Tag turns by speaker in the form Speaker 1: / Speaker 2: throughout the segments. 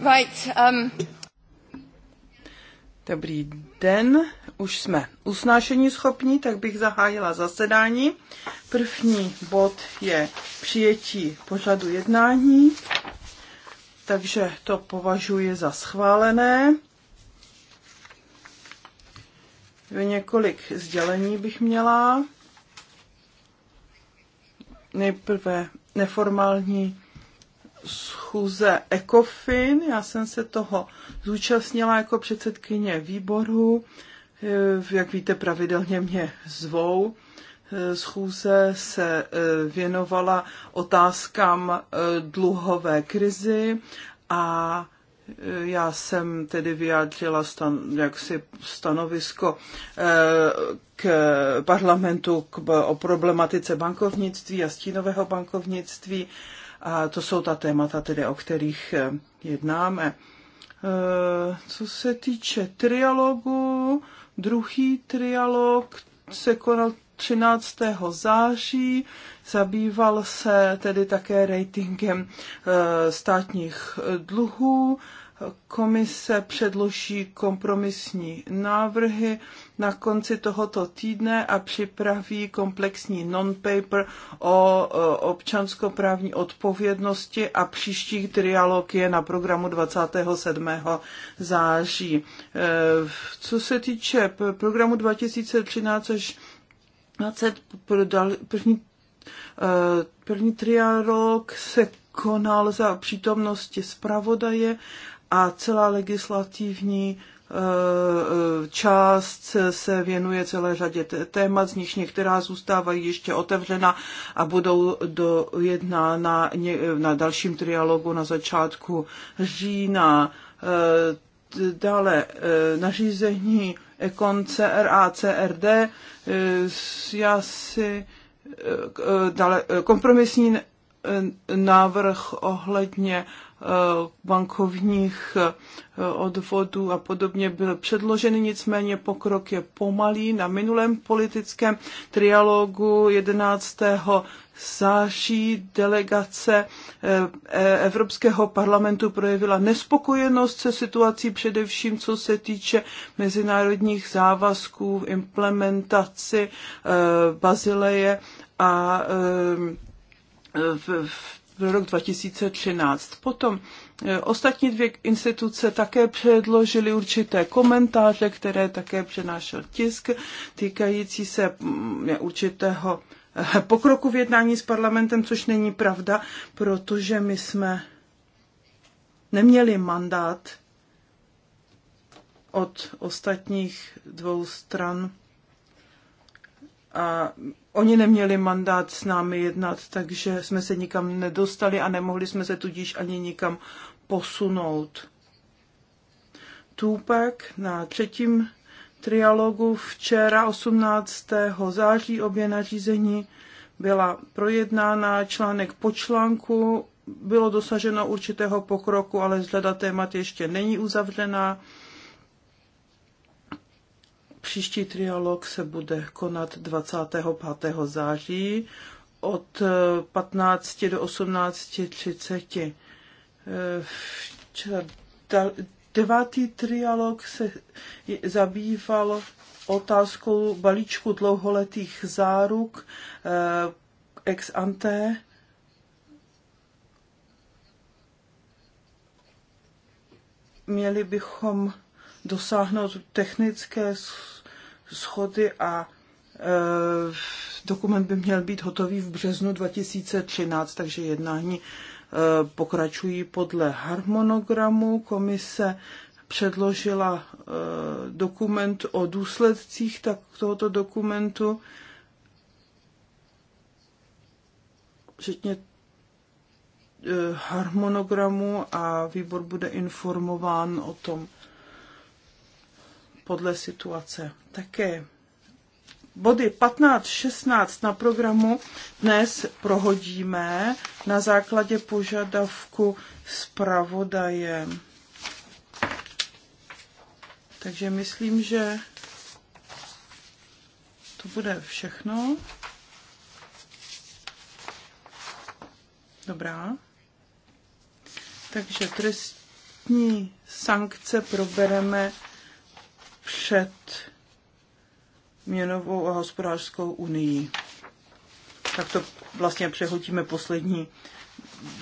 Speaker 1: Right, um...
Speaker 2: Dobrý den, už jsme usnášení schopní, tak bych zahájila zasedání. První bod je přijetí pořadu jednání, takže to považuji za schválené. Několik sdělení bych měla. Nejprve neformální schůze ECOFIN, já jsem se toho zúčastnila jako předsedkyně výboru, eh, jak víte, pravidelně mě zvou. Eh, schůze se eh, věnovala otázkám dluhové krizi a já jsem tedy vyjádřila stan, jaksi stanovisko k parlamentu k, o problematice bankovnictví a stínového bankovnictví a to jsou ta témata, tedy, o kterých eh, jednáme. Eh, co se týče trialogu, druhý trialog se konal 13. září, zabýval se tedy také ratingem eh, státních dluhů. Komise předloží kompromisní návrhy na konci tohoto týdne a připraví komplexní non-paper o občanskoprávní odpovědnosti a příští trialog je na programu 27. září. E, co se týče programu 2013 až 20, první, e, první trialog se konal za přítomnosti zpravodaje a celá legislativní Eh, část se věnuje celé řadě témat, z nich některá zůstávají ještě otevřena a budou dojednána na dalším trialogu na začátku října. Eh, dále eh, nařízení Econ CRA, CRD. Já si dále kompromisní návrh ohledně Eh, bankovních eh, odvodů a podobně byl předložen, nicméně pokrok je pomalý. Na minulém politickém trialogu 11. září delegace eh, Evropského parlamentu projevila nespokojenost se situací, především co se týče mezinárodních závazků v implementaci Bazileje a v, pro rok 2013. Potom eh, ostatní dvě instituce také předložily určité komentáře, které také přenášel tisk, týkající se mm, určitého eh, pokroku v jednání s parlamentem, což není pravda, protože my jsme neměli mandát od ostatních dvou stran a Oni neměli mandát s námi jednat, takže jsme se nikam nedostali a nemohli jsme se tudíž ani nikam posunout. Tupac na třetím trialogu včera 18. září obě nařízení byla projednána článek po článku, bylo dosaženo určitého pokroku, ale zhleda témat ještě není uzavřená. Příští trialog se bude konat 25. září od 15 eh, do 18.30. Eh, devátý trialog se zabýval otázkou balíčku dlouholetých záruk eh, ex ante měli bychom dosáhnout technické schody a e, dokument by měl být hotový v březnu 2013, takže jednání e, pokračují podle harmonogramu. Komise předložila e, dokument o důsledcích tak tohoto dokumentu, včetně harmonogramu a výbor bude informován o tom, podle situace také. Body 15, 16 na programu dnes prohodíme na základě požadavku zpravodaje. Takže myslím, že to bude všechno. Dobrá. Takže trestní sankce probereme před měnovou a hospodářskou unii. Tak to vlastně přehodíme poslední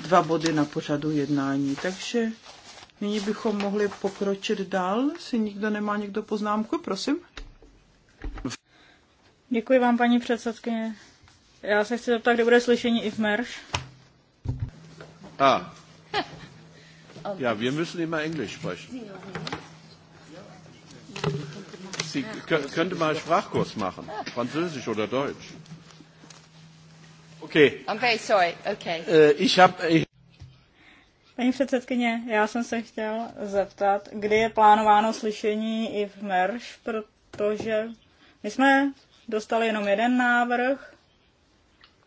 Speaker 2: dva body na pořadu jednání. Takže nyní bychom mohli pokročit dál. Si nikdo nemá někdo poznámku, prosím.
Speaker 3: Děkuji vám, paní předsedkyně. Já se chci zeptat, kde bude slyšení i v Merš.
Speaker 2: Ah. Ja, wir müssen immer Englisch sprechen.
Speaker 4: Sie könnte mal Sprachkurs machen, Französisch oder Deutsch. Okay.
Speaker 3: I'm very sorry. Okay.
Speaker 4: Äh, ich habe. ich
Speaker 3: Paní předsedkyně, já jsem se chtěl zeptat, kdy je plánováno slyšení i v MERŠ, protože my jsme dostali jenom jeden návrh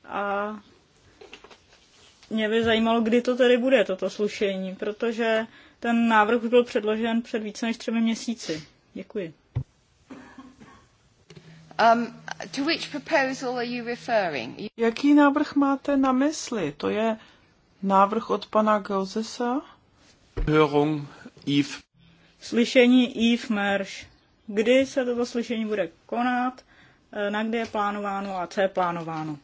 Speaker 3: a mě by zajímalo, kdy to tedy bude, toto slyšení, protože ten návrh už byl předložen před více než třemi měsíci. Děkuji.
Speaker 2: Um, to which proposal are you referring? Jaký návrh máte na mysli? To je návrh od pana Gauzesa?
Speaker 3: Hörung Eve. Slyšení
Speaker 2: Eve Mersch. Kdy
Speaker 3: se toto slyšení bude konat? Eh, na kde je plánováno a co je plánováno?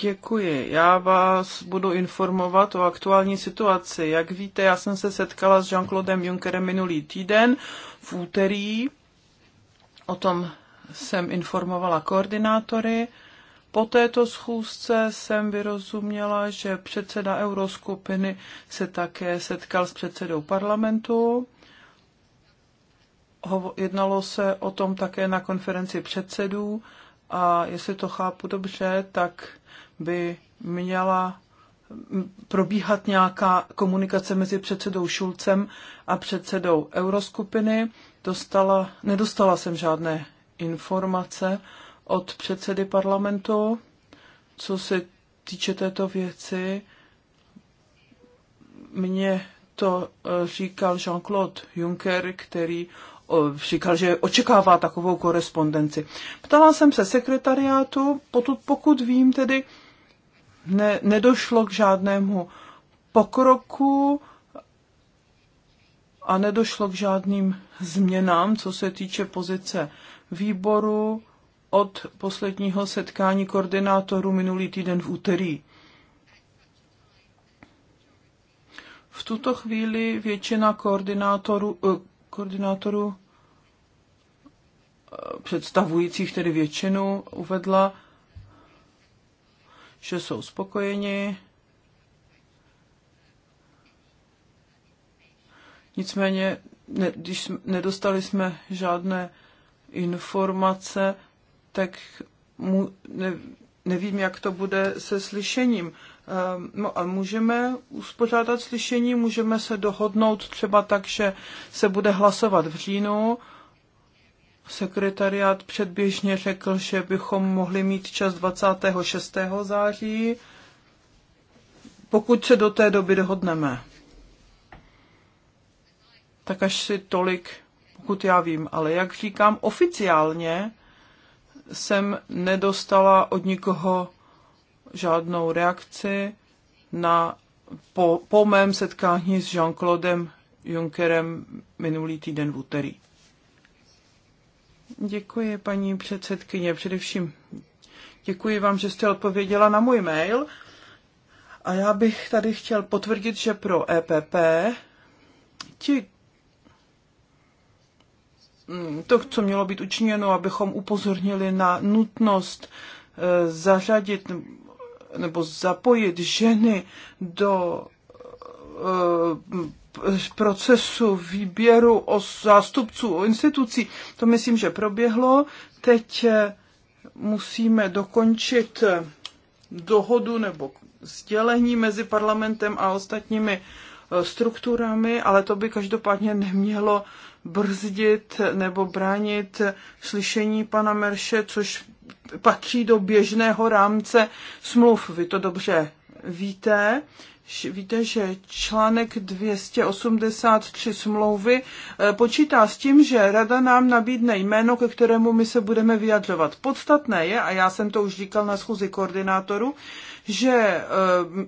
Speaker 2: Děkuji. Já vás budu informovat o aktuální situaci. Jak víte, já jsem se setkala s Jean-Claudem Junckerem minulý týden v úterý O tom jsem informovala koordinátory. Po této schůzce jsem vyrozuměla, že předseda euroskupiny se také setkal s předsedou parlamentu. Jednalo se o tom také na konferenci předsedů a jestli to chápu dobře, tak by měla probíhat nějaká komunikace mezi předsedou Šulcem a předsedou Euroskupiny. Dostala, nedostala jsem žádné informace od předsedy parlamentu, co se týče této věci. Mně to e, říkal Jean-Claude Juncker, který říkal, že očekává takovou korespondenci. Ptala jsem se sekretariátu, potud, pokud vím tedy, ne, nedošlo k žádnému pokroku a nedošlo k žádným změnám, co se týče pozice výboru od posledního setkání koordinátorů minulý týden v úterý. V tuto chvíli většina koordinátorů, eh, koordinátorů eh, představujících tedy většinu uvedla, že jsou spokojeni. Nicméně, ne, když nedostali jsme žádné informace, tak mu, ne, nevím, jak to bude se slyšením. Ehm, no a můžeme uspořádat slyšení, můžeme se dohodnout třeba tak, že se bude hlasovat v říjnu Sekretariát předběžně řekl, že bychom mohli mít čas 26. září, pokud se do té doby dohodneme. Tak až si tolik, pokud já vím, ale jak říkám, oficiálně jsem nedostala od nikoho žádnou reakci na, po, po mém setkání s Jean-Claudem Junckerem minulý týden v úterý. Děkuji, paní předsedkyně. Především děkuji vám, že jste odpověděla na můj mail. A já bych tady chtěl potvrdit, že pro EPP ti, mm, to, co mělo být učiněno, abychom upozornili na nutnost eh, zařadit nebo zapojit ženy do eh, procesu výběru o zástupců o institucí. To myslím, že proběhlo. Teď eh, musíme dokončit eh, dohodu nebo sdělení mezi parlamentem a ostatními eh, strukturami, ale to by každopádně nemělo brzdit nebo bránit slyšení pana Merše, což patří do běžného rámce smluv. Vy to dobře víte víte, že článek 283 smlouvy eh, počítá s tím, že rada nám nabídne jméno, ke kterému my se budeme vyjadřovat. Podstatné je, a já jsem to už říkal na schůzi koordinátoru, že eh,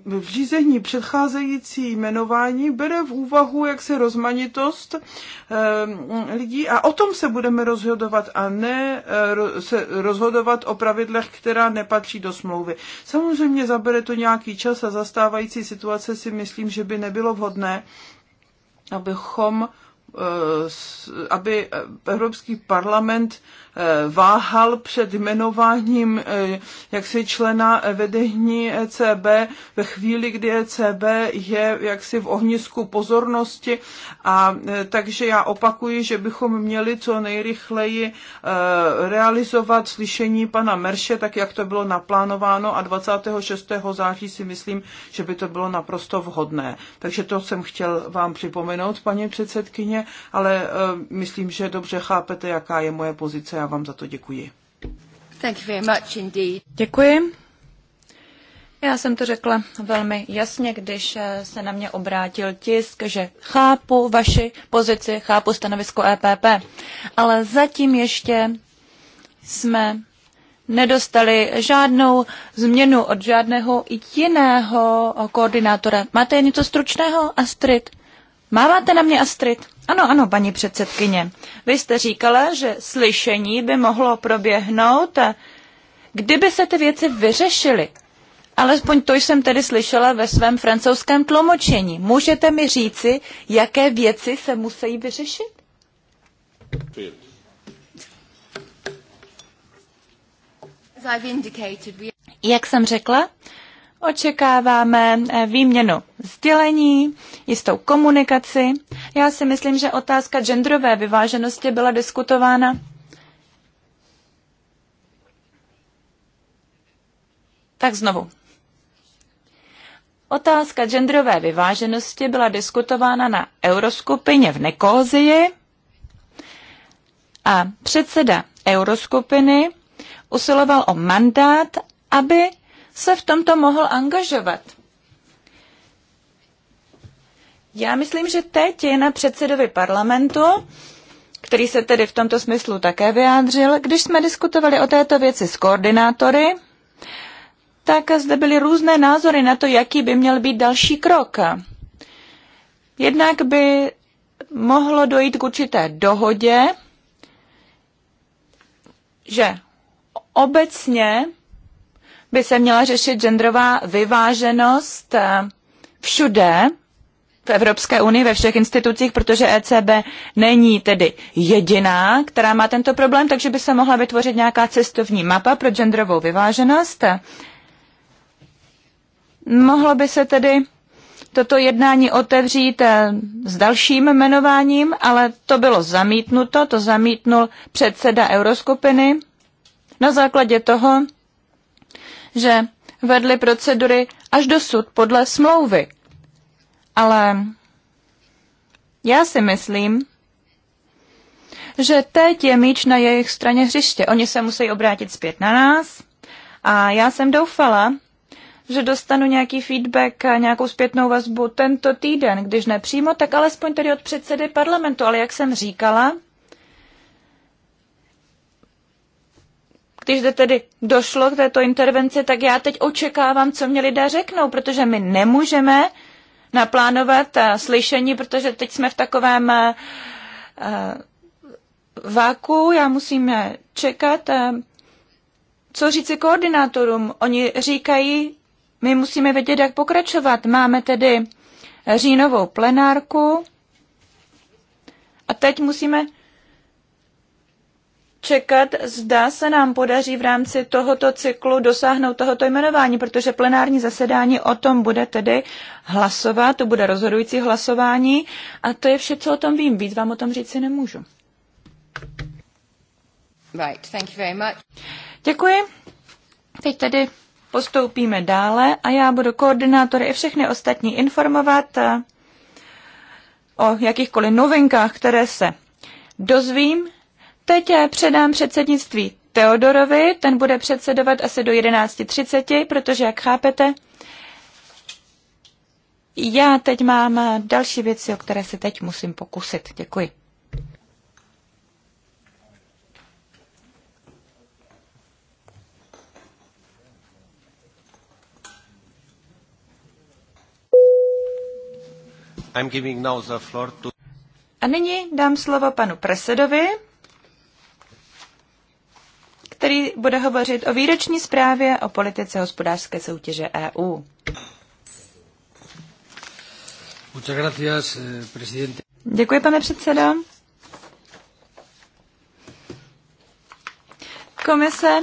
Speaker 2: v řízení předcházející jmenování bere v úvahu jaksi rozmanitost eh, lidí a o tom se budeme rozhodovat a ne eh, se rozhodovat o pravidlech, která nepatří do smlouvy. Samozřejmě zabere to nějaký čas a zastávající situace si myslím, že by nebylo vhodné, abychom Eh, aby Evropský parlament eh, váhal před jmenováním eh, jaksi člena vedení ECB ve chvíli, kdy ECB je jaksi v ohnisku pozornosti a takže já opakuji, že bychom měli co nejrychleji realizovat slyšení pana Merše, tak jak to bylo naplánováno a 26. září si myslím, že by to bylo naprosto vhodné. Takže to jsem chtěl vám připomenout, paní předsedkyně ale eh, myslím, že dobře chápete, jaká je moje pozice. Já vám za to děkuji.
Speaker 1: Thank you very much indeed. Děkuji. Já jsem to řekla velmi jasně, když eh, se na mě obrátil tisk, že chápu vaši pozici, chápu stanovisko EPP, ale zatím ještě jsme nedostali žádnou změnu od žádného jiného koordinátora. Máte něco stručného, Astrid? Máváte na mě, Astrid? Ano, ano, paní předsedkyně. Vy jste říkala, že slyšení by mohlo proběhnout, kdyby se ty věci vyřešily. Alespoň to jsem tedy slyšela ve svém francouzském tlumočení. Můžete mi říci, jaké věci se musí vyřešit? Jak jsem řekla, očekáváme eh, výměnu sdělení, jistou komunikaci. Já si myslím, že otázka genderové vyváženosti byla diskutována Tak znovu. Otázka genderové vyváženosti byla diskutována na euroskupině v Nekózii a předseda euroskupiny usiloval o mandát, aby se v tomto mohl angažovat. Já myslím, že teď je na předsedovi parlamentu, který se tedy v tomto smyslu také vyjádřil. Když jsme diskutovali o této věci s koordinátory, tak zde byly různé názory na to, jaký by měl být další krok. Jednak by mohlo dojít k určité dohodě, že obecně by se měla řešit genderová vyváženost eh, všude v Evropské unii, ve všech institucích, protože ECB není tedy jediná, která má tento problém, takže by se mohla vytvořit nějaká cestovní mapa pro genderovou vyváženost. Mohlo by se tedy toto jednání otevřít eh, s dalším jmenováním, ale to bylo zamítnuto, to zamítnul předseda Euroskupiny na základě toho, že vedli procedury až dosud podle smlouvy. Ale já si myslím, že teď je míč na jejich straně hřiště. Oni se musí obrátit zpět na nás a já jsem doufala, že dostanu nějaký feedback a nějakou zpětnou vazbu tento týden, když ne přímo, tak alespoň tedy od předsedy parlamentu. Ale jak jsem říkala, když zde tedy došlo k této intervenci, tak já teď očekávám, co mě lidé řeknou, protože my nemůžeme naplánovat eh, slyšení, protože teď jsme v takovém eh, eh, váku, já musím čekat. Co říci koordinátorům? Oni říkají, my musíme vědět, jak pokračovat. Máme tedy říjnovou plenárku a teď musíme čekat, zda se nám podaří v rámci tohoto cyklu dosáhnout tohoto jmenování, protože plenární zasedání o tom bude tedy hlasovat, to bude rozhodující hlasování a to je vše, co o tom vím. Víc vám o tom říci nemůžu.
Speaker 5: Right, thank you very much. Děkuji. Teď
Speaker 1: tedy postoupíme dále a já budu koordinátory i všechny ostatní informovat eh, o jakýchkoliv novinkách, které se dozvím Teď předám předsednictví Teodorovi, ten bude předsedovat asi do 11.30, protože, jak chápete, já teď mám další věci, o které se teď musím pokusit. Děkuji.
Speaker 3: I'm giving now the floor to...
Speaker 1: A nyní dám slovo panu Presedovi, který bude hovořit o výroční zprávě o politice hospodářské soutěže EU.
Speaker 3: Eh,
Speaker 1: Děkuji, pane předsedo. Komise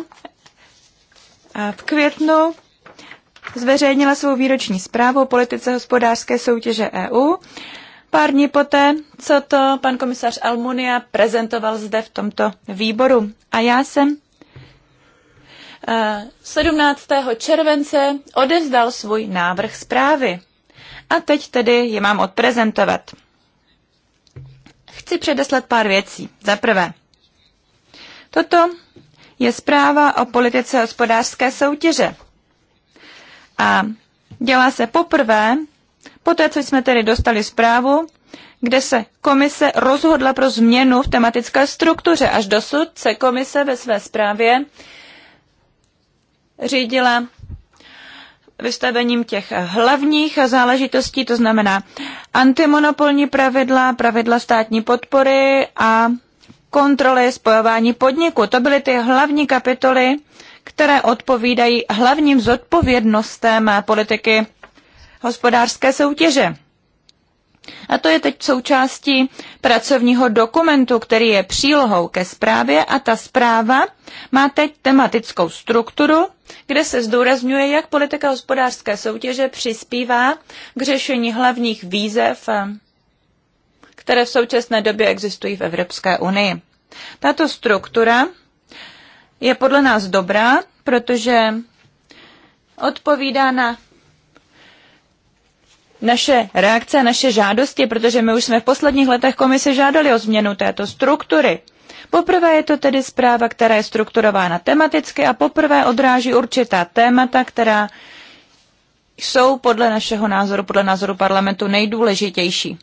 Speaker 1: eh, v květnu zveřejnila svou výroční zprávu o politice hospodářské soutěže EU. Pár dní poté, co to pan komisař Almunia prezentoval zde v tomto výboru. A já jsem 17. Eh, července odevzdal svůj návrh zprávy. A teď tedy je mám odprezentovat. Chci předeslat pár věcí. Za prvé, toto je zpráva o politice hospodářské soutěže. A dělá se poprvé, poté co jsme tedy dostali zprávu, kde se komise rozhodla pro změnu v tematické struktuře. Až dosud se komise ve své zprávě řídila vystavením těch hlavních záležitostí, to znamená antimonopolní pravidla, pravidla státní podpory a kontroly spojování podniku. To byly ty hlavní kapitoly, které odpovídají hlavním zodpovědnostem politiky hospodářské soutěže. A to je teď součástí pracovního dokumentu, který je přílohou ke zprávě a ta zpráva má teď tematickou strukturu, kde se zdůrazňuje, jak politika hospodářské soutěže přispívá k řešení hlavních výzev, eh, které v současné době existují v Evropské unii. Tato struktura je podle nás dobrá, protože odpovídá na naše reakce, naše žádosti, protože my už jsme v posledních letech komise žádali o změnu této struktury. Poprvé je to tedy zpráva, která je strukturována tematicky a poprvé odráží určitá témata, která jsou podle našeho názoru, podle názoru parlamentu nejdůležitější.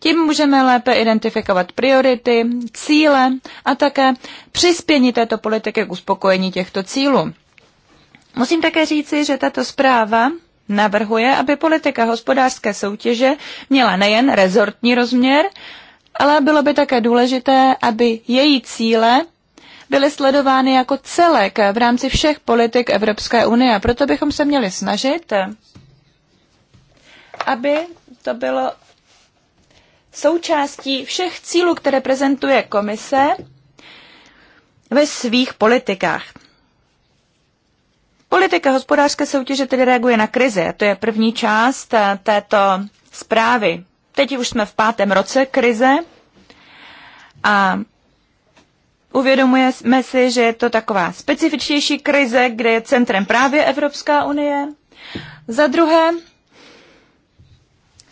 Speaker 1: Tím můžeme lépe identifikovat priority, cíle a také přispění této politiky k uspokojení těchto cílů. Musím také říci, že tato zpráva navrhuje, aby politika hospodářské soutěže měla nejen rezortní rozměr, ale bylo by také důležité, aby její cíle byly sledovány jako celek v rámci všech politik Evropské unie. A proto bychom se měli snažit, aby to bylo součástí všech cílů, které prezentuje komise ve svých politikách. Politika hospodářské soutěže tedy reaguje na krize. To je první část eh, této zprávy. Teď už jsme v pátém roce krize a uvědomujeme si, že je to taková specifičnější krize, kde je centrem právě Evropská unie. Za druhé,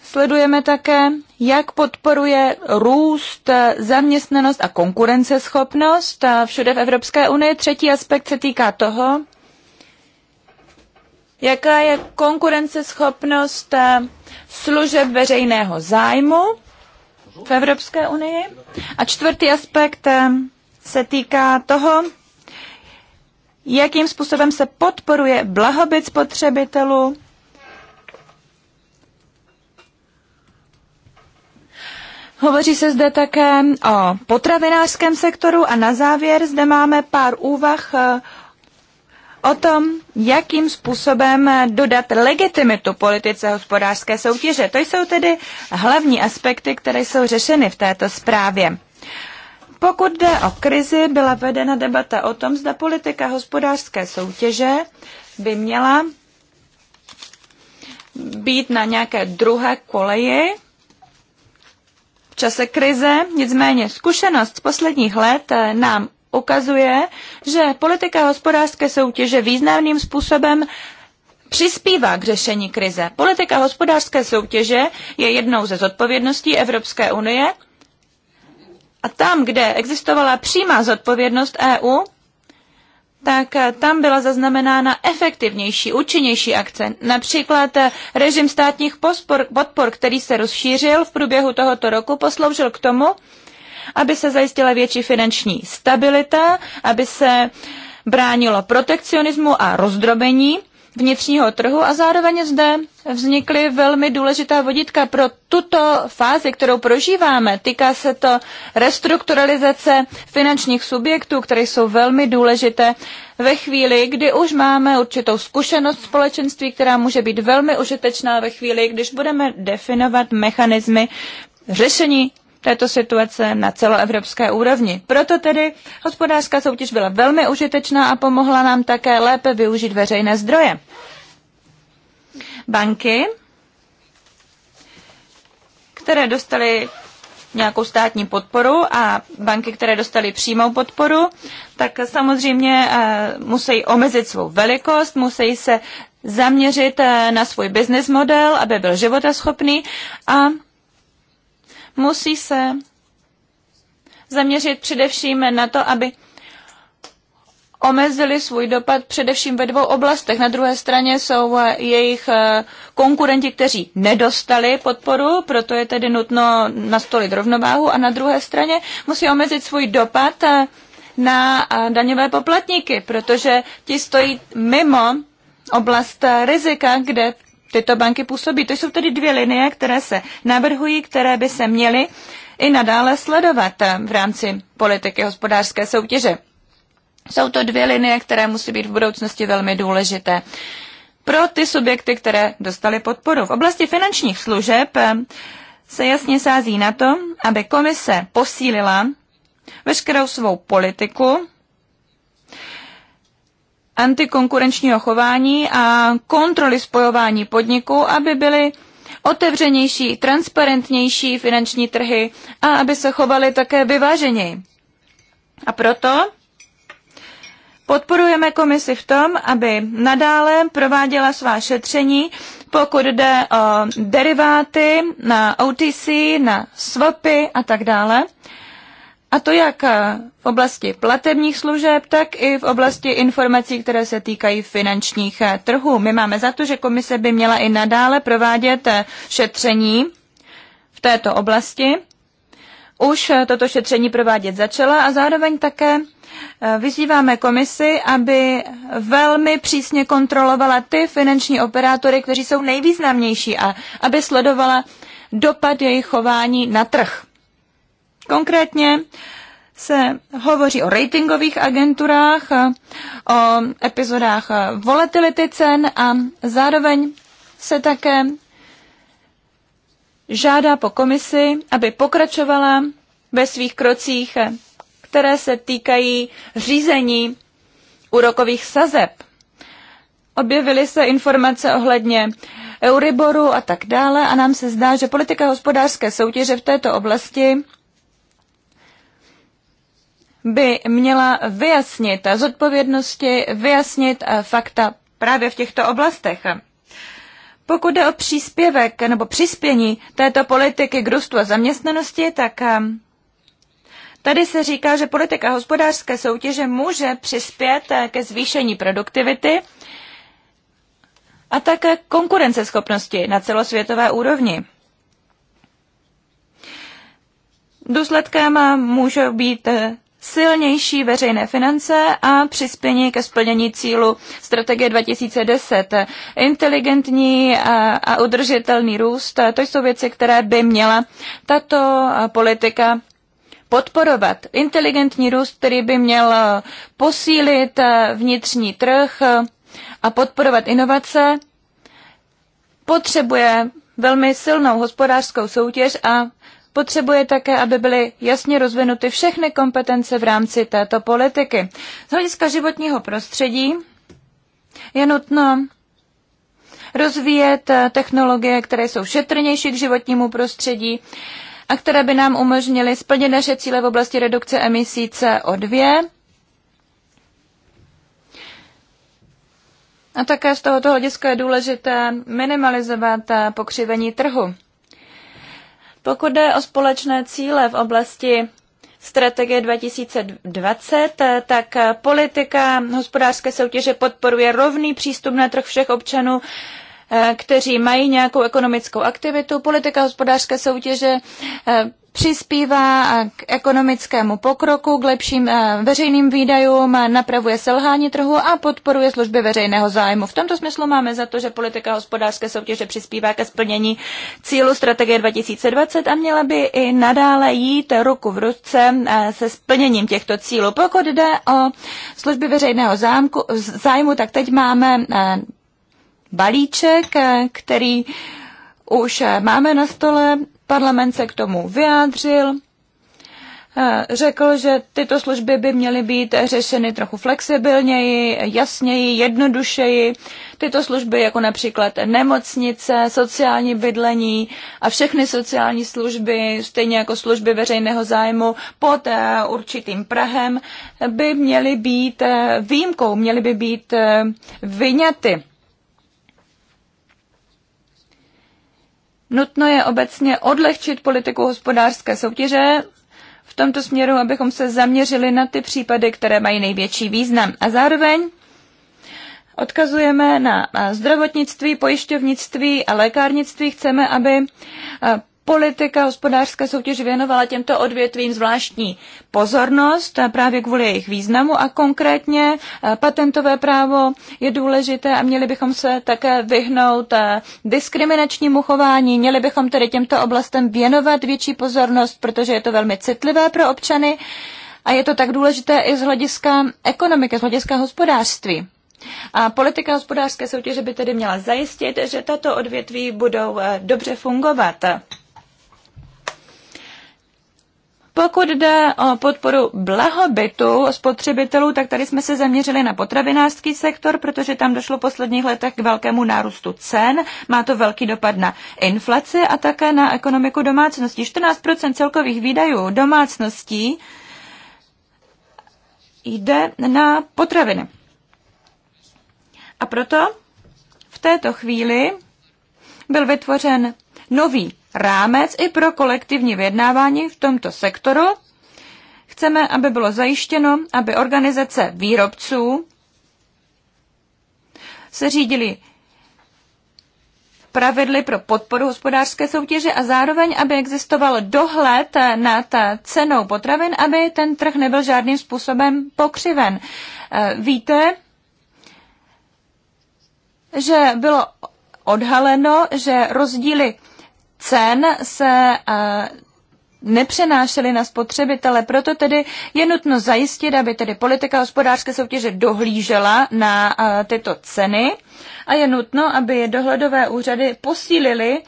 Speaker 1: sledujeme také, jak podporuje růst, zaměstnanost a konkurenceschopnost všude v Evropské unii. Třetí aspekt se týká toho, jaká je konkurenceschopnost eh, služeb veřejného zájmu v Evropské unii. A čtvrtý aspekt eh, se týká toho, jakým způsobem se podporuje blahobyt spotřebitelů. Hovoří se zde také o potravinářském sektoru a na závěr zde máme pár úvah eh, o tom, jakým způsobem dodat legitimitu politice hospodářské soutěže. To jsou tedy hlavní aspekty, které jsou řešeny v této zprávě. Pokud jde o krizi, byla vedena debata o tom, zda politika hospodářské soutěže by měla být na nějaké druhé koleji v čase krize. Nicméně zkušenost z posledních let nám ukazuje, že politika hospodářské soutěže významným způsobem přispívá k řešení krize. Politika hospodářské soutěže je jednou ze zodpovědností Evropské unie a tam, kde existovala přímá zodpovědnost EU, tak tam byla zaznamenána efektivnější, účinnější akce. Například režim státních podpor, který se rozšířil v průběhu tohoto roku, posloužil k tomu, aby se zajistila větší finanční stabilita, aby se bránilo protekcionismu a rozdrobení vnitřního trhu a zároveň zde vznikly velmi důležitá vodítka pro tuto fázi, kterou prožíváme. Týká se to restrukturalizace finančních subjektů, které jsou velmi důležité ve chvíli, kdy už máme určitou zkušenost společenství, která může být velmi užitečná ve chvíli, když budeme definovat mechanismy řešení této situace na celoevropské úrovni. Proto tedy hospodářská soutěž byla velmi užitečná a pomohla nám také lépe využít veřejné zdroje. Banky, které dostaly nějakou státní podporu a banky, které dostaly přímou podporu, tak samozřejmě eh, musí omezit svou velikost, musí se zaměřit eh, na svůj business model, aby byl životaschopný a musí se zaměřit především na to, aby omezili svůj dopad především ve dvou oblastech. Na druhé straně jsou eh, jejich eh, konkurenti, kteří nedostali podporu, proto je tedy nutno nastolit rovnováhu a na druhé straně musí omezit svůj dopad eh, na daňové poplatníky, protože ti stojí mimo oblast rizika, kde tyto banky působí. To jsou tedy dvě linie, které se navrhují, které by se měly i nadále sledovat v rámci politiky hospodářské soutěže. Jsou to dvě linie, které musí být v budoucnosti velmi důležité pro ty subjekty, které dostaly podporu. V oblasti finančních služeb eh, se jasně sází na to, aby komise posílila veškerou svou politiku antikonkurenčního chování a kontroly spojování podniků, aby byly otevřenější, transparentnější finanční trhy a aby se chovaly také vyváženěji. A proto podporujeme komisi v tom, aby nadále prováděla svá šetření, pokud jde o deriváty na OTC, na swapy a tak dále. A to jak eh, v oblasti platebních služeb, tak i v oblasti informací, které se týkají finančních eh, trhů. My máme za to, že komise by měla i nadále provádět eh, šetření v této oblasti. Už toto šetření provádět začala a zároveň také Vyzýváme komisi, aby velmi přísně kontrolovala ty finanční operátory, kteří jsou nejvýznamnější a aby sledovala dopad jejich chování na trh. Konkrétně se hovoří o ratingových agenturách, o epizodách volatility cen a zároveň se také žádá po komisi, aby pokračovala ve svých krocích, které se týkají řízení úrokových sazeb. Objevily se informace ohledně Euriboru a tak dále a nám se zdá, že politika hospodářské soutěže v této oblasti by měla vyjasnit zodpovědnosti, vyjasnit eh, fakta právě v těchto oblastech. Pokud jde o příspěvek nebo přispění této politiky k růstu a zaměstnanosti, tak eh, tady se říká, že politika hospodářské soutěže může přispět eh, ke zvýšení produktivity a také konkurenceschopnosti na celosvětové úrovni. Důsledkem můžou být silnější veřejné finance a přispění ke splnění cílu strategie 2010. Inteligentní a udržitelný růst, to jsou věci, které by měla tato politika podporovat. Inteligentní růst, který by měl posílit vnitřní trh a podporovat inovace, potřebuje velmi silnou hospodářskou soutěž a Potřebuje také, aby byly jasně rozvinuty všechny kompetence v rámci této politiky. Z hlediska životního prostředí je nutno rozvíjet eh, technologie, které jsou šetrnější k životnímu prostředí a které by nám umožnily splnit naše cíle v oblasti redukce emisí CO2. A také z tohoto hlediska je důležité minimalizovat eh, pokřivení trhu. Pokud jde o společné cíle v oblasti strategie 2020, tak politika hospodářské soutěže podporuje rovný přístup na trh všech občanů, eh, kteří mají nějakou ekonomickou aktivitu. Politika hospodářské soutěže eh, přispívá k ekonomickému pokroku, k lepším eh, veřejným výdajům, napravuje selhání trhu a podporuje služby veřejného zájmu. V tomto smyslu máme za to, že politika hospodářské soutěže přispívá ke splnění cílu strategie 2020 a měla by i nadále jít ruku v ruce eh, se splněním těchto cílů. Pokud jde o služby veřejného zájmu, zájmu tak teď máme eh, balíček, který už máme na stole Parlament se k tomu vyjádřil, eh, řekl, že tyto služby by měly být řešeny trochu flexibilněji, jasněji, jednodušeji. Tyto služby, jako například nemocnice, sociální bydlení a všechny sociální služby, stejně jako služby veřejného zájmu pod eh, určitým Prahem, by měly být eh, výjimkou, měly by být vyňaty Nutno je obecně odlehčit politiku hospodářské soutěže v tomto směru, abychom se zaměřili na ty případy, které mají největší význam. A zároveň odkazujeme na zdravotnictví, pojišťovnictví a lékárnictví. Chceme, aby politika hospodářské soutěže věnovala těmto odvětvím zvláštní pozornost eh, právě kvůli jejich významu a konkrétně eh, patentové právo je důležité a měli bychom se také vyhnout eh, diskriminačnímu chování. Měli bychom tedy těmto oblastem věnovat větší pozornost, protože je to velmi citlivé pro občany a je to tak důležité i z hlediska ekonomiky, z hlediska hospodářství. A politika hospodářské soutěže by tedy měla zajistit, že tato odvětví budou dobře fungovat. Pokud jde o podporu blahobytu spotřebitelů, tak tady jsme se zaměřili na potravinářský sektor, protože tam došlo v posledních letech k velkému nárůstu cen. Má to velký dopad na inflaci a také na ekonomiku domácností. 14 celkových výdajů domácností jde na potraviny. A proto v této chvíli byl vytvořen nový rámec i pro kolektivní vyjednávání v tomto sektoru. Chceme, aby bylo zajištěno, aby organizace výrobců se řídily pravidly pro podporu hospodářské soutěže a zároveň, aby existoval dohled nad cenou potravin, aby ten trh nebyl žádným způsobem pokřiven. Eh, víte, že bylo odhaleno, že rozdíly cen se eh, nepřenášely na spotřebitele. Proto tedy je nutno zajistit, aby tedy politika hospodářské soutěže dohlížela na eh, tyto ceny a je nutno, aby dohledové úřady posílily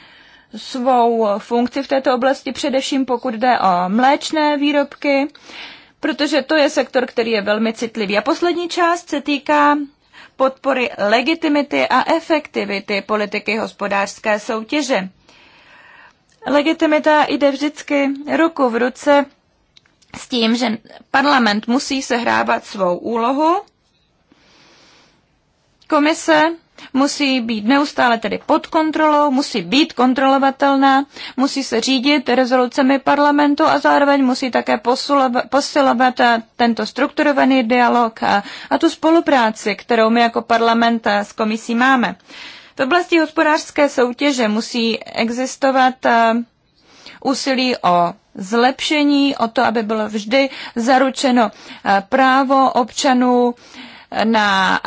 Speaker 1: svou funkci v této oblasti, především pokud jde o mléčné výrobky, protože to je sektor, který je velmi citlivý. A poslední část se týká podpory legitimity a efektivity politiky hospodářské soutěže. Legitimita jde vždycky ruku v ruce s tím, že parlament musí sehrávat svou úlohu, komise musí být neustále tedy pod kontrolou, musí být kontrolovatelná, musí se řídit rezolucemi parlamentu a zároveň musí také posilovat, tento strukturovaný dialog a, a tu spolupráci, kterou my jako parlament s komisí máme. Uh, v oblasti hospodářské soutěže musí existovat eh, úsilí o zlepšení, o to, aby bylo vždy zaručeno eh, právo občanů eh, na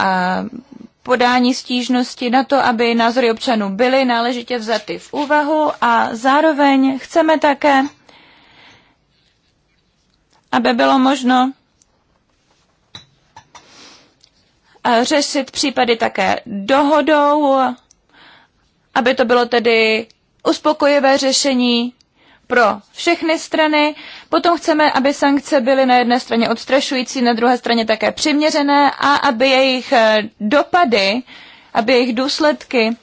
Speaker 1: podání stížnosti na to, aby názory občanů byly náležitě vzaty v úvahu a zároveň chceme také, aby bylo možno řešit případy také dohodou aby to bylo tedy uspokojivé řešení pro všechny strany. Potom chceme, aby sankce byly na jedné straně odstrašující, na druhé straně také přiměřené a aby jejich eh, dopady, aby jejich důsledky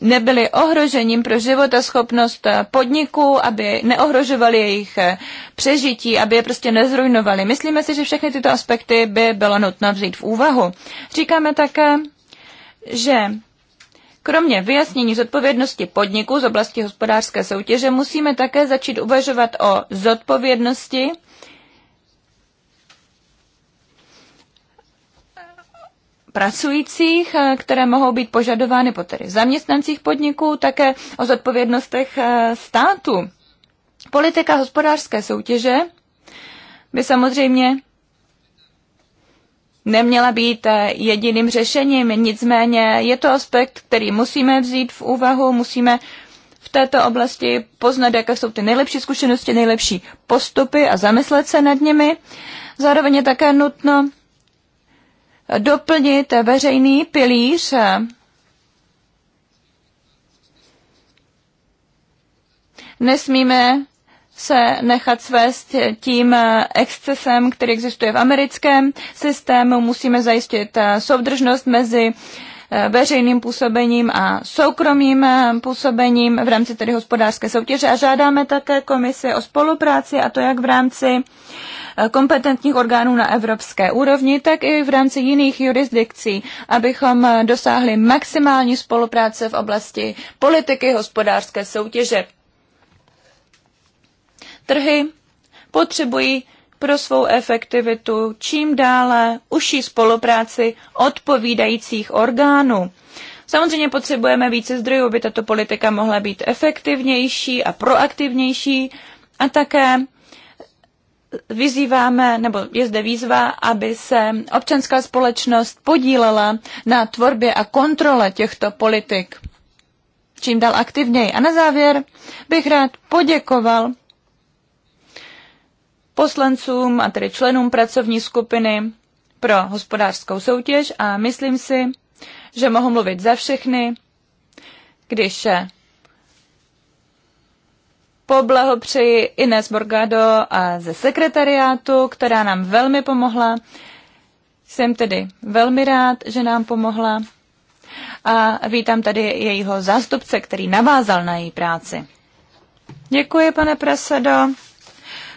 Speaker 1: nebyly ohrožením pro život a schopnost eh, podniků, aby neohrožovali jejich eh, přežití, aby je prostě nezrujnovali. Myslíme si, že všechny tyto aspekty by bylo nutno vzít v úvahu. Říkáme také, že Kromě vyjasnění zodpovědnosti podniků z oblasti hospodářské soutěže musíme také začít uvažovat o zodpovědnosti pracujících, eh, které mohou být požadovány po tedy zaměstnancích podniků, také o zodpovědnostech eh, státu. Politika hospodářské soutěže by samozřejmě neměla být eh, jediným řešením. Nicméně je to aspekt, který musíme vzít v úvahu, musíme v této oblasti poznat, jaké jsou ty nejlepší zkušenosti, nejlepší postupy a zamyslet se nad nimi. Zároveň je také nutno doplnit veřejný pilíř eh, nesmíme se nechat svést tím excesem, který existuje v americkém systému. Musíme zajistit eh, soudržnost mezi eh, veřejným působením a soukromým eh, působením v rámci tedy hospodářské soutěže a žádáme také komisi o spolupráci a to jak v rámci kompetentních orgánů na evropské úrovni, tak i v rámci jiných jurisdikcí, abychom dosáhli maximální spolupráce v oblasti politiky hospodářské soutěže. Trhy potřebují pro svou efektivitu čím dále užší spolupráci odpovídajících orgánů. Samozřejmě potřebujeme více zdrojů, aby tato politika mohla být efektivnější a proaktivnější a také vyzýváme, nebo je zde výzva, aby se občanská společnost podílela na tvorbě a kontrole těchto politik čím dál aktivněji. A na závěr bych rád poděkoval poslancům a tedy členům pracovní skupiny pro hospodářskou soutěž a myslím si, že mohu mluvit za všechny, když poblahopřeji Ines Borgado a ze sekretariátu, která nám velmi pomohla. Jsem tedy velmi rád, že nám pomohla a vítám tady jejího zástupce, který navázal na její práci. Děkuji, pane Prasado.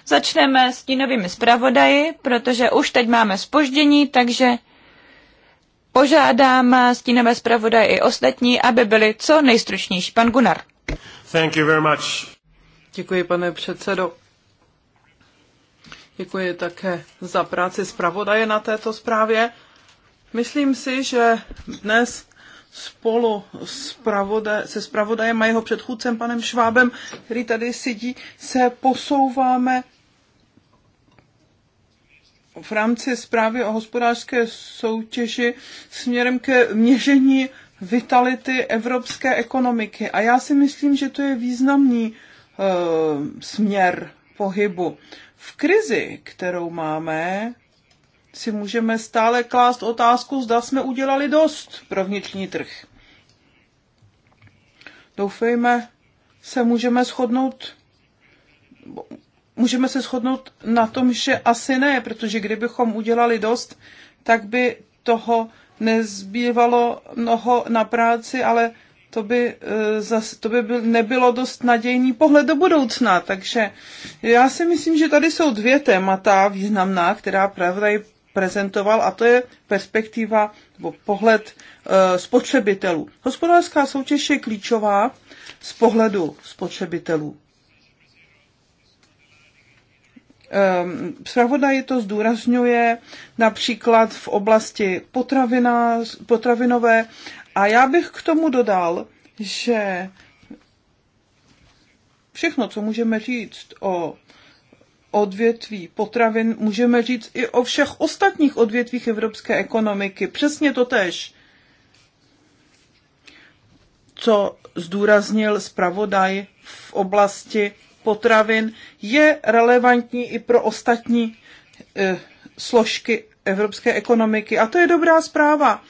Speaker 1: Začneme s tínovými zpravodaji, protože už teď máme spoždění, takže požádám stínové zpravodaje i ostatní, aby byli co nejstručnější. Pan Gunnar.
Speaker 4: Thank you very much.
Speaker 2: Děkuji, pane předsedo. Děkuji také za práci zpravodaje na této zprávě. Myslím si, že dnes spolu se spravodajem a jeho předchůdcem panem Švábem, který tady sedí, se posouváme v rámci zprávy o hospodářské soutěži směrem ke měření vitality evropské ekonomiky. A já si myslím, že to je významný e, směr pohybu. V krizi, kterou máme, si můžeme stále klást otázku, zda jsme udělali dost pro vnitřní trh. Doufejme, se můžeme shodnout můžeme se shodnout na tom, že asi ne, protože kdybychom udělali dost, tak by toho nezbývalo mnoho na práci, ale to by, eh, to by byl, nebylo dost nadějný pohled do budoucna. Takže já si myslím, že tady jsou dvě témata významná, která pravda i prezentoval, a to je perspektiva nebo pohled e, spotřebitelů. Hospodářská soutěž je klíčová z pohledu spotřebitelů. Spravodaj ehm, to zdůrazňuje například v oblasti potravina, potravinové a já bych k tomu dodal, že všechno, co můžeme říct o odvětví potravin, můžeme říct i o všech ostatních odvětvích evropské ekonomiky. Přesně to tež, co zdůraznil zpravodaj v oblasti potravin je relevantní i pro ostatní e, složky evropské ekonomiky. A to je dobrá zpráva,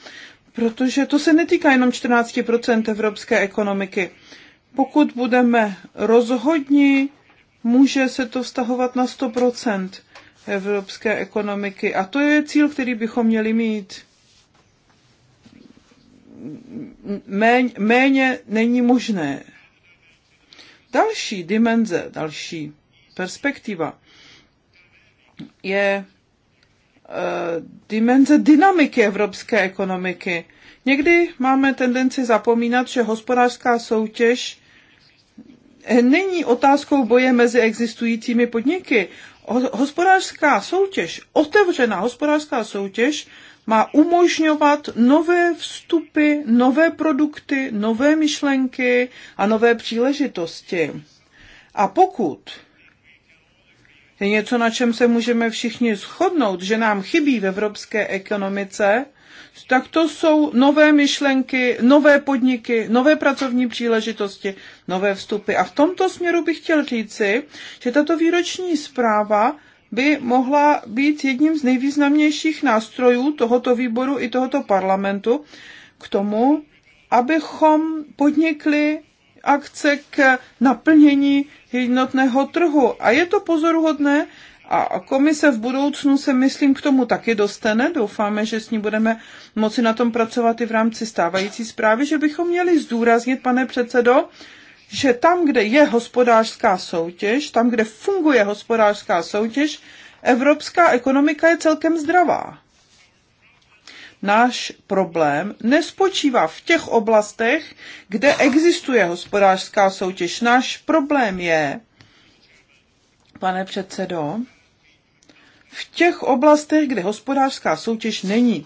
Speaker 2: protože to se netýká jenom 14 evropské ekonomiky. Pokud budeme rozhodní, může se to vztahovat na 100 evropské ekonomiky. A to je cíl, který bychom měli mít. Méně, méně není možné. Další dimenze, další perspektiva je eh, dimenze dynamiky evropské ekonomiky. Někdy máme tendenci zapomínat, že hospodářská soutěž eh, není otázkou boje mezi existujícími podniky. Hospodářská soutěž, otevřená hospodářská soutěž má umožňovat nové vstupy, nové produkty, nové myšlenky a nové příležitosti. A pokud je něco, na čem se můžeme všichni shodnout, že nám chybí v evropské ekonomice, tak to jsou nové myšlenky, nové podniky, nové pracovní příležitosti, nové vstupy. A v tomto směru bych chtěl říci, že tato výroční zpráva by mohla být jedním z nejvýznamnějších nástrojů tohoto výboru i tohoto parlamentu k tomu, abychom podnikli akce k naplnění jednotného trhu. A je to pozoruhodné a komise v budoucnu se, myslím, k tomu taky dostane. Doufáme, že s ní budeme moci na tom pracovat i v rámci stávající zprávy, že bychom měli zdůraznit, pane předsedo, že tam, kde je hospodářská soutěž, tam, kde funguje hospodářská soutěž, evropská ekonomika je celkem zdravá. Náš problém nespočívá v těch oblastech, kde existuje hospodářská soutěž. Náš problém je, pane předsedo, v těch oblastech, kde hospodářská soutěž není.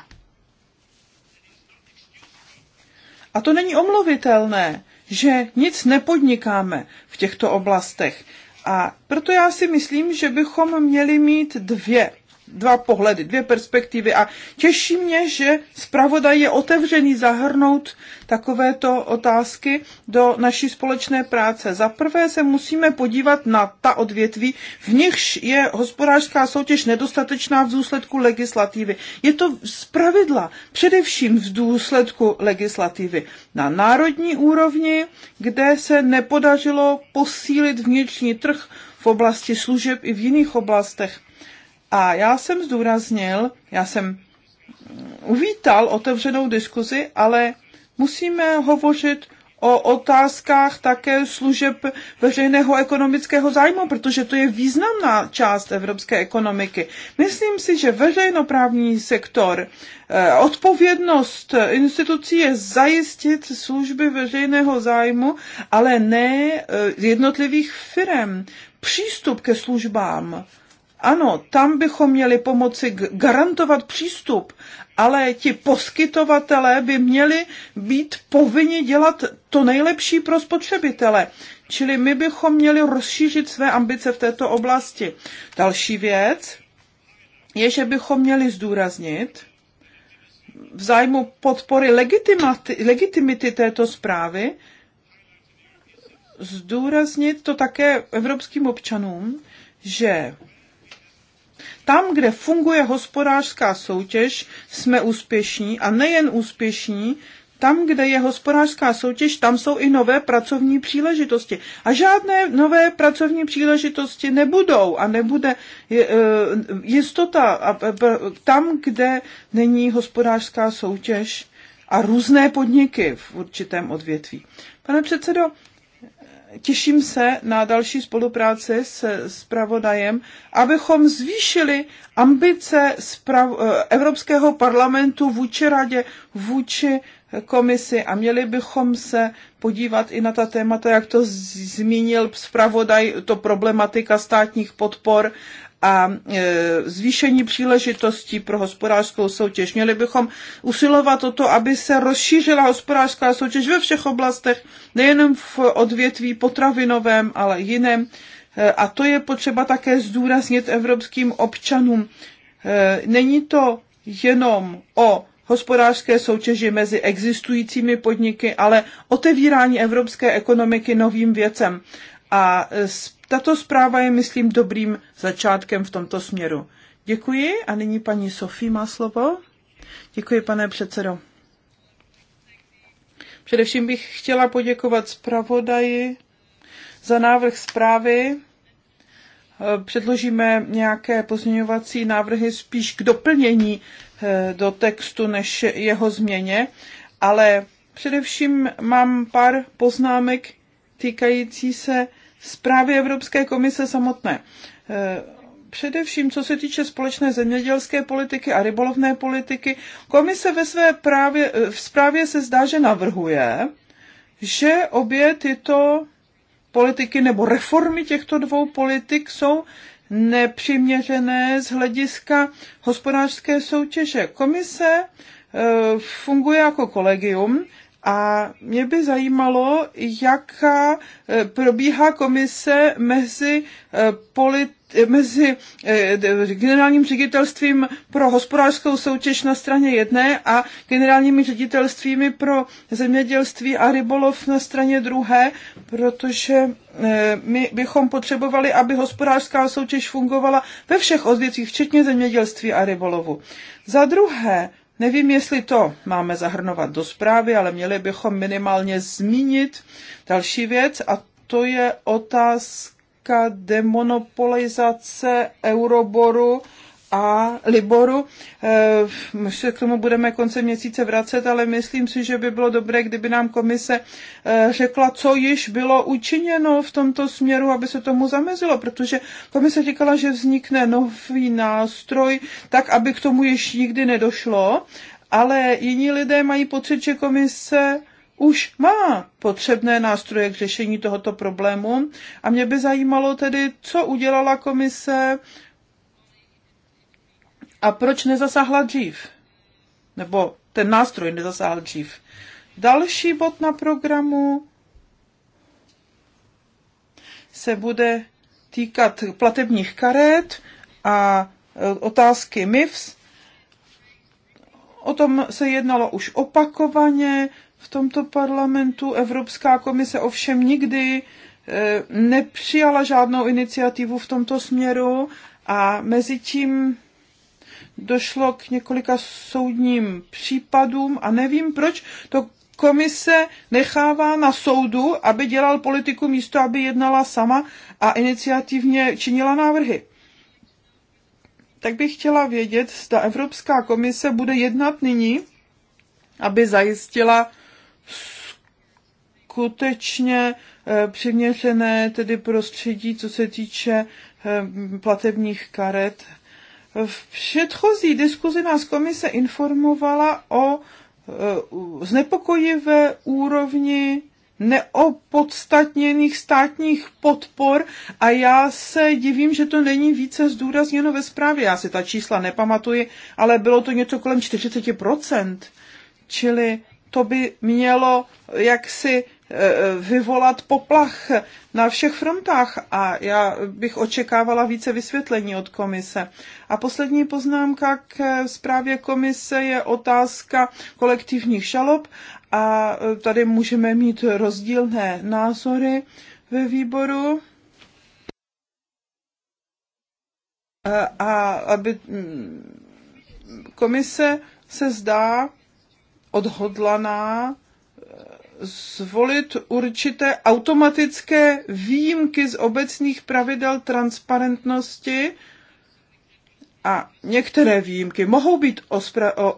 Speaker 2: A to není omluvitelné že nic nepodnikáme v těchto oblastech. A proto já si myslím, že bychom měli mít dvě dva pohledy, dvě perspektivy a těší mě, že zpravodaj je otevřený zahrnout takovéto otázky do naší společné práce. Za prvé se musíme podívat na ta odvětví, v nichž je hospodářská soutěž nedostatečná v důsledku legislativy. Je to z pravidla, především v důsledku legislativy. Na národní úrovni, kde se nepodařilo posílit vnitřní trh v oblasti služeb i v jiných oblastech. A já jsem zdůraznil, já jsem uvítal otevřenou diskuzi, ale musíme hovořit o otázkách také služeb veřejného ekonomického zájmu, protože to je významná část evropské ekonomiky. Myslím si, že veřejnoprávní sektor, eh, odpovědnost institucí je zajistit služby veřejného zájmu, ale ne eh, jednotlivých firm. Přístup ke službám ano, tam bychom měli pomoci garantovat přístup, ale ti poskytovatelé by měli být povinni dělat to nejlepší pro spotřebitele. Čili my bychom měli rozšířit své ambice v této oblasti. Další věc je, že bychom měli zdůraznit, v zájmu podpory legitimity této zprávy, zdůraznit to také evropským občanům, že tam, kde funguje hospodářská soutěž, jsme úspěšní a nejen úspěšní, tam, kde je hospodářská soutěž, tam jsou i nové pracovní příležitosti. A žádné nové pracovní příležitosti nebudou a nebude e, jistota e, tam, kde není hospodářská soutěž a různé podniky v určitém odvětví. Pane předsedo, těším se na další spolupráci s zpravodajem, abychom zvýšili ambice eh, Evropského parlamentu vůči radě, vůči komisi a měli bychom se podívat i na ta témata, jak to zmínil zpravodaj, to problematika státních podpor a e, zvýšení příležitostí pro hospodářskou soutěž. Měli bychom usilovat o to, aby se rozšířila hospodářská soutěž ve všech oblastech, nejenom v odvětví potravinovém, ale jiném. E, a to je potřeba také zdůraznit evropským občanům. E, není to jenom o hospodářské soutěži mezi existujícími podniky, ale otevírání evropské ekonomiky novým věcem. A e, tato zpráva je, myslím, dobrým začátkem v tomto směru. Děkuji a nyní paní Sofí má slovo. Děkuji, pane předsedo. Především bych chtěla poděkovat zpravodaji za návrh zprávy. E, předložíme nějaké pozměňovací návrhy spíš k doplnění Eh, do textu než jeho změně, ale především mám pár poznámek týkající se zprávy Evropské komise samotné. Eh, především, co se týče společné zemědělské politiky a rybolovné politiky, komise ve své právě, eh, v zprávě se zdá, že navrhuje, že obě tyto politiky nebo reformy těchto dvou politik jsou nepřiměřené z hlediska hospodářské soutěže. Komise eh, funguje jako kolegium a mě by zajímalo, jaká eh, probíhá komise mezi, eh, polit, mezi eh, generálním ředitelstvím pro hospodářskou soutěž na straně jedné a generálními ředitelstvími pro zemědělství a rybolov na straně druhé, protože my bychom potřebovali, aby hospodářská soutěž fungovala ve všech odvětvích, včetně zemědělství a rybolovu. Za druhé, Nevím, jestli to máme zahrnovat do zprávy, ale měli bychom minimálně zmínit další věc a to je otázka demonopolizace Euroboru a Liboru. My eh, se k tomu budeme konce měsíce vracet, ale myslím si, že by bylo dobré, kdyby nám komise eh, řekla, co již bylo učiněno v tomto směru, aby se tomu zamezilo, protože komise říkala, že vznikne nový nástroj, tak aby k tomu již nikdy nedošlo, ale jiní lidé mají pocit, že komise už má potřebné nástroje k řešení tohoto problému a mě by zajímalo tedy, co udělala komise a proč nezasáhla dřív? Nebo ten nástroj nezasáhl dřív. Další bod na programu se bude týkat platebních karet a e, otázky MIFS. O tom se jednalo už opakovaně v tomto parlamentu. Evropská komise ovšem nikdy e, nepřijala žádnou iniciativu v tomto směru a mezi tím došlo k několika soudním případům a nevím proč to komise nechává na soudu, aby dělal politiku místo, aby jednala sama a iniciativně činila návrhy. Tak bych chtěla vědět, zda Evropská komise bude jednat nyní, aby zajistila skutečně eh, přiměřené tedy prostředí, co se týče eh, platebních karet v předchozí diskuzi nás komise informovala o e, znepokojivé úrovni neopodstatněných státních podpor a já se divím, že to není více zdůrazněno ve zprávě. Já si ta čísla nepamatuji, ale bylo to něco kolem 40%. Čili to by mělo jaksi Eh, vyvolat poplach na všech frontách a já bych očekávala více vysvětlení od komise. A poslední poznámka k zprávě komise je otázka kolektivních žalob a tady můžeme mít rozdílné názory ve výboru. Eh, a aby mm, komise se zdá odhodlaná zvolit určité automatické výjimky z obecných pravidel transparentnosti a některé výjimky mohou být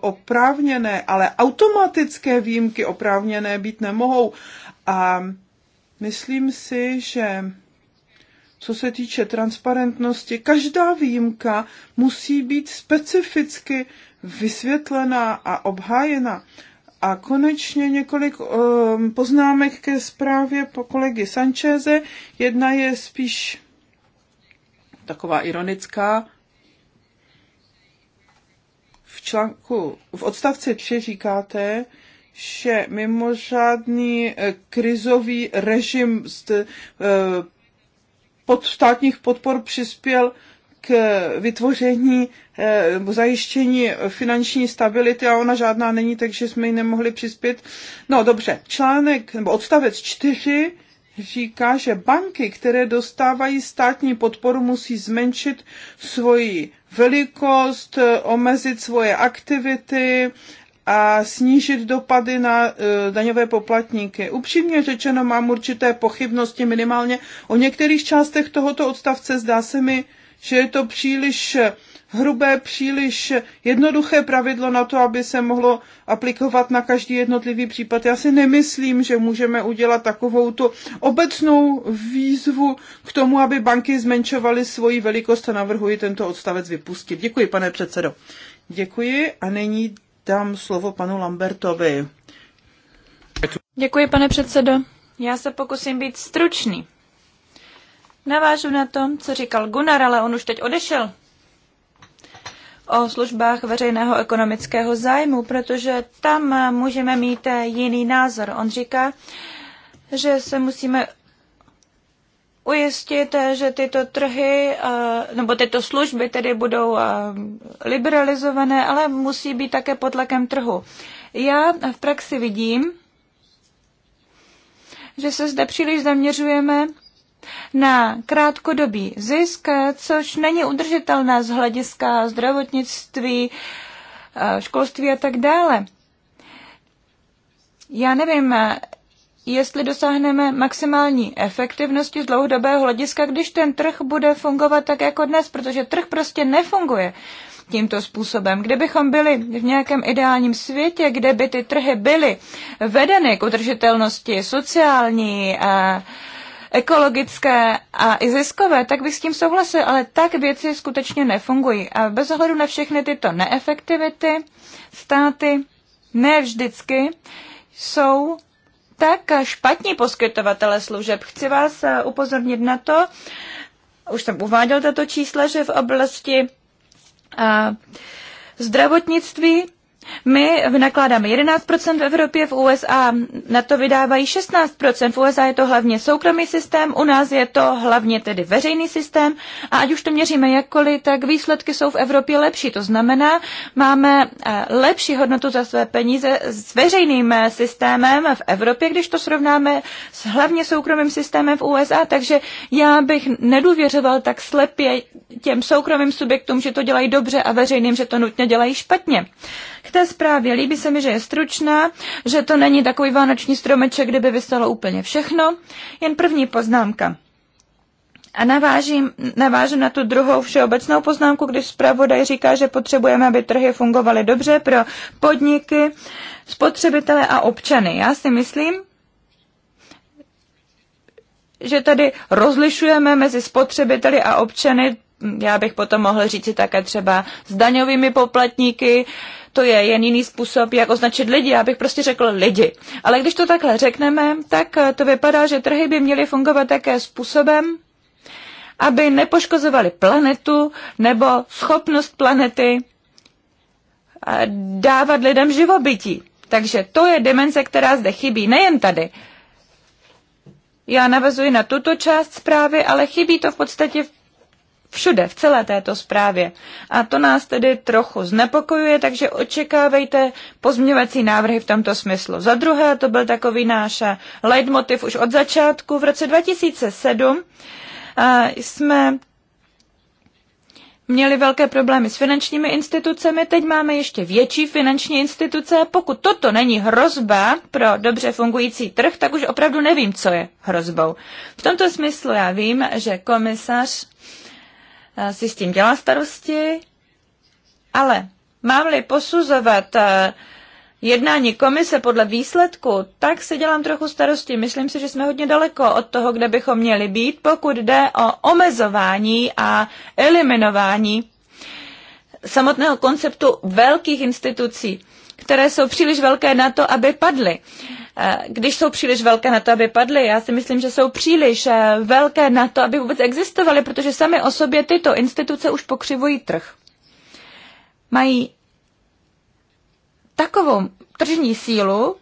Speaker 2: oprávněné, ale automatické výjimky oprávněné být nemohou. A myslím si, že co se týče transparentnosti, každá výjimka musí být specificky vysvětlená a obhájena. A konečně několik um, poznámek ke zprávě po kolegy Sancheze. Jedna je spíš taková ironická. V článku, v odstavci 3 říkáte, že mimořádný eh, krizový režim eh, pod státních podpor přispěl k vytvoření eh, nebo zajištění finanční stability a ona žádná není, takže jsme ji nemohli přispět. No dobře, článek nebo odstavec čtyři říká, že banky, které dostávají státní podporu, musí zmenšit svoji velikost, eh, omezit svoje aktivity a snížit dopady na eh, daňové poplatníky. Upřímně řečeno mám určité pochybnosti minimálně o některých částech tohoto odstavce. Zdá se mi, že je to příliš hrubé, příliš jednoduché pravidlo na to, aby se mohlo aplikovat na každý jednotlivý případ. Já si nemyslím, že můžeme udělat takovou tu obecnou výzvu k tomu, aby banky zmenšovaly svoji velikost a navrhuji tento odstavec vypustit. Děkuji, pane předsedo. Děkuji a nyní dám slovo panu Lambertovi.
Speaker 1: Děkuji, pane předsedo. Já se pokusím být stručný. Navážu na to, co říkal Gunnar, ale on už teď odešel o službách veřejného ekonomického zájmu, protože tam můžeme mít jiný názor. On říká, že se musíme ujistit, že tyto trhy eh, nebo tyto služby tedy budou eh, liberalizované, ale musí být také pod tlakem trhu. Já v praxi vidím, že se zde příliš zaměřujeme na krátkodobý zisk, což není udržitelné z hlediska zdravotnictví, eh, školství a tak dále. Já nevím, jestli dosáhneme maximální efektivnosti z dlouhodobého hlediska, když ten trh bude fungovat tak jako dnes, protože trh prostě nefunguje tímto způsobem. Kdybychom byli v nějakém ideálním světě, kde by ty trhy byly vedeny k udržitelnosti sociální, a eh, ekologické a i ziskové, tak bych s tím souhlasil, ale tak věci skutečně nefungují. A bez ohledu na všechny tyto neefektivity, státy ne vždycky jsou tak špatní poskytovatele služeb. Chci vás eh, upozornit na to, už jsem uváděl tato čísla, že v oblasti a, eh, zdravotnictví my vynakládáme 11% v Evropě, v USA na to vydávají 16%. V USA je to hlavně soukromý systém, u nás je to hlavně tedy veřejný systém a ať už to měříme jakkoliv, tak výsledky jsou v Evropě lepší. To znamená, máme eh, lepší hodnotu za své peníze s veřejným eh, systémem v Evropě, když to srovnáme s hlavně soukromým systémem v USA, takže já bych nedůvěřoval tak slepě těm soukromým subjektům, že to dělají dobře a veřejným, že to nutně dělají špatně. K té zprávě líbí se mi, že je stručná, že to není takový vánoční stromeček, kde by vystalo úplně všechno. Jen první poznámka. A navážím, navážu na tu druhou všeobecnou poznámku, když zpravodaj říká, že potřebujeme, aby trhy fungovaly dobře pro podniky, spotřebitele a občany. Já si myslím, že tady rozlišujeme mezi spotřebiteli a občany, já bych potom mohl říci také třeba s daňovými poplatníky, to je jen jiný způsob, jak označit lidi. Já bych prostě řekl lidi. Ale když to takhle řekneme, tak eh, to vypadá, že trhy by měly fungovat také způsobem, aby nepoškozovali planetu nebo schopnost planety eh, dávat lidem živobytí. Takže to je dimenze, která zde chybí, nejen tady. Já navazuji na tuto část zprávy, ale chybí to v podstatě v všude, v celé této zprávě. A to nás tedy trochu znepokojuje, takže očekávejte pozměňovací návrhy v tomto smyslu. Za druhé, to byl takový náš leitmotiv už od začátku. V roce 2007 jsme měli velké problémy s finančními institucemi, teď máme ještě větší finanční instituce. Pokud toto není hrozba pro dobře fungující trh, tak už opravdu nevím, co je hrozbou. V tomto smyslu já vím, že komisař Eh, si s tím dělá starosti, ale mám-li posuzovat eh, jednání komise podle výsledku, tak si dělám trochu starosti. Myslím si, že jsme hodně daleko od toho, kde bychom měli být, pokud jde o omezování a eliminování samotného konceptu velkých institucí, které jsou příliš velké na to, aby padly. Uh, Eh, když jsou příliš velké na to, aby padly. Já si myslím, že jsou příliš eh, velké na to, aby vůbec existovaly, protože sami o sobě tyto instituce už pokřivují trh. Mají takovou tržní sílu,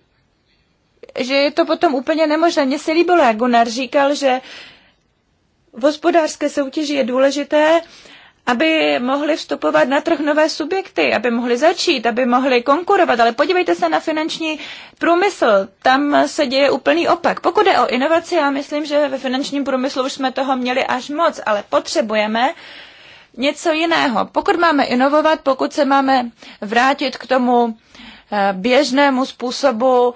Speaker 1: že je to potom úplně nemožné. Mně se líbilo, jak Gunnar říkal, že v hospodářské soutěži je důležité uh, aby mohly vstupovat na trh nové subjekty, aby mohly začít, aby mohly konkurovat. Ale podívejte se na finanční průmysl, tam se děje úplný opak. Pokud je o inovaci, já myslím, že ve finančním průmyslu už jsme toho měli až moc, ale potřebujeme něco jiného. Pokud máme inovovat, pokud se máme vrátit k tomu eh, běžnému způsobu,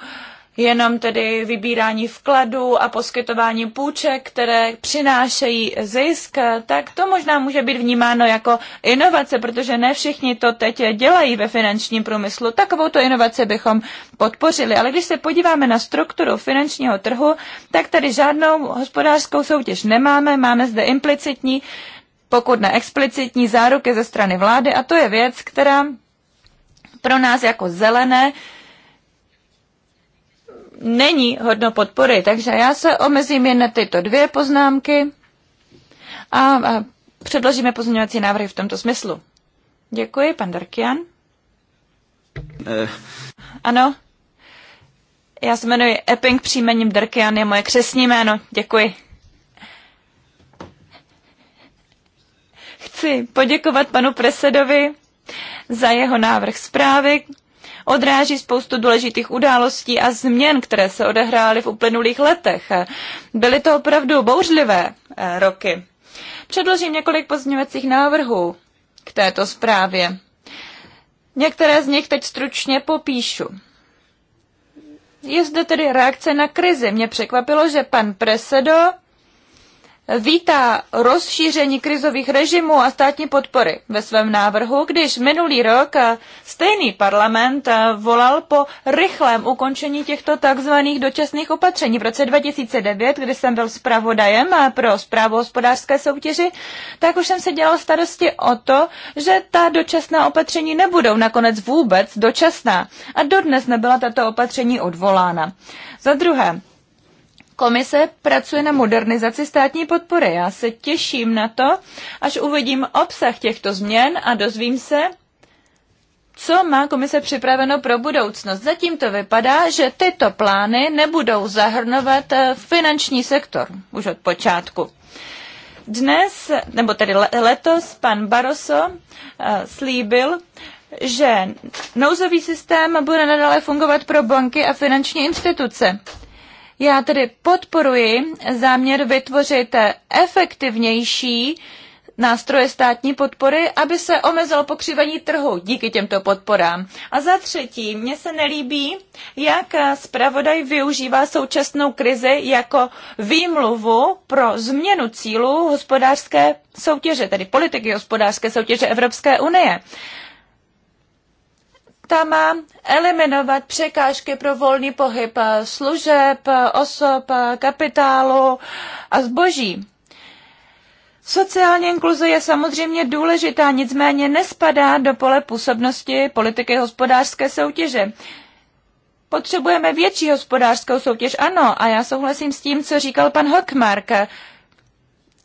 Speaker 1: jenom tedy vybírání vkladů a poskytování půjček, které přinášejí zisk, tak to možná může být vnímáno jako inovace, protože ne všichni to teď dělají ve finančním průmyslu. to inovace bychom podpořili. Ale když se podíváme na strukturu finančního trhu, tak tady žádnou hospodářskou soutěž nemáme. Máme zde implicitní, pokud ne explicitní záruky ze strany vlády a to je věc, která pro nás jako zelené není hodno podpory. Takže já se omezím jen na tyto dvě poznámky a, a předložíme pozměňovací návrhy v tomto smyslu. Děkuji, pan Darkian. Eh. Ano. Já se jmenuji Epping příjmením Darkian, je moje křesní jméno. Děkuji. Chci poděkovat panu Presedovi za jeho návrh zprávy, odráží spoustu důležitých událostí a změn, které se odehrály v uplynulých letech. Byly to opravdu bouřlivé eh, roky. Předložím několik pozměňovacích návrhů k této zprávě. Některé z nich teď stručně popíšu. Je zde tedy reakce na krizi. Mě překvapilo, že pan Presedo vítá rozšíření krizových režimů a státní podpory ve svém návrhu, když minulý rok stejný parlament volal po rychlém ukončení těchto takzvaných dočasných opatření. V roce 2009, kdy jsem byl zpravodajem pro zprávu hospodářské soutěži, tak už jsem se dělal starosti o to, že ta dočasná opatření nebudou nakonec vůbec dočasná. A dodnes nebyla tato opatření odvolána. Za druhé, Komise pracuje na modernizaci státní podpory. Já se těším na to, až uvidím obsah těchto změn a dozvím se, co má komise připraveno pro budoucnost. Zatím to vypadá, že tyto plány nebudou zahrnovat eh, finanční sektor už od počátku. Dnes, nebo tedy letos, pan Barroso eh, slíbil, že nouzový systém bude nadále fungovat pro banky a finanční instituce. Já tedy podporuji záměr vytvořit efektivnější nástroje státní podpory, aby se omezilo pokřivení trhu díky těmto podporám. A za třetí, mně se nelíbí, jak zpravodaj využívá současnou krizi jako výmluvu pro změnu cílů hospodářské soutěže, tedy politiky hospodářské soutěže Evropské unie ta má eliminovat překážky pro volný pohyb služeb, osob, kapitálu a zboží. Sociální inkluze je samozřejmě důležitá, nicméně nespadá do pole působnosti politiky hospodářské soutěže. Potřebujeme větší hospodářskou soutěž, ano, a já souhlasím s tím, co říkal pan Hockmark.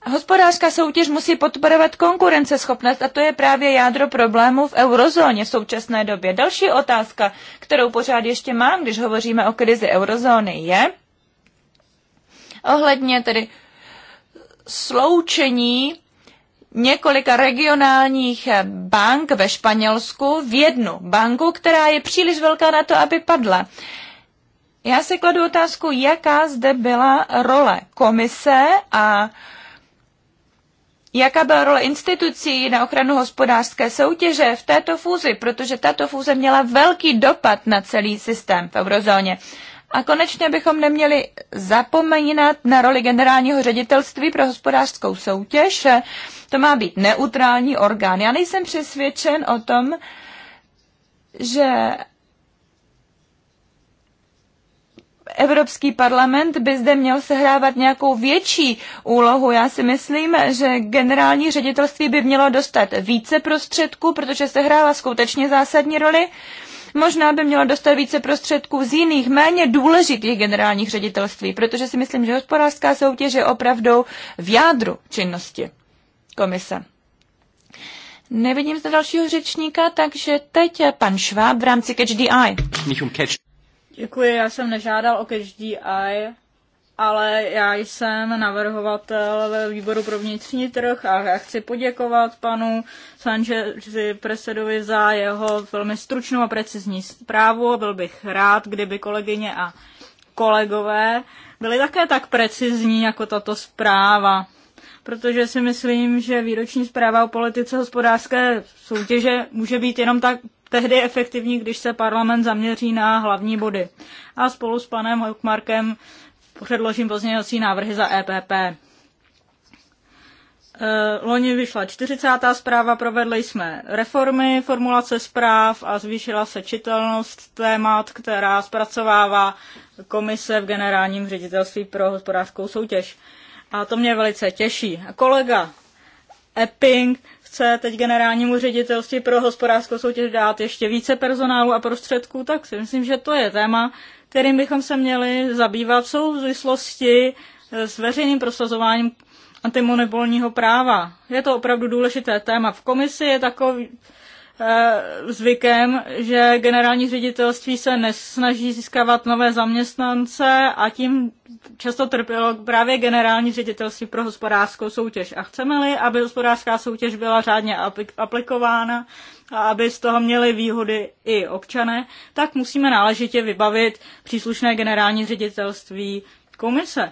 Speaker 1: Hospodářská soutěž musí podporovat konkurenceschopnost a to je právě jádro problému v eurozóně v současné době. Další otázka, kterou pořád ještě mám, když hovoříme o krizi eurozóny, je ohledně tedy sloučení několika regionálních bank ve Španělsku v jednu banku, která je příliš velká na to, aby padla. Já si kladu otázku, jaká zde byla role komise a uh, Jaká byla role institucí na ochranu hospodářské soutěže v této fúzi, protože tato fúze měla velký dopad na celý systém v eurozóně. A konečně bychom neměli zapomínat na roli generálního ředitelství pro hospodářskou soutěž. To má být neutrální orgán. Já nejsem přesvědčen o tom, že Evropský parlament by zde měl sehrávat nějakou větší úlohu. Já si myslím, že generální ředitelství by mělo dostat více prostředků, protože sehrává skutečně zásadní roli. Možná by mělo dostat více prostředků z jiných, méně důležitých generálních ředitelství, protože si myslím, že hospodářská soutěž je opravdu v jádru činnosti komise. Nevidím zde dalšího řečníka, takže teď pan Šváb v rámci Catch the Eye.
Speaker 3: Děkuji, já jsem nežádal o HDI, ale já jsem navrhovatel ve výboru pro vnitřní trh a já chci poděkovat panu Sanchezi Presedovi za jeho velmi stručnou a precizní zprávu. Byl bych rád, kdyby kolegyně a kolegové byli také tak precizní jako tato zpráva. Protože si myslím, že výroční zpráva o politice hospodářské soutěže může být jenom tak tehdy efektivní, když se parlament zaměří na hlavní body. A spolu s panem Hokmarkem předložím pozměňovací návrhy za EPP. E, loni vyšla 40. zpráva, provedli jsme reformy formulace zpráv a zvýšila se čitelnost témat, která zpracovává komise v generálním ředitelství pro hospodářskou soutěž. A to mě velice těší. Kolega Epping chce teď generálnímu ředitelství pro hospodářskou soutěž dát ještě více personálu a prostředků, tak si myslím, že to je téma, kterým bychom se měli zabývat v souvislosti s veřejným prosazováním antimonopolního práva. Je to opravdu důležité téma. V komisi je takový, Eh, zvykem, že generální ředitelství se nesnaží získávat nové zaměstnance a tím často trpělo právě generální ředitelství pro hospodářskou soutěž. A chceme-li, aby hospodářská soutěž byla řádně aplikována a aby z toho měli výhody i občané, tak musíme náležitě vybavit příslušné generální ředitelství komise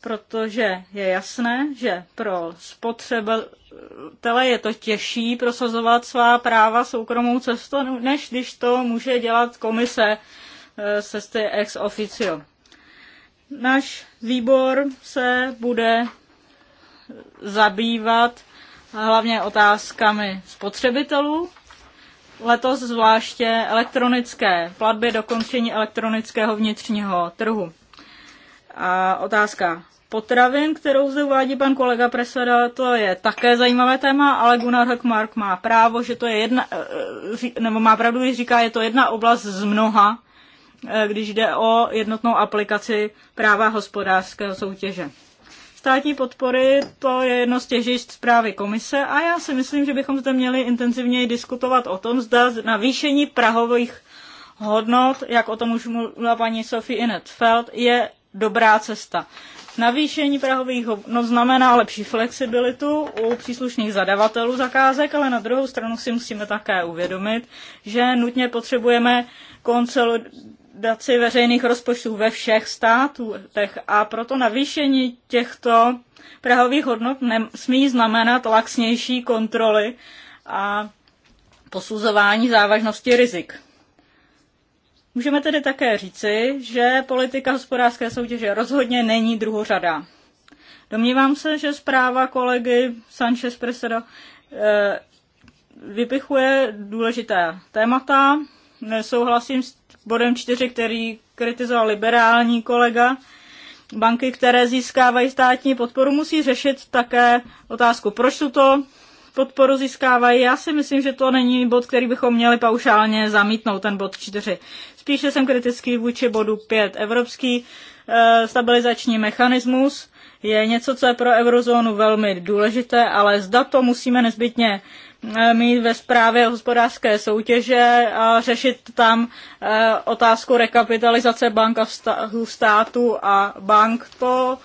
Speaker 3: protože je jasné, že pro spotřebitele je to těžší prosazovat svá práva soukromou cestou, než když to může dělat komise cesty eh, ex officio. Náš výbor se bude zabývat hlavně otázkami spotřebitelů, letos zvláště elektronické platby dokončení elektronického vnitřního trhu. A otázka potravin, kterou zde uvádí pan kolega Preseda, to je také zajímavé téma, ale Gunnar Hökmark má právo, že to je jedna, eh, eh, nebo má pravdu, když říká, je to jedna oblast z mnoha, eh, když jde o jednotnou aplikaci práva hospodářského soutěže. Státní podpory, to je jedno z těžišť zprávy komise a já si myslím, že bychom zde měli intenzivněji diskutovat o tom, zda navýšení prahových hodnot, jak o tom už mluvila paní Sophie Inet Feld, je dobrá cesta. Navýšení prahových hodnot znamená lepší flexibilitu u příslušných zadavatelů zakázek, ale na druhou stranu si musíme také uvědomit, že nutně potřebujeme konsolidaci veřejných rozpočtů ve všech státech a proto navýšení těchto prahových hodnot nesmí znamenat laxnější kontroly a posuzování závažnosti rizik. Můžeme tedy také říci, že politika hospodářské soutěže rozhodně není druhořada. Domnívám se, že zpráva kolegy Sanchez Presedo eh, vypichuje důležité témata. Nesouhlasím s bodem 4, který kritizoval liberální kolega. Banky, které získávají státní podporu, musí řešit také otázku, proč to podporu získávají. Já si myslím, že to není bod, který bychom měli paušálně zamítnout, ten bod 4. Spíše jsem kritický vůči bodu 5. Evropský e, stabilizační mechanismus je něco, co je pro eurozónu velmi důležité, ale zda to musíme nezbytně eh, mít ve zprávě hospodářské soutěže a řešit tam eh, otázku rekapitalizace bank a vztahu státu a bank. To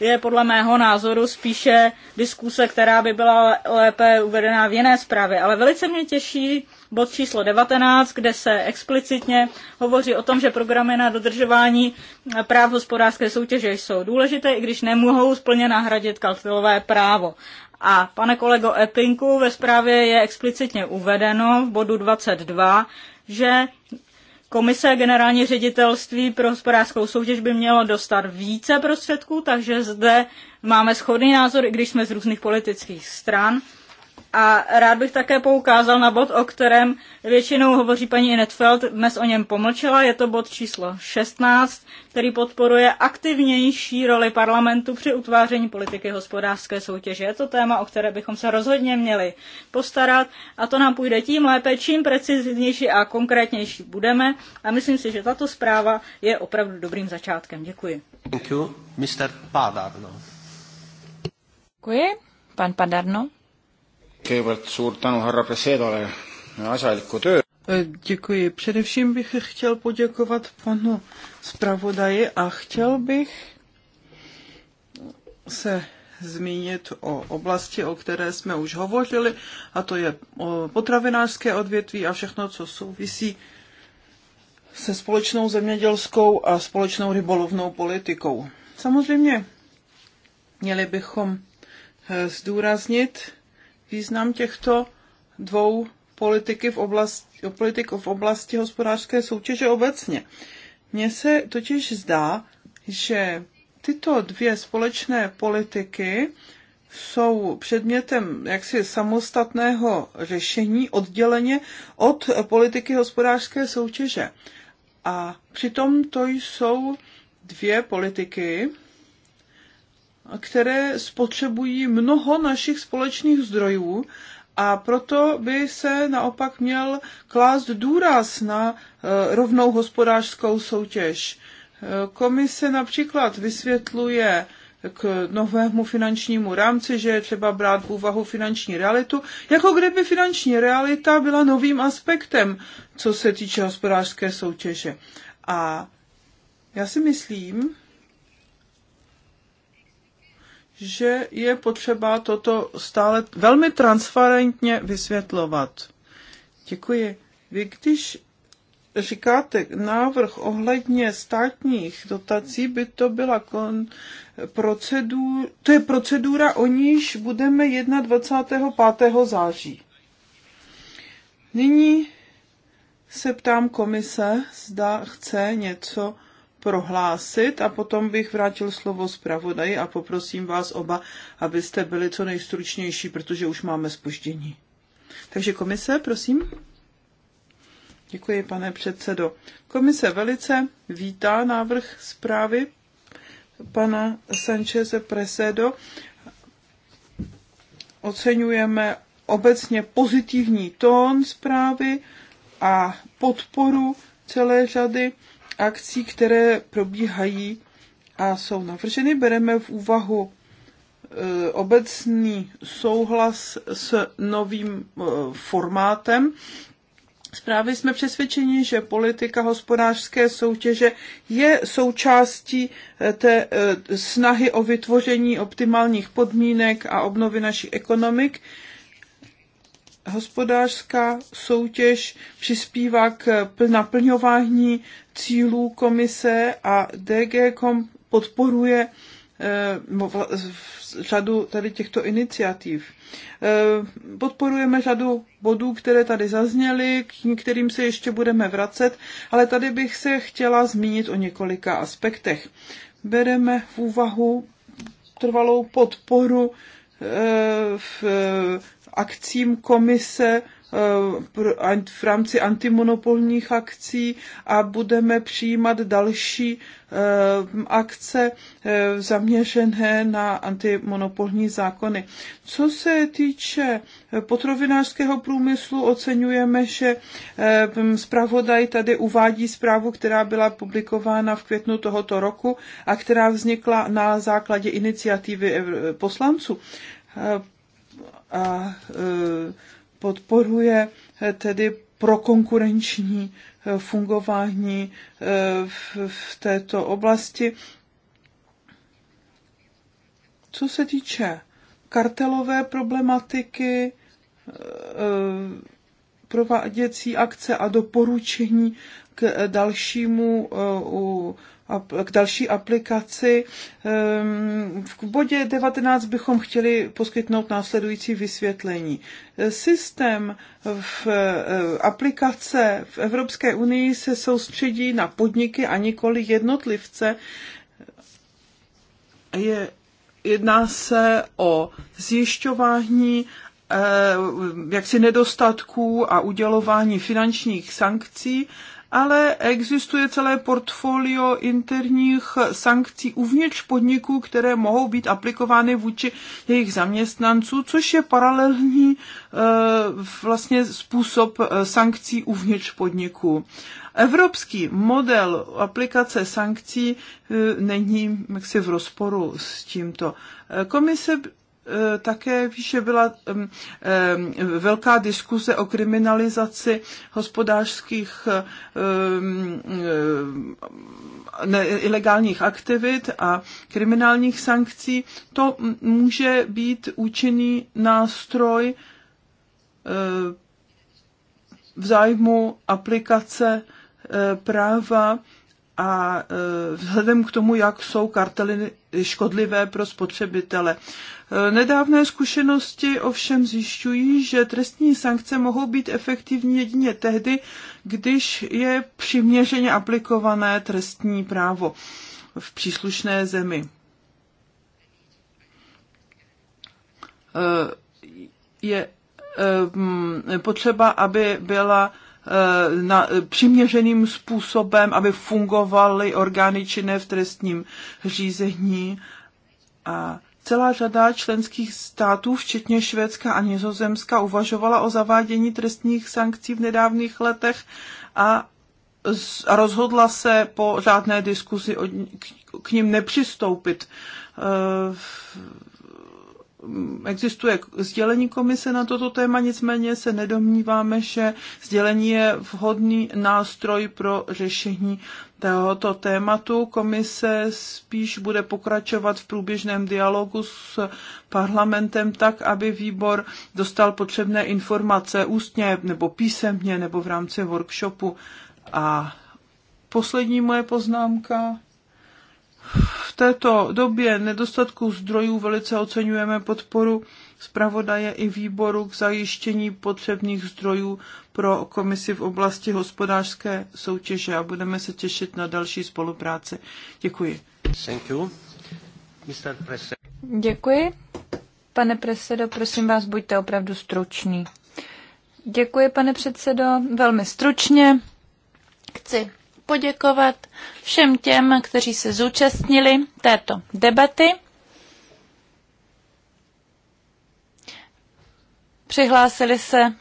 Speaker 3: je podle mého názoru spíše diskuse, která by byla lépe uvedená v jiné zprávě. Ale velice mě těší bod číslo 19, kde se explicitně hovoří o tom, že programy na dodržování práv hospodářské soutěže jsou důležité, i když nemohou splně nahradit kartelové právo. A pane kolego Epinku, ve zprávě je explicitně uvedeno v bodu 22, že Komise generální ředitelství pro hospodářskou soutěž by mělo dostat více prostředků, takže zde máme shodný názor, i když jsme z různých politických stran. A rád bych také poukázal na bod, o kterém většinou hovoří paní Netfeld, dnes o něm pomlčela, je to bod číslo 16, který podporuje aktivnější roli parlamentu při utváření politiky hospodářské soutěže. Je to téma, o které bychom se rozhodně měli postarat a to nám půjde tím lépe, čím preciznější a konkrétnější budeme a myslím si, že tato zpráva je opravdu dobrým začátkem. Děkuji. Thank you, Mr. Padarno. Děkuji,
Speaker 2: pan Padarno.
Speaker 4: Kõigepealt suur tänu härra Presedole asjaliku töö.
Speaker 2: E, děkuji. Především bych chtěl poděkovat panu zpravodaji a chtěl bych se zmínit o oblasti, o které jsme už hovořili, a to je e, potravinářské odvětví a všechno, co souvisí se společnou zemědělskou a společnou rybolovnou politikou. Samozřejmě měli bychom e, zdůraznit, význam těchto dvou politiky v oblasti, politik v oblasti hospodářské soutěže obecně. Mně se totiž zdá, že tyto dvě společné politiky jsou předmětem jaksi samostatného řešení odděleně od politiky hospodářské soutěže. A přitom to jsou dvě politiky, které spotřebují mnoho našich společných zdrojů a proto by se naopak měl klást důraz na e, rovnou hospodářskou soutěž. E, komise například vysvětluje k novému finančnímu rámci, že je třeba brát v úvahu finanční realitu, jako kdyby finanční realita byla novým aspektem, co se týče hospodářské soutěže. A já si myslím, že je potřeba toto stále velmi transparentně vysvětlovat. Děkuji. Vy když říkáte návrh ohledně státních dotací, by to byla kon, procedur, to je procedura, o níž budeme 21. 5. září. Nyní se ptám komise, zda chce něco prohlásit a potom bych vrátil slovo zpravodaji a poprosím vás oba, abyste byli co nejstručnější, protože už máme spoždění. Takže komise, prosím. Děkuji, pane předsedo. Komise velice vítá návrh zprávy pana Sancheze Presedo. Oceňujeme obecně pozitivní tón zprávy a podporu celé řady akcí, které probíhají a jsou navrženy, bereme v úvahu e, obecný souhlas s novým e, formátem. Zprávy jsme přesvědčeni, že politika hospodářské soutěže je součástí e, té snahy o vytvoření optimálních podmínek a obnovy našich ekonomik hospodářská soutěž přispívá k naplňování cílů komise a DGCOM podporuje e, řadu tady těchto iniciativ. E, podporujeme řadu bodů, které tady zazněly, k některým se ještě budeme vracet, ale tady bych se chtěla zmínit o několika aspektech. Bereme v úvahu trvalou podporu e, v akcím komise eh, v rámci antimonopolních akcí a budeme přijímat další eh, akce eh, zaměřené na antimonopolní zákony. Co se týče potrovinářského průmyslu, oceňujeme, že zpravodaj tady uvádí zprávu, která byla publikována v květnu tohoto roku a která vznikla na základě iniciativy poslanců a e, podporuje tedy prokonkurenční e, fungování e, v této oblasti. Co se týče kartelové problematiky, prováděcí akce a doporučení k dalšímu k další aplikaci. Ehm, v bodě 19 bychom chtěli poskytnout následující vysvětlení. Systém v e, aplikace v Evropské unii se soustředí na podniky a nikoli jednotlivce. Je, jedná se o zjišťování e, jaksi nedostatků a udělování finančních sankcí ale existuje celé portfolio interních sankcí uvnitř podniků, které mohou být aplikovány vůči jejich zaměstnanců, což je paralelní eh, vlastně způsob eh, sankcí uvnitř podniků. Evropský model aplikace sankcí eh, není jaksi v rozporu s tímto. Komise Eh, také že byla velká diskuze o kriminalizaci hospodářských eh, ilegálních aktivit a kriminálních sankcí. To může být účinný nástroj eh, v zájmu aplikace práva a vzhledem k tomu, jak jsou kartely škodlivé pro spotřebitele. Nedávné zkušenosti ovšem zjišťují, že trestní sankce mohou být efektivní jedině tehdy, když je přiměřeně aplikované trestní právo v příslušné zemi. Eh, je eh, mm, potřeba, aby byla eh, na, přiměřeným způsobem, aby fungovaly orgány činné v trestním řízení a Celá řada členských států, včetně Švédska a Nizozemska, uvažovala o zavádění trestních sankcí v nedávných letech a rozhodla se po řádné diskuzi k ním nepřistoupit. Eh, existuje sdělení komise na toto téma, nicméně se nedomníváme, že sdělení je vhodný nástroj pro řešení tohoto tématu. Komise spíš bude pokračovat v průběžném dialogu s parlamentem tak, aby výbor dostal potřebné informace ústně nebo písemně nebo v rámci workshopu. A poslední moje poznámka. V této době nedostatku zdrojů velice oceňujeme podporu zpravodaje i výboru k zajištění potřebných zdrojů pro komisi v oblasti hospodářské soutěže a budeme se těšit na další spolupráci. Děkuji. Thank you. Mr.
Speaker 1: Děkuji. Pane předsedo, prosím vás, buďte opravdu stručný. Děkuji, pane předsedo, velmi stručně. Chci poděkovat všem těm, kteří se zúčastnili této debaty. Přihlásili se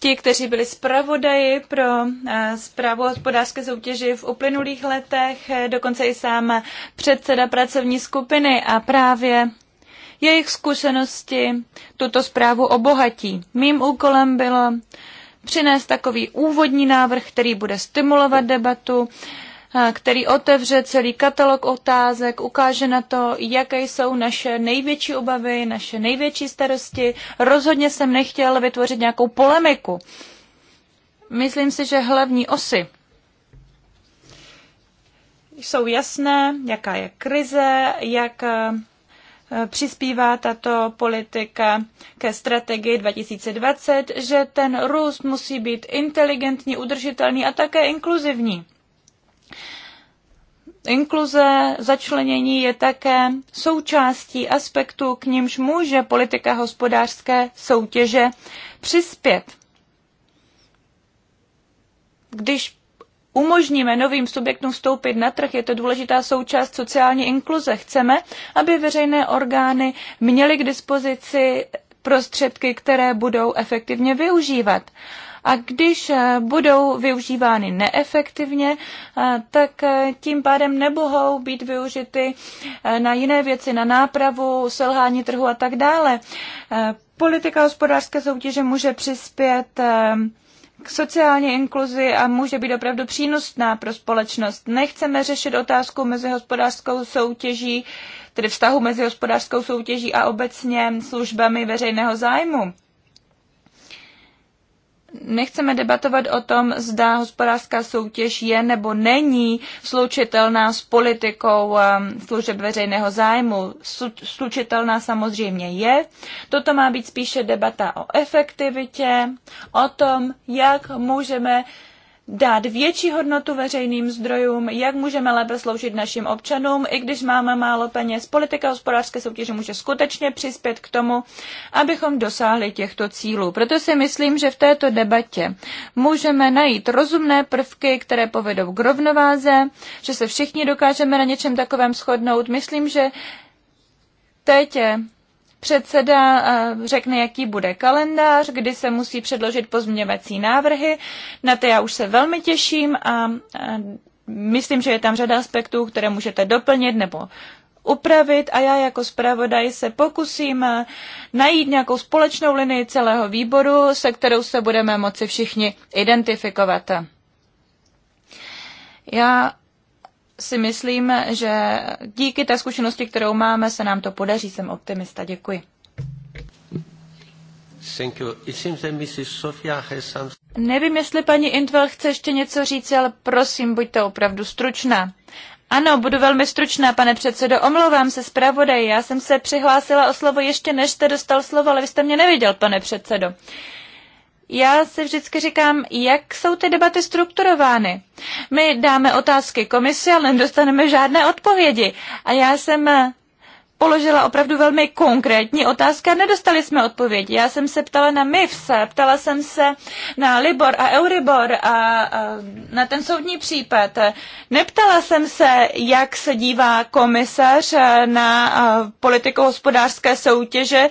Speaker 1: ti, kteří byli zpravodaji pro eh, zprávu hospodářské soutěži v uplynulých letech, eh, dokonce i sám předseda pracovní skupiny a právě jejich zkušenosti tuto zprávu obohatí. Mým úkolem bylo přinést takový úvodní návrh, který bude stimulovat debatu, který otevře celý katalog otázek, ukáže na to, jaké jsou naše největší obavy, naše největší starosti. Rozhodně jsem nechtěl vytvořit nějakou polemiku. Myslím si, že hlavní osy jsou jasné, jaká je krize, jak přispívá tato politika ke strategii 2020, že ten růst musí být inteligentní, udržitelný a také inkluzivní. Inkluze, začlenění je také součástí aspektu, k nímž může politika hospodářské soutěže přispět. Když umožníme novým subjektům vstoupit na trh, je to důležitá součást sociální inkluze. Chceme, aby veřejné orgány měly k dispozici prostředky, které budou efektivně využívat a když eh, budou využívány neefektivně, eh, tak eh, tím pádem nebohou být využity na jiné věci, na nápravu, selhání trhu a tak dále. Politika hospodářské soutěže může přispět k sociální inkluzi a může být opravdu přínosná pro společnost. Nechceme řešit otázku mezi hospodářskou soutěží, tedy vztahu mezi hospodářskou soutěží a obecně službami veřejného zájmu nechceme debatovat o tom, zda hospodářská soutěž je nebo není slučitelná s politikou um, služeb veřejného zájmu. Slučitelná samozřejmě je. Toto má být spíše debata o efektivitě, o tom, jak můžeme dát větší hodnotu veřejným zdrojům, jak můžeme lépe sloužit našim občanům, i když máme málo peněz. Politika hospodářské soutěže může skutečně přispět k tomu, abychom dosáhli těchto cílů. Proto si myslím, že v této debatě můžeme najít rozumné prvky, které povedou k rovnováze, že se všichni dokážeme na něčem takovém shodnout. Myslím, že teď Předseda eh, řekne, jaký bude kalendář, kdy se musí předložit pozměňovací návrhy. Na to já už se velmi těším a myslím, že je tam řada aspektů, které můžete doplnit nebo upravit a já jako zpravodaj se pokusím eh, najít nějakou společnou linii celého výboru, se kterou se budeme moci všichni identifikovat. Já si myslím, že díky té zkušenosti, kterou máme, se nám to podaří. Jsem optimista. Děkuji.
Speaker 3: Thank you. It seems that Mrs. has some...
Speaker 1: Nevím, jestli paní Intvel chce ještě něco říct, ale prosím, buďte opravdu stručná. Ano, budu velmi stručná, pane předsedo. Omlouvám se, zpravodaj. Já jsem se přihlásila o slovo ještě, než jste dostal slovo, ale vy jste mě neviděl, pane předsedo. Uh, já si vždycky říkám, jak jsou ty debaty strukturovány. My dáme otázky komisi, ale nedostaneme žádné odpovědi. A já jsem eh, položila opravdu velmi konkrétní otázka, a nedostali jsme odpověď. Já jsem se ptala na MIFS, ptala jsem se na Libor a Euribor a, na ten soudní případ. Neptala jsem se, jak se dívá komisař na politiku hospodářské soutěže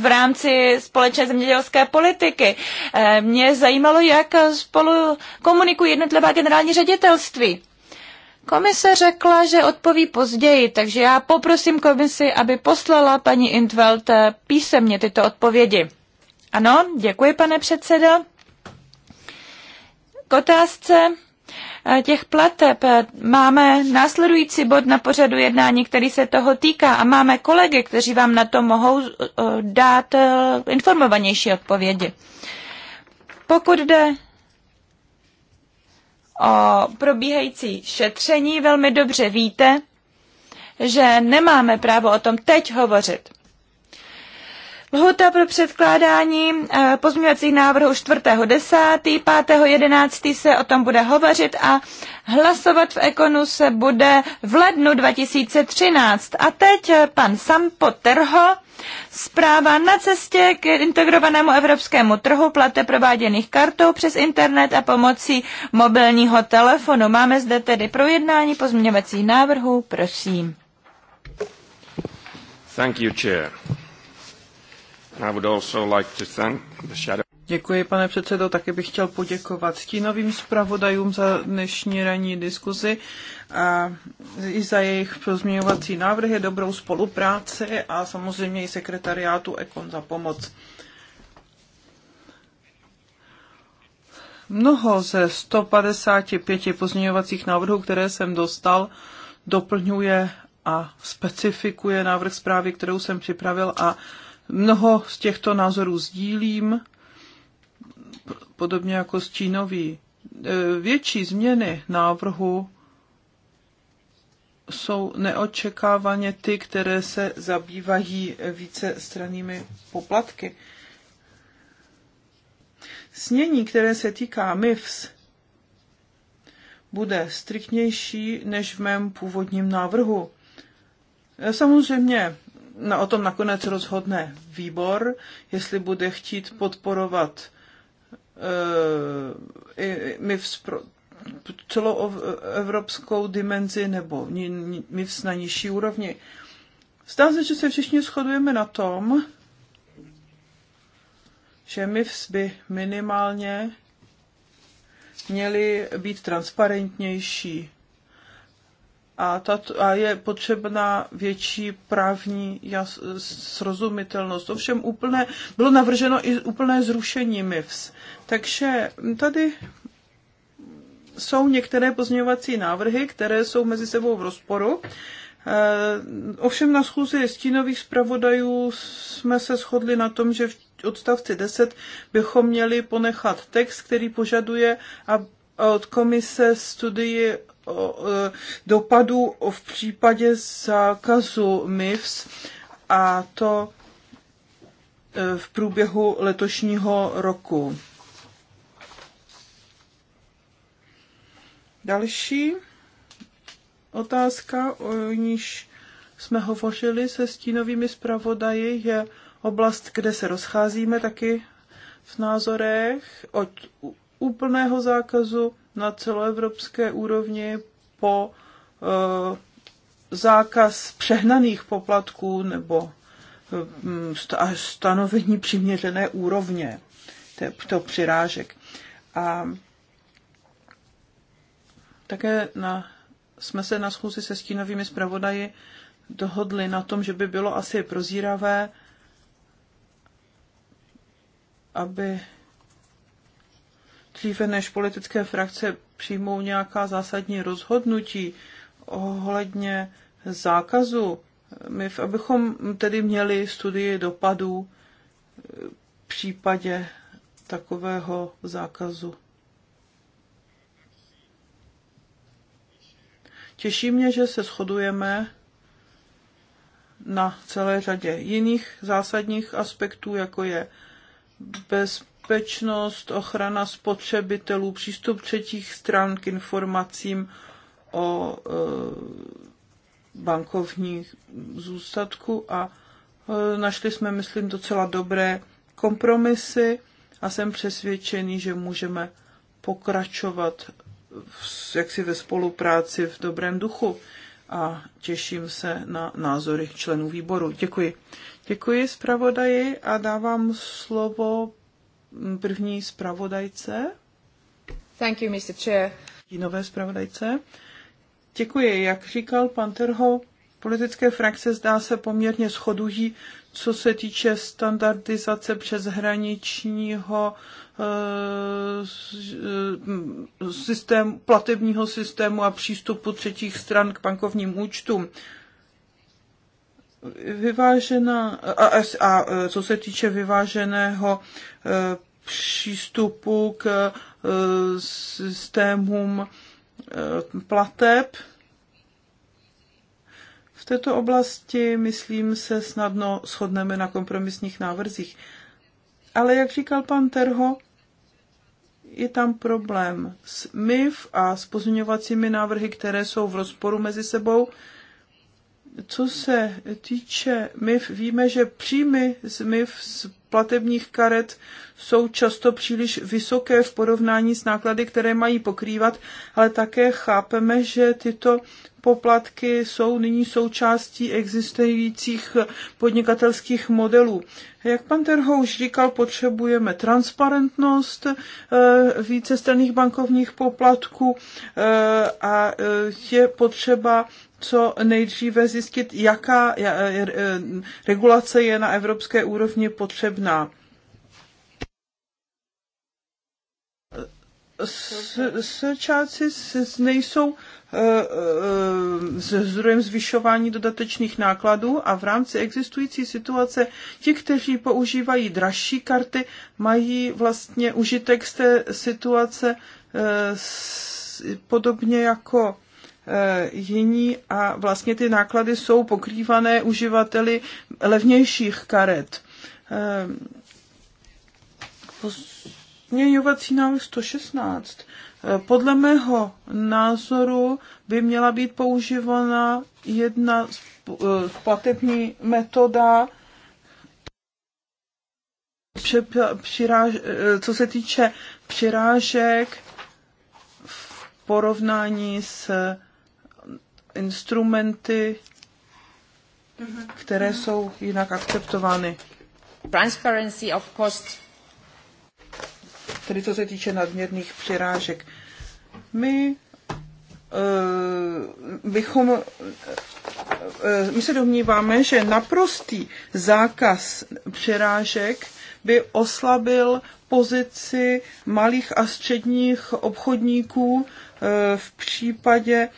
Speaker 1: v rámci společné zemědělské politiky. Mě zajímalo, jak spolu komunikují jednotlivá generální ředitelství. Komise řekla, že odpoví později, takže já poprosím komisi, aby poslala paní Intveld písemně tyto odpovědi. Ano, děkuji, pane předsedo. K otázce eh, těch plateb máme následující bod na pořadu jednání, který se toho týká a máme kolegy, kteří vám na to mohou eh, dát eh, informovanější odpovědi. Pokud jde o probíhající šetření, velmi dobře víte, že nemáme právo o tom teď hovořit. Lhuta pro předkládání e, pozměňovacích návrhů 4.10. 5.11. se o tom bude hovořit a hlasovat v Ekonu se bude v lednu 2013. A teď e, pan Sampo Terho Zpráva na cestě k integrovanému evropskému trhu plate prováděných kartou přes internet a pomocí mobilního telefonu. Máme zde tedy projednání pozměňovacích návrhů. Prosím.
Speaker 4: Thank you, chair. I would also like to thank the shadow. Děkuji, pane předsedo. Taky bych
Speaker 2: chtěl poděkovat stínovým zpravodajům za dnešní ranní diskuzi a i za jejich pozměňovací návrhy, dobrou spolupráci a samozřejmě i sekretariátu Ekon za pomoc. Mnoho ze 155 pozměňovacích návrhů, které jsem dostal, doplňuje a specifikuje návrh zprávy, kterou jsem připravil a mnoho z těchto názorů sdílím, podobně jako s Čínový. E, větší změny návrhu jsou neočekávaně ty, které se zabývají více stranými poplatky. Snění, které se týká MIFS, bude striktnější než v mém původním návrhu. Samozřejmě no, o tom nakonec rozhodne výbor, jestli bude chtít podporovat e, eh, MIFS pro, celou evropskou dimenzi nebo my na nižší úrovni. Zdá se, že se všichni shodujeme na tom, že my by minimálně měli být transparentnější a, tato, a je potřebná větší právní jas, srozumitelnost. Ovšem úplné, bylo navrženo i úplné zrušení MIFS. Takže tady jsou některé pozměňovací návrhy, které jsou mezi sebou v rozporu. Eh, ovšem na schůzi stínových zpravodajů jsme se shodli na tom, že v odstavci 10 bychom měli ponechat text, který požaduje od komise studii eh, dopadu v případě zákazu MIFS a to eh, v průběhu letošního roku. Další otázka, o níž jsme hovořili se stínovými zpravodaji, je oblast, kde se rozcházíme taky v názorech od úplného zákazu na celoevropské úrovni po e, zákaz přehnaných poplatků nebo e, stanovení přiměřené úrovně to přirážek. A také na, jsme se na schůzi se stínovými zpravodaji dohodli na tom, že by bylo asi prozíravé, aby dříve než politické frakce přijmou nějaká zásadní rozhodnutí ohledně zákazu, my, abychom tedy měli studii dopadů v případě takového zákazu. Těší mě, že se shodujeme na celé řadě jiných zásadních aspektů, jako je bezpečnost, ochrana spotřebitelů, přístup třetích stran k informacím o e, bankovních zůstatku a e, našli jsme, myslím, docela dobré kompromisy a jsem přesvědčený, že můžeme pokračovat jaksi ve spolupráci v dobrém duchu a těším se na názory členů výboru. Děkuji. Děkuji zpravodaji a dávám slovo první zpravodajce. Thank you, Mr. Chair. Nové zpravodajce. Děkuji. Jak říkal pan Terho, politické frakce zdá se poměrně shodují, co se týče standardizace přeshraničního Eh, eh, systém, platebního systému a přístupu třetích stran k bankovním účtům vyvážená, a, a eh, co se týče vyváženého přístupu k systémům plateb, v této oblasti, myslím, se snadno shodneme na kompromisních návrzích. Ale jak říkal pan Terho, je tam problém s MIF a s pozměňovacími návrhy, které jsou v rozporu mezi sebou. Co se týče MIF, víme, že příjmy z MIF z platebních karet jsou často příliš vysoké v porovnání s náklady, které mají pokrývat, ale také chápeme, že tyto poplatky jsou nyní součástí existujících podnikatelských modelů. Jak pan Terho už říkal, potřebujeme transparentnost eh, vícestranných bankovních poplatků eh, a eh, je potřeba co nejdříve zjistit, jaká regulace je na evropské úrovni potřebná. Sčáci nejsou Eh, eh, zdrojem zvyšování dodatečných nákladů a v rámci existující situace ti, kteří používají dražší karty, mají vlastně užitek z té situace eh, podobně jako jiní a vlastně ty náklady jsou pokrývané uživateli levnějších karet. Pozměňovací návrh 116. Podle mého názoru by měla být používána jedna eh, platební metoda, eh, co se týče přirážek v porovnání s instrumenty, mhm. které jsou jinak akceptovány. Transparency of cost tedy co se týče nadměrných přirážek. My eh, bychom, eh, my se domníváme, že naprostý zákaz přirážek by oslabil pozici malých a středních obchodníků eh, v případě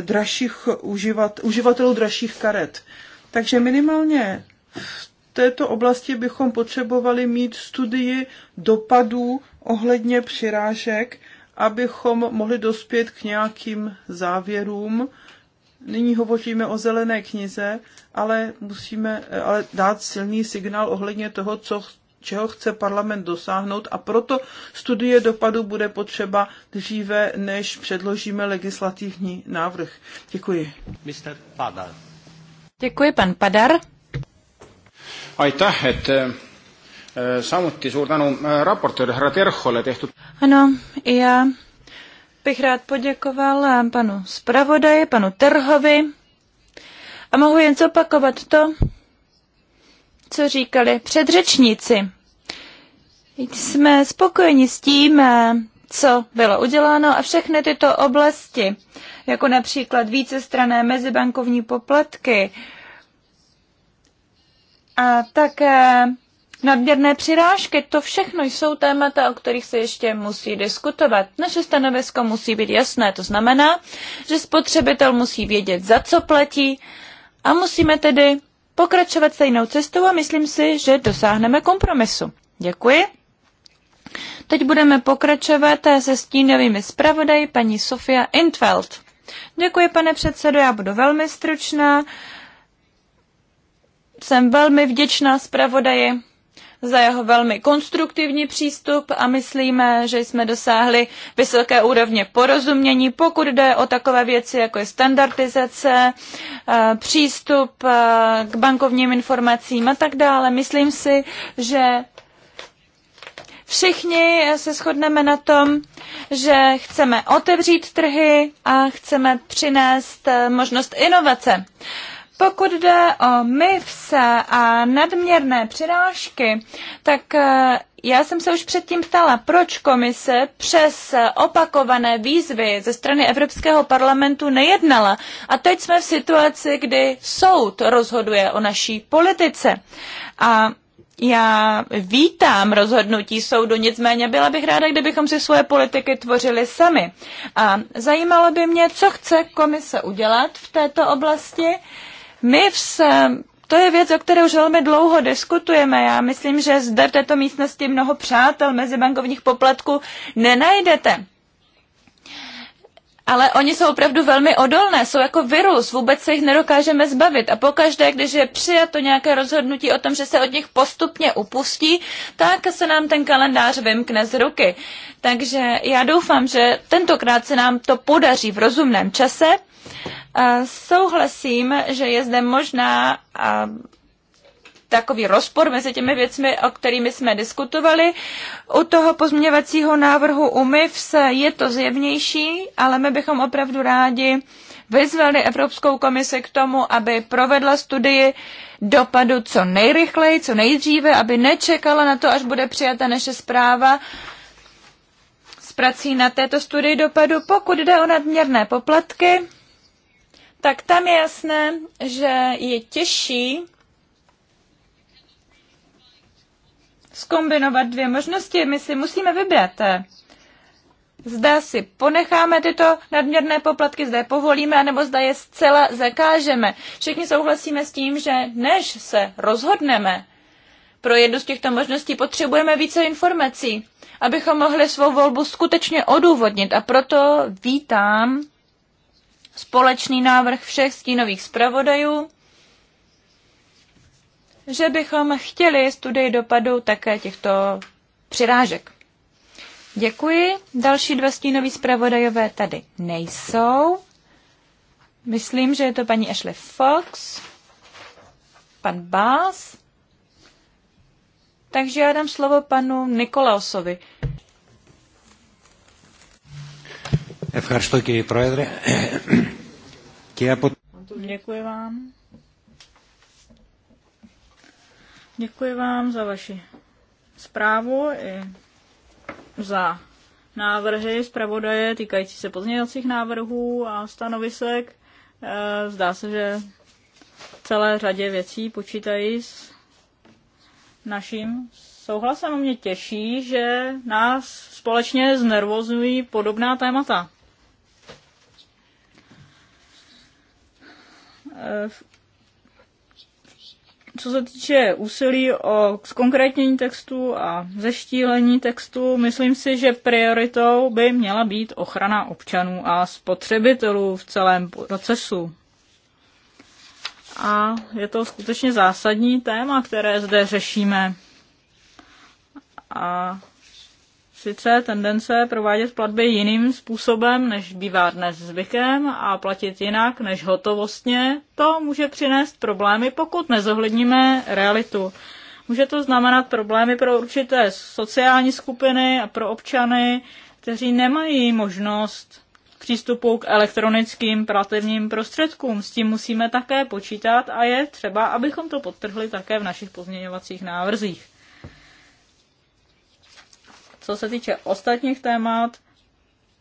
Speaker 2: dražších uživat, uživatelů dražších karet. Takže minimálně v této oblasti bychom potřebovali mít studii dopadů ohledně přirážek, abychom mohli dospět k nějakým závěrům. Nyní hovoříme o zelené knize, ale musíme eh, ale dát silný signál ohledně toho, co čeho chce parlament dosáhnout a proto studie dopadu bude potřeba dříve, než předložíme legislativní návrh. Děkuji.
Speaker 4: Mr. Padar.
Speaker 1: Děkuji, pan Padar.
Speaker 4: Aitäh, et eh, Eh, samuti suur tänu eh, raportööri härra Terhole tehtud.
Speaker 1: Ano, já bych rád poděkoval eh, panu Spravodaj panu Terhovi a mohu jen zopakovat to, co říkali předřečníci. Jsme spokojeni s tím, co bylo uděláno a všechny tyto oblasti, jako například vícestrané mezibankovní poplatky a také nadměrné přirážky. To všechno jsou témata, o kterých se ještě musí diskutovat. Naše stanovisko musí být jasné, to znamená, že spotřebitel musí vědět, za co platí a musíme tedy pokračovat stejnou cestou a myslím si, že dosáhneme kompromisu. Děkuji. Teď budeme pokračovat se stínovými zpravodaji paní Sofia Intveld. Děkuji, pane předsedo, já budu velmi stručná. Jsem velmi vděčná zpravodaji za jeho velmi konstruktivní přístup a myslíme, že jsme dosáhli vysoké úrovně porozumění, pokud jde o takové věci, jako je standardizace, eh, přístup eh, k bankovním informacím a tak dále. Myslím si, že všichni se shodneme na tom, že chceme otevřít trhy a chceme přinést eh, možnost inovace. Uh, pokud jde o MIFSE a nadměrné přirážky, tak eh, já jsem se už předtím ptala, proč komise přes opakované výzvy ze strany Evropského parlamentu nejednala. A teď jsme v situaci, kdy soud rozhoduje o naší politice. A já vítám rozhodnutí soudu, nicméně byla bych ráda, kdybychom si svoje politiky tvořili sami. A zajímalo by mě, co chce komise udělat v této oblasti MIFS, to je věc, o které už velmi dlouho diskutujeme. Já myslím, že zde v této místnosti mnoho přátel mezi bankovních poplatků nenajdete. Ale oni jsou opravdu velmi odolné, jsou jako virus, vůbec se jich nedokážeme zbavit. A pokaždé, když je přijato nějaké rozhodnutí o tom, že se od nich postupně upustí, tak se nám ten kalendář vymkne z ruky. Takže já doufám, že tentokrát se nám to podaří v rozumném čase Souhlasím, že je zde možná takový rozpor mezi těmi věcmi, o kterými jsme diskutovali. U toho pozměňovacího návrhu UMIFS je to zjevnější, ale my bychom opravdu rádi vyzvali Evropskou komisi k tomu, aby provedla studii dopadu co nejrychleji, co nejdříve, aby nečekala na to, až bude přijata naše zpráva s prací na této studii dopadu, pokud jde o nadměrné poplatky tak tam je jasné, že je těžší skombinovat dvě možnosti. My si musíme vybrat. Zda si ponecháme tyto nadměrné poplatky, zda je povolíme, anebo zda je zcela zakážeme. Všichni souhlasíme s tím, že než se rozhodneme pro jednu z těchto možností, potřebujeme více informací, abychom mohli svou volbu skutečně odůvodnit. A proto vítám společný návrh všech stínových zpravodajů, že bychom chtěli studii dopadu také těchto přirážek. Děkuji. Další dva stínoví zpravodajové tady nejsou. Myslím, že je to paní Ashley Fox, pan Bás. Takže já dám slovo panu Nikolausovi.
Speaker 6: Ευχαριστώ κύριε Πρόεδρε. Και από...
Speaker 3: Děkuji vám. Děkuji vám za vaši zprávu i za návrhy zpravodaje týkající se pozměňovacích návrhů a stanovisek. Eh, zdá se, že celé řadě věcí počítají s naším souhlasem. Mě těší, že nás společně znervozňují podobná témata. Eh, co se týče úsilí o zkonkrétnění textu a zeštílení textu, myslím si, že prioritou by měla být ochrana občanů a spotřebitelů v celém procesu. A je to skutečně zásadní téma, které zde řešíme. A sice tendence provádět platby jiným způsobem, než bývá dnes zvykem a platit jinak než hotovostně, to může přinést problémy, pokud nezohledníme realitu. Může to znamenat problémy pro určité sociální skupiny a pro občany, kteří nemají možnost přístupu k elektronickým platebním prostředkům. S tím musíme také počítat a je třeba, abychom to podtrhli také v našich pozměňovacích návrzích. Co se týče ostatních témat,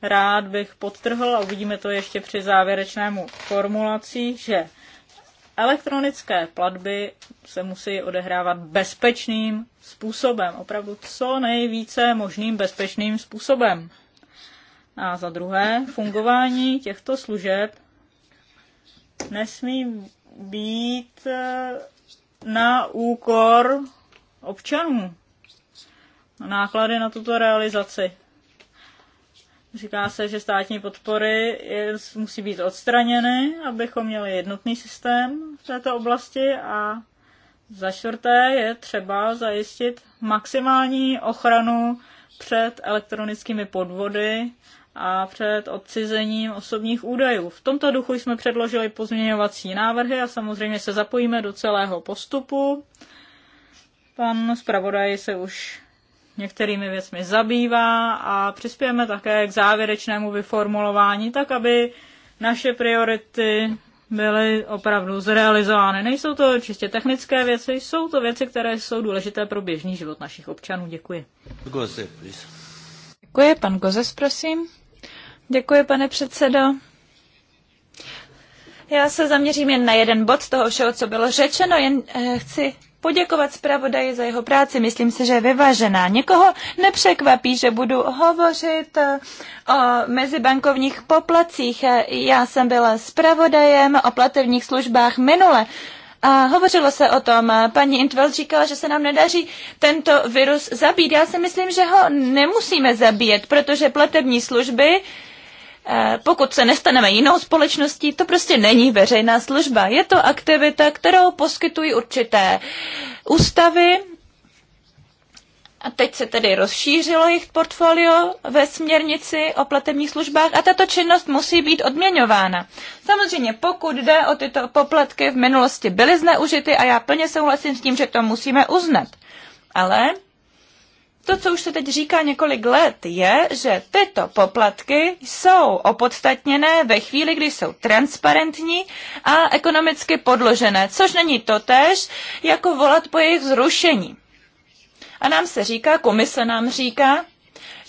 Speaker 3: rád bych podtrhl, a uvidíme to ještě při závěrečnému formulaci, že elektronické platby se musí odehrávat bezpečným způsobem, opravdu co nejvíce možným bezpečným způsobem. A za druhé, fungování těchto služeb nesmí být eh, na úkor občanů náklady na tuto realizaci. Říká se, že státní podpory musí být odstraněny, abychom měli jednotný systém v této oblasti a za čtvrté je třeba zajistit maximální ochranu před elektronickými podvody a před odcizením osobních údajů. V tomto duchu jsme předložili pozměňovací návrhy a samozřejmě se zapojíme do celého postupu. Pan zpravodaj se už některými věcmi zabývá a přispějeme také k závěrečnému vyformulování, tak aby naše priority byly opravdu zrealizovány. Nejsou to čistě technické věci, jsou to věci, které jsou důležité pro běžný život našich občanů. Děkuji. Gozes, Děkuji, pan Gozes, prosím. Děkuji, pane předsedo.
Speaker 1: Já se zaměřím jen na jeden bod z toho všeho, co bylo řečeno, jen eh, chci poděkovat zpravodaji za jeho práci. Myslím si, že je vyvážená. Někoho nepřekvapí, že budu hovořit eh, o mezibankovních poplacích. Já jsem byla zpravodajem o platebních službách minule. A hovořilo se o tom. Paní Intvel říkala, že se nám nedaří tento virus zabít. Já si myslím, že ho nemusíme zabíjet, protože platební služby Eh, pokud se nestaneme jinou společností, to prostě není veřejná služba. Je to aktivita, kterou poskytují určité ústavy. A teď se tedy rozšířilo jejich portfolio ve směrnici o platebních službách a tato činnost musí být odměňována. Samozřejmě, pokud jde o tyto poplatky, v minulosti byly zneužity a já plně souhlasím s tím, že to musíme uznat. Ale to, co už se teď říká několik let, je, že tyto poplatky jsou opodstatněné ve chvíli, kdy jsou transparentní a ekonomicky podložené, což není totéž, jako volat po jejich zrušení. A nám se říká, komise nám říká,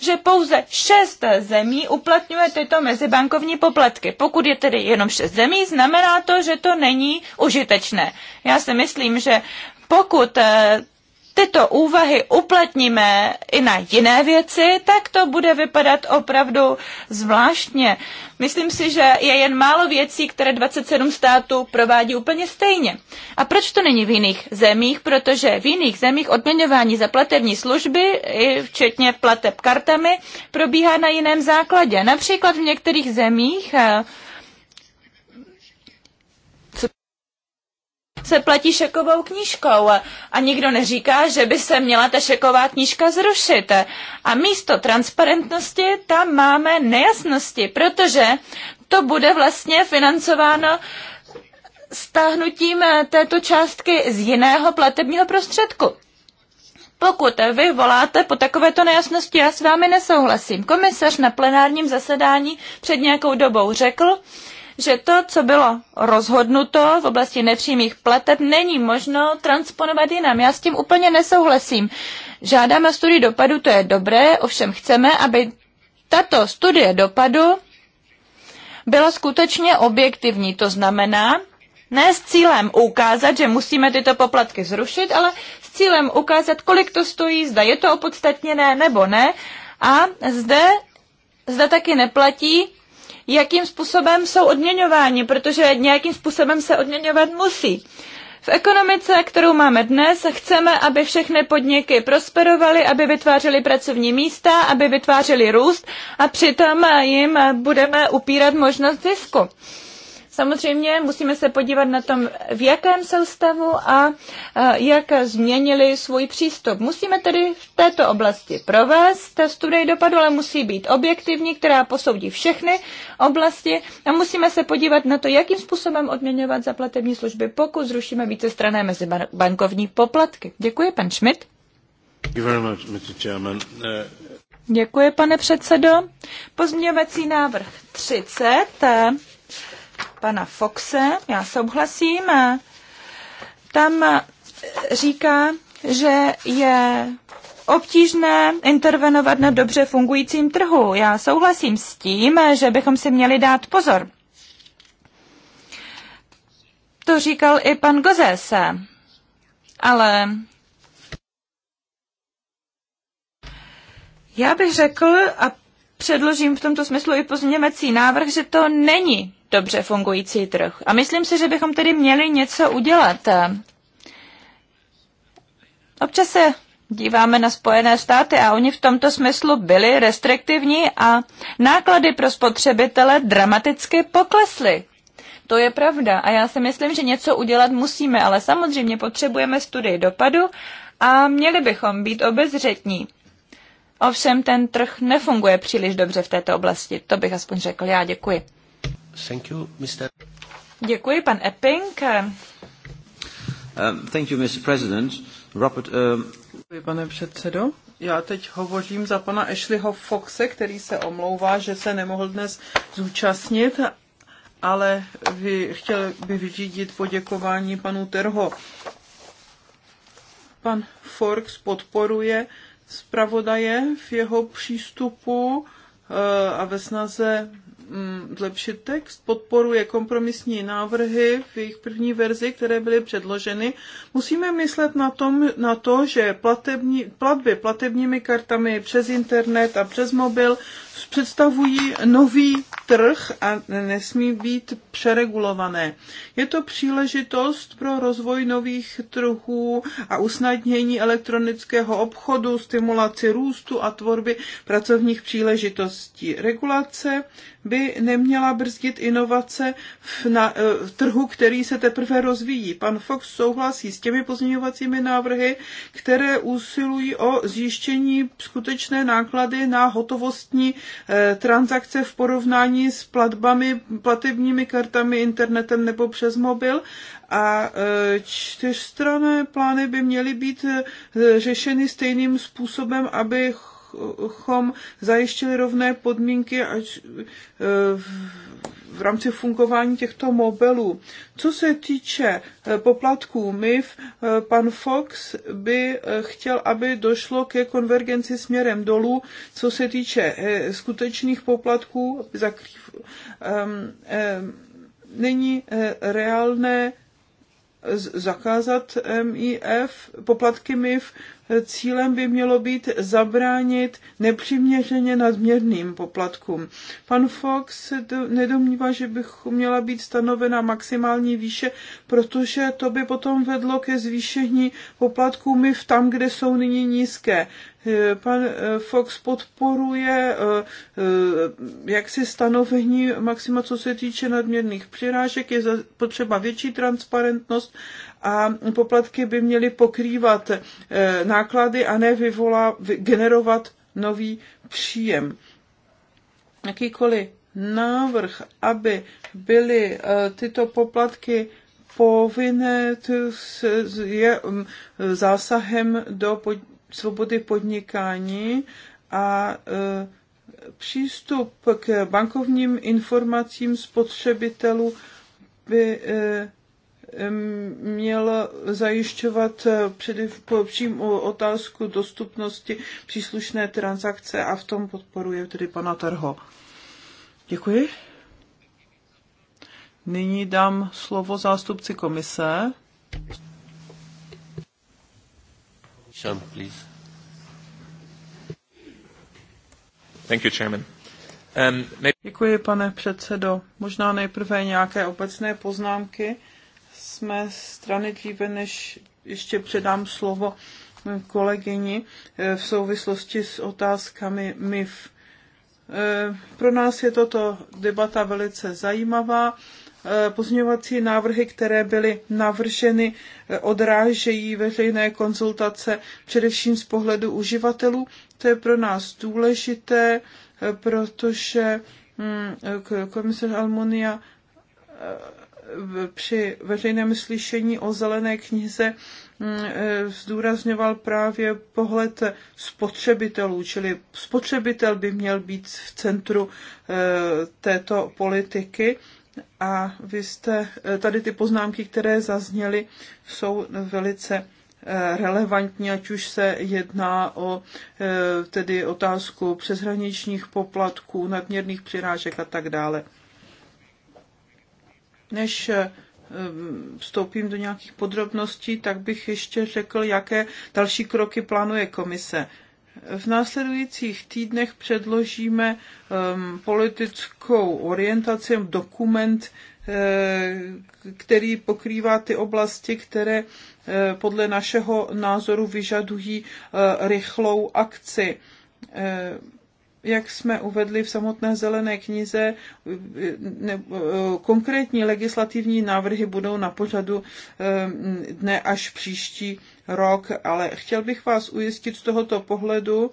Speaker 1: že pouze šest zemí uplatňuje tyto mezibankovní poplatky. Pokud je tedy jenom šest zemí, znamená to, že to není užitečné. Já si myslím, že pokud eh, tyto úvahy uplatníme i na jiné věci, tak to bude vypadat opravdu zvláštně. Myslím si, že je jen málo věcí, které 27 států provádí úplně stejně. A proč to není v jiných zemích? Protože v jiných zemích odměňování za platební služby, i včetně plateb kartami, probíhá na jiném základě. Například v některých zemích eh, se platí šekovou knížkou. A nikdo neříká, že by se měla ta šeková knížka zrušit. A místo transparentnosti tam máme nejasnosti, protože to bude vlastně financováno stáhnutím této částky z jiného platebního prostředku. Pokud vy voláte po takovéto nejasnosti, já s vámi nesouhlasím. Komisař na plenárním zasedání před nějakou dobou řekl, že to, co bylo rozhodnuto v oblasti nepřímých plateb, není možno transponovat jinam. Já s tím úplně nesouhlasím. Žádáme studii dopadu, to je dobré, ovšem chceme, aby tato studie dopadu byla skutečně objektivní. To znamená, ne s cílem ukázat, že musíme tyto poplatky zrušit, ale s cílem ukázat, kolik to stojí, zda je to opodstatněné nebo ne. A zde, zde taky neplatí jakým způsobem jsou odměňováni, protože nějakým způsobem se odměňovat musí. V ekonomice, kterou máme dnes, chceme, aby všechny podniky prosperovaly, aby vytvářely pracovní místa, aby vytvářely růst a přitom jim budeme upírat možnost zisku. Samozřejmě musíme se podívat na tom, v jakém jsou stavu a jak změnili svůj přístup. Musíme tedy v této oblasti provést studii dopadu, ale musí být objektivní, která posoudí všechny oblasti a musíme se podívat na to, jakým způsobem odměňovat za platební služby, pokud zrušíme vícestrané mezi bankovní poplatky. Děkuji, pan Schmidt. Děkuji, pane předsedo. Pozměňovací návrh 30 pana Foxe, já souhlasím, tam říká, že je obtížné intervenovat na dobře fungujícím trhu. Já souhlasím s tím, že bychom si měli dát pozor. To říkal i pan Gozese. Ale já bych řekl, a předložím v tomto smyslu i pozměňovací návrh, že to není dobře fungující trh. A myslím si, že bychom tedy měli něco udělat. Občas se díváme na Spojené státy a oni v tomto smyslu byli restriktivní a náklady pro spotřebitele dramaticky poklesly. To je pravda a já si myslím, že něco udělat musíme, ale samozřejmě potřebujeme studii dopadu a měli bychom být obezřetní. Ovšem ten trh nefunguje příliš dobře v této oblasti, to bych aspoň řekl já, děkuji.
Speaker 2: Thank you, Mr. Děkuji, pan Epping. Um, thank you, Mr. President. Robert, um... Děkuji, pane předsedo. Já teď hovořím za pana Ashleyho Foxe, který se omlouvá, že se nemohl dnes zúčastnit, ale vy, chtěl by vyřídit poděkování panu Terho. Pan Forks podporuje zpravodaje v jeho přístupu uh, a ve snaze Mm, zlepšit text, podporuje kompromisní návrhy v jejich první verzi, které byly předloženy. Musíme myslet na, tom, na to, že platební, platby platebními kartami přes internet a přes mobil představují nový trh a nesmí být přeregulované. Je to příležitost pro rozvoj nových trhů a usnadnění elektronického obchodu, stimulaci růstu a tvorby pracovních příležitostí. Regulace by neměla brzdit inovace v, na, eh, v trhu, který se teprve rozvíjí. Pan Fox souhlasí s těmi pozměňovacími návrhy, které usilují o zjištění skutečné náklady na hotovostní Eh, transakce v porovnání s platbami, platebními kartami, internetem nebo přes mobil a eh, čtyřstranné plány by měly být eh, řešeny stejným způsobem, abych abychom zajištili rovné podmínky až e, v rámci fungování těchto mobilů. Co se týče e, poplatků MIF, e, pan Fox by chtěl, aby došlo ke konvergenci směrem dolů, co se týče skutečných poplatků, um, um, není reálné zakázat MIF, poplatky MIF, cílem by mělo být zabránit nepřiměřeně nadměrným poplatkům. Pan Fox se nedomnívá, že bych měla být stanovena maximální výše, protože to by potom vedlo ke zvýšení poplatků MIF tam, kde jsou nyní nízké pan eh, Fox podporuje eh, eh, jaksi stanovení maxima, co se týče nadměrných přirážek, je potřeba větší transparentnost a poplatky by měly pokrývat náklady a ne vyvolá, generovat nový příjem. Jakýkoliv návrh, aby byly tyto poplatky povinné, je mm, zásahem do svobody podnikání a e, přístup k bankovním informacím spotřebitelů by e, měl zajišťovat e, především otázku dostupnosti příslušné transakce a v tom podporuje tedy pana Terho. Děkuji. Nyní dám slovo zástupci komise.
Speaker 5: Sean, please. Thank you, Chairman. Um,
Speaker 2: Děkuji, pane předsedo. Možná nejprve nějaké obecné poznámky z strany dříve, než ještě předám slovo kolegyni eh, v souvislosti s otázkami MIF. Eh, pro nás je toto debata velice zajímavá Eh, pozměňovací návrhy, které byly navrženy, eh, odrážejí veřejné konzultace především z pohledu uživatelů. To je pro nás důležité, eh, protože hm, komisař Almonia při veřejném slyšení o zelené knize hm, zdůrazňoval právě pohled spotřebitelů, čili spotřebitel by měl být v centru této politiky a vy jste, eh, tady ty poznámky, které zazněly, jsou velice eh, relevantní, ať už se jedná o eh, tedy otázku přeshraničních poplatků, nadměrných přirážek a tak dále. Než vstoupím do nějakých podrobností, tak bych ještě řekl, jaké další kroky plánuje komise. V následujících týdnech předložíme um, politickou orientaci, dokument, eh, který pokrývá ty oblasti, které eh, podle našeho názoru vyžadují eh, rychlou akci jak jsme uvedli v samotné zelené knize, ne, konkrétní legislativní návrhy budou na pořadu eh, dne až příští rok, ale chtěl bych vás ujistit z tohoto pohledu,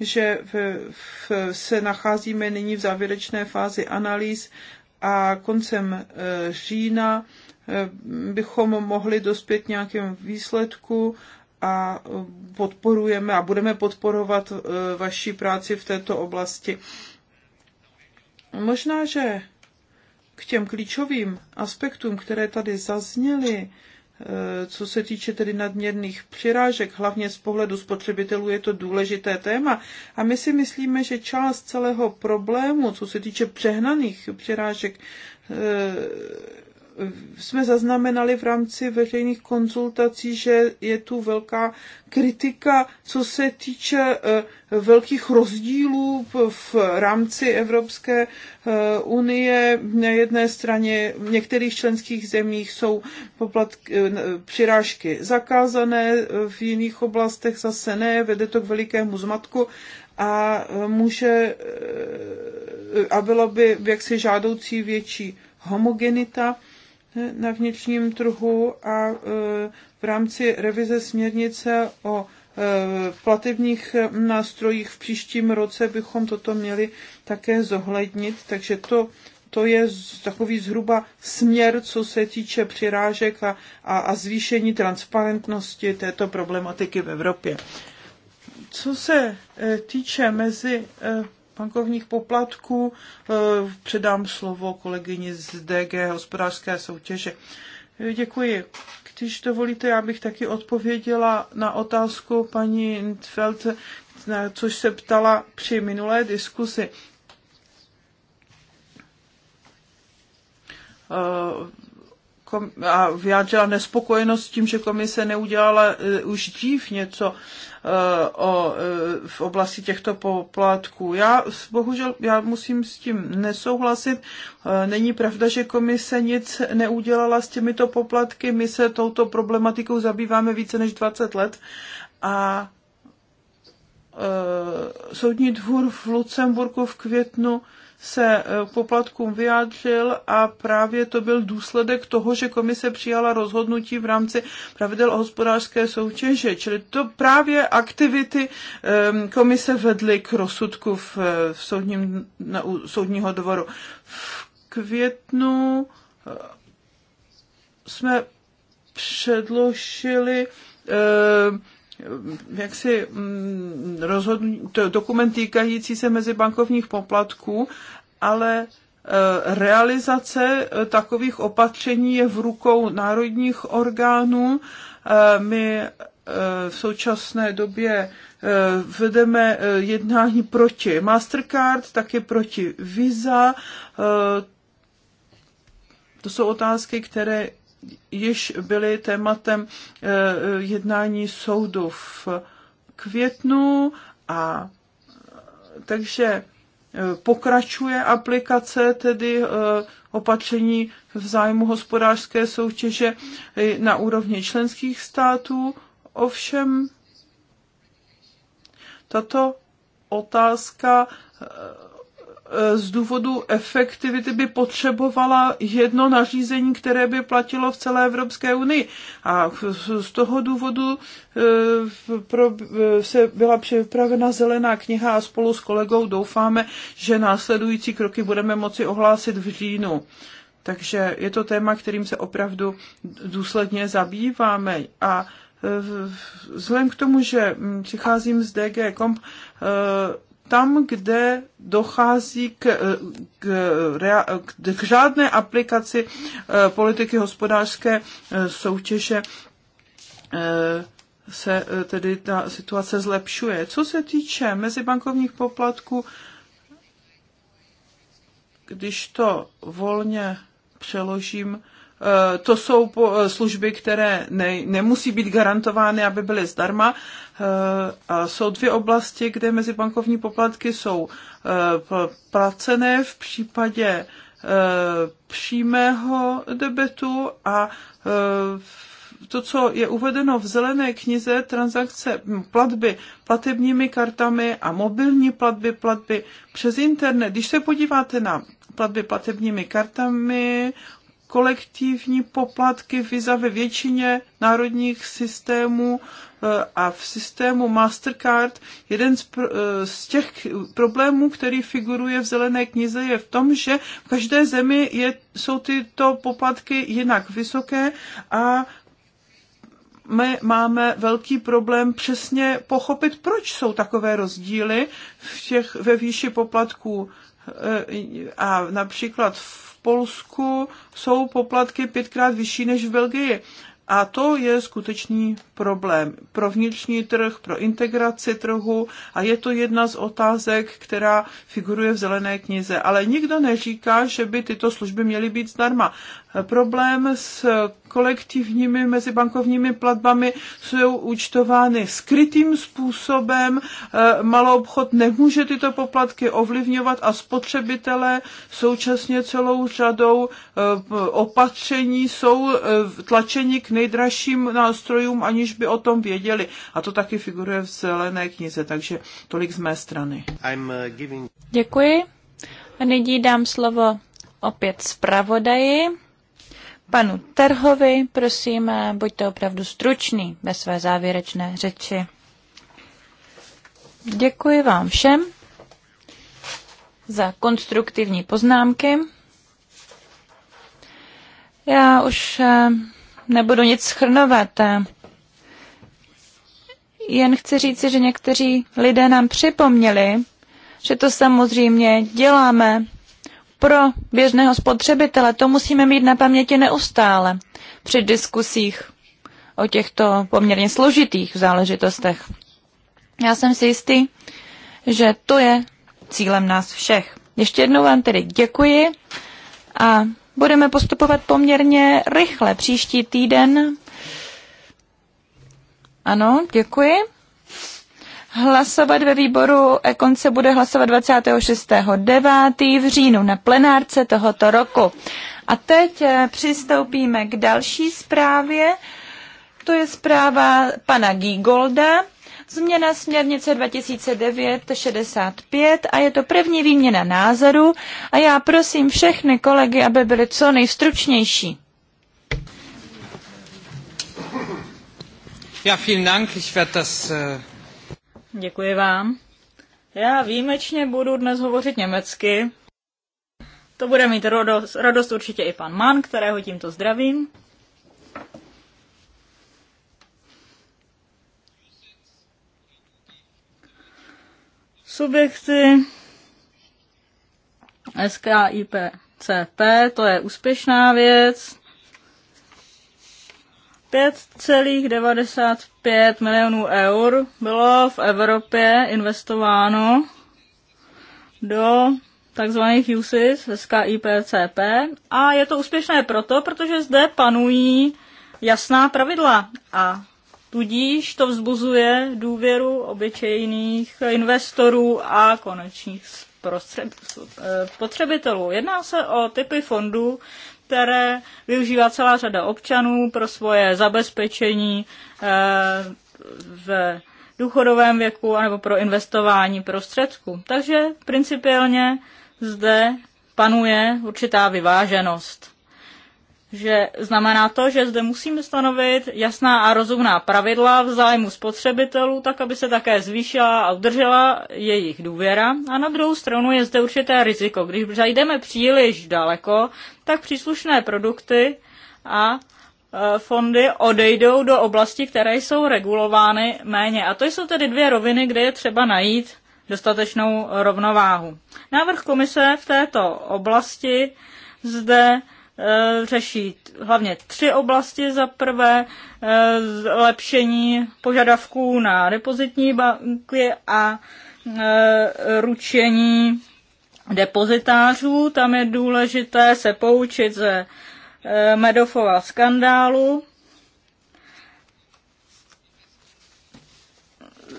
Speaker 2: že v, v, se nacházíme nyní v závěrečné fázi analýz a koncem eh, října eh, bychom mohli dospět nějakým výsledku a podporujeme a budeme podporovat e, vaši práci v této oblasti. Možná, že k těm klíčovým aspektům, které tady zazněly, e, co se týče tedy nadměrných přirážek, hlavně z pohledu spotřebitelů je to důležité téma. A my si myslíme, že část celého problému, co se týče přehnaných přirážek, e, jsme zaznamenali v rámci veřejných konzultací, že je tu velká kritika, co se týče e, velkých rozdílů v rámci Evropské e, unie. Na jedné straně v některých členských zemích jsou poplatky, e, přirážky zakázané, v jiných oblastech zase ne, vede to k velikému zmatku a může a bylo by jaksi žádoucí větší homogenita na vnitřním trhu a e, v rámci revize směrnice o e, platebních nástrojích v příštím roce bychom toto měli také zohlednit, takže to, to je takový zhruba směr, co se týče přirážek a, a, a zvýšení transparentnosti této problematiky v Evropě. Co se e, týče mezi bankovních poplatků. Eh, předám slovo kolegyni z DG hospodářské soutěže. Eh, děkuji. Když dovolíte, já bych taky odpověděla na otázku paní Intfeld, což se ptala při minulé diskusi. Eh, a vyjádřila nespokojenost tím, že komise neudělala už dřív něco. Eh, o, eh, v oblasti těchto poplatků. Já bohužel já musím s tím nesouhlasit. Eh, není pravda, že komise nic neudělala s těmito poplatky. My se touto problematikou zabýváme více než 20 let a soudní dvůr v Lucemburku v květnu se k eh, poplatkům vyjádřil a právě to byl důsledek toho, že komise přijala rozhodnutí v rámci pravidel o hospodářské soutěže. Čili to právě aktivity ehm, komise vedly k rozsudku v, eh, v soudním, na, u soudního dvoru. V květnu eh, jsme předložili ehm, Eh, jaksi mm, rozhodn, dokument týkající se mezibankovních poplatků, ale eh, realizace eh, takových opatření je v rukou národních orgánů. My v současné době vedeme jednání proti Mastercard, také proti Visa. To jsou otázky, které již byly tématem eh, jednání soudu v květnu a eh, takže eh, pokračuje aplikace tedy opatření v zájmu hospodářské soutěže na úrovni členských států. Ovšem tato otázka Eh, z důvodu efektivity by potřebovala jedno nařízení, které by platilo v celé Evropské unii. A z toho důvodu eh, eh, se byla připravena zelená kniha a spolu s kolegou doufáme, že následující kroky budeme moci ohlásit v říjnu. Takže je to téma, kterým se opravdu důsledně zabýváme. A vzhledem k tomu, že hm, přicházím z DG Comp, tam, kde dochází k, eh, k, k, k žádné aplikaci eh, politiky hospodářské eh, soutěže, se tedy ta situace zlepšuje. Co se týče mezibankovních poplatků, když to volně přeložím Eh, to jsou eh, služby, které ne, nemusí být garantovány, aby byly zdarma. Eh, a jsou dvě oblasti, kde mezi bankovní poplatky jsou placené v případě přímého debetu a to, co je uvedeno v zelené knize, transakce hm, platby platebními kartami a mobilní platby, platby přes internet. Když se podíváte na platby platebními kartami, kolektivní poplatky Visa ve většině národních systémů eh, a v systému Mastercard. Jeden z, pr- eh, z těch problémů, který figuruje v zelené knize, je v tom, že v každé zemi je, jsou tyto poplatky jinak vysoké a my máme velký problém přesně pochopit, proč jsou takové rozdíly v těch, ve výši poplatků. Eh, a například v Polsku jsou poplatky pětkrát vyšší než v Belgii. A to je skutečný problém pro vnitřní trh, pro integraci trhu a je to jedna z otázek, která figuruje v zelené knize. Ale nikdo neříká, že by tyto služby měly být zdarma problém s kolektivními mezibankovními platbami jsou účtovány skrytým způsobem. E, Malou obchod nemůže tyto poplatky ovlivňovat a spotřebitelé současně celou řadou e, opatření jsou e, tlačeni k nejdražším nástrojům, aniž by o tom věděli. A to taky figuruje v zelené knize, takže tolik z mé strany. Uh,
Speaker 1: Děkuji. A nyní dám slovo opět zpravodaji panu Terhovi. Prosím, buďte opravdu stručný ve své závěrečné řeči. Děkuji vám všem za konstruktivní poznámky. Já už eh, nebudu nic schrnovat. Jen chci říci, že někteří lidé nám připomněli, že to samozřejmě děláme pro běžného spotřebitele. To musíme mít na paměti neustále při diskusích o těchto poměrně složitých záležitostech. Já jsem si jistý, že to je cílem nás všech. Ještě jednou vám tedy děkuji a budeme postupovat poměrně rychle příští týden. Ano, děkuji. Hlasovat ve výboru Ekon se bude hlasovat 26.9. v říjnu na plenárce tohoto roku. A teď eh, přistoupíme k další zprávě. To je zpráva pana Gigolda, změna směrnice 2009-65 a je to první výměna názoru a já prosím všechny kolegy, aby byli co nejstručnější.
Speaker 6: Ja, vielen Dank. Ich werde das äh,
Speaker 3: Děkuji vám. Já výjimečně budu dnes hovořit německy. To bude mít radost, radost určitě i pan Mann, kterého tímto zdravím. Subjekty SKIPCP, to je úspěšná věc, 5,95 milionů eur bylo v Evropě investováno do takzvaných USIS, SKI IPCP a je to úspěšné proto, protože zde panují jasná pravidla a tudíž to vzbuzuje důvěru obyčejných investorů a konečných spotřebitelů. Jedná se o typy fondů, které využívá celá řada občanů pro svoje zabezpečení eh, v důchodovém věku anebo pro investování prostředků. Takže principiálně zde panuje určitá vyváženost že znamená to, že zde musíme stanovit jasná a rozumná pravidla v zájmu spotřebitelů, tak aby se také zvýšila a udržela jejich důvěra. A na druhou stranu je zde určité riziko. Když zajdeme příliš daleko, tak příslušné produkty a e, fondy odejdou do oblasti, které jsou regulovány méně. A to jsou tedy dvě roviny, kde je třeba najít dostatečnou rovnováhu. Návrh komise v této oblasti zde Eh, řeší hlavně tři oblasti. Za prvé eh, zlepšení požadavků na depozitní banky a eh, ručení depozitářů. Tam je důležité se poučit ze Medofova skandálu.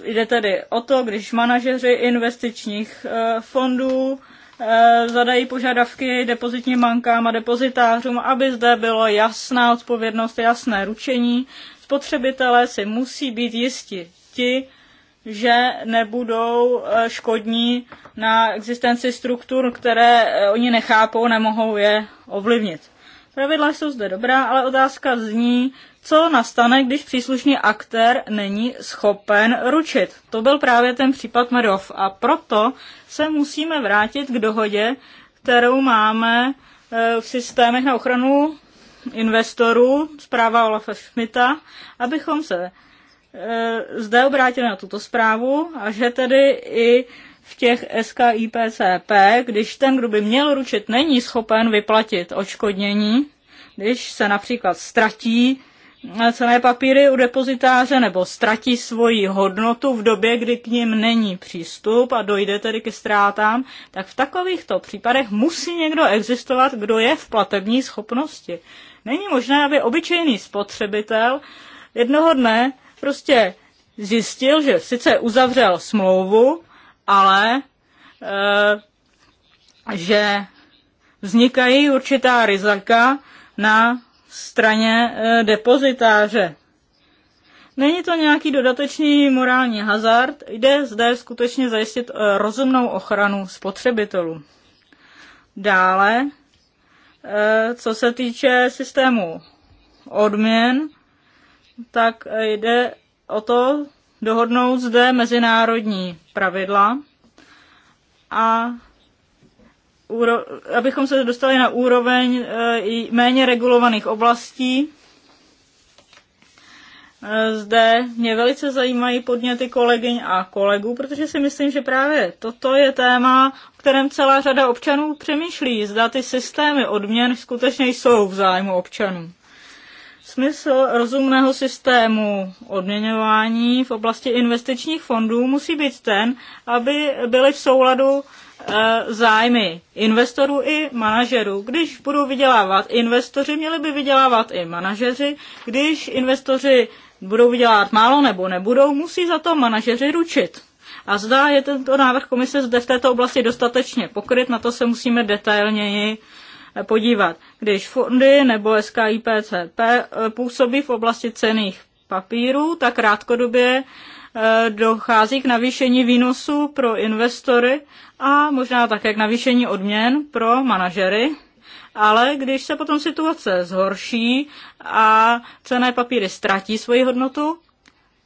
Speaker 3: Jde tedy o to, když manažeři investičních fondů Eh, zadají požadavky depozitním bankám a depozitářům, aby zde bylo jasná odpovědnost, jasné ručení. Spotřebitelé si musí být jisti ti, že nebudou eh, škodní na existenci struktur, které eh, oni nechápou, nemohou je ovlivnit. Pravidla jsou zde dobrá, ale otázka zní, co nastane, když příslušný aktér není schopen ručit. To byl právě ten případ Merov a proto se musíme vrátit k dohodě, kterou máme e, v systémech na ochranu investorů, zpráva Olafa Schmidta, abychom se e, zde obrátili na tuto zprávu a že tedy i v těch SKIPCP, když ten, kdo by měl ručit, není schopen vyplatit očkodnění, když se například ztratí cené papíry u depozitáře nebo ztratí svoji hodnotu v době, kdy k ním není přístup a dojde tedy ke ztrátám, tak v takovýchto případech musí někdo existovat, kdo je v platební schopnosti. Není možné, aby obyčejný spotřebitel jednoho dne prostě zjistil, že sice uzavřel smlouvu, ale e, že vznikají určitá rizika na straně eh, depozitáře. Není to nějaký dodatečný morální hazard, jde zde skutečně zajistit eh, rozumnou ochranu spotřebitelů. Dále, eh, co se týče systému odměn, tak jde o to dohodnout zde mezinárodní pravidla a úro, abychom se dostali na úroveň eh, méně regulovaných oblastí. Eh, zde mě velice zajímají podněty kolegyň a kolegů, protože si myslím, že právě toto je téma, o kterém celá řada občanů přemýšlí. Zda ty systémy odměn skutečně jsou v zájmu občanů. Smysl rozumného systému odměňování v oblasti investičních fondů musí být ten, aby byly v souladu Eh, zájmy investorů i manažerů. Když budou vydělávat investoři, měli by vydělávat i manažeři. Když investoři budou vydělávat málo nebo nebudou, musí za to manažeři ručit. A zdá je tento návrh komise zde v této oblasti dostatečně pokryt, na to se musíme detailněji eh, podívat. Když fondy nebo SKIPCP eh, působí v oblasti cených papírů, tak krátkodobě Eh, dochází k navýšení výnosů pro investory a možná také k navýšení odměn pro manažery. Ale když se potom situace zhorší a cené papíry ztratí svoji hodnotu,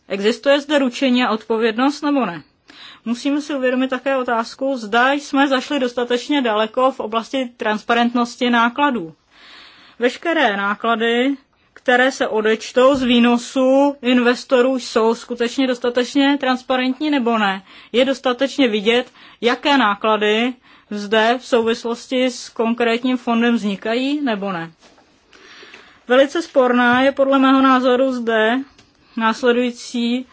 Speaker 3: existuje zde ručení a odpovědnost nebo ne? Musíme si uvědomit také otázku, zda jsme zašli dostatečně daleko v oblasti transparentnosti nákladů. Veškeré náklady které se odečtou z výnosů investorů, jsou skutečně dostatečně transparentní nebo ne. Je dostatečně vidět, jaké náklady zde v souvislosti s konkrétním fondem vznikají nebo ne. Velice sporná je podle mého názoru zde následující e,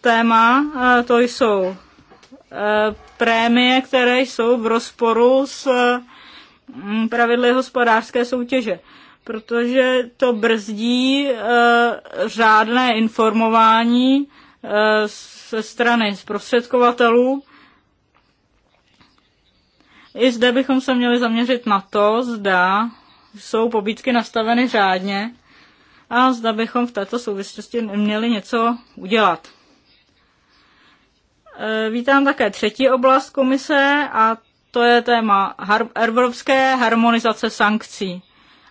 Speaker 3: téma, to jsou e, prémie, které jsou v rozporu s mm, pravidly hospodářské soutěže protože to brzdí uh, řádné informování uh, ze strany zprostředkovatelů. I zde bychom se měli zaměřit na to, zda jsou pobídky nastaveny řádně a zda bychom v této souvislosti měli něco udělat. Eh, vítám také třetí oblast komise a to je téma har- evropské harmonizace sankcí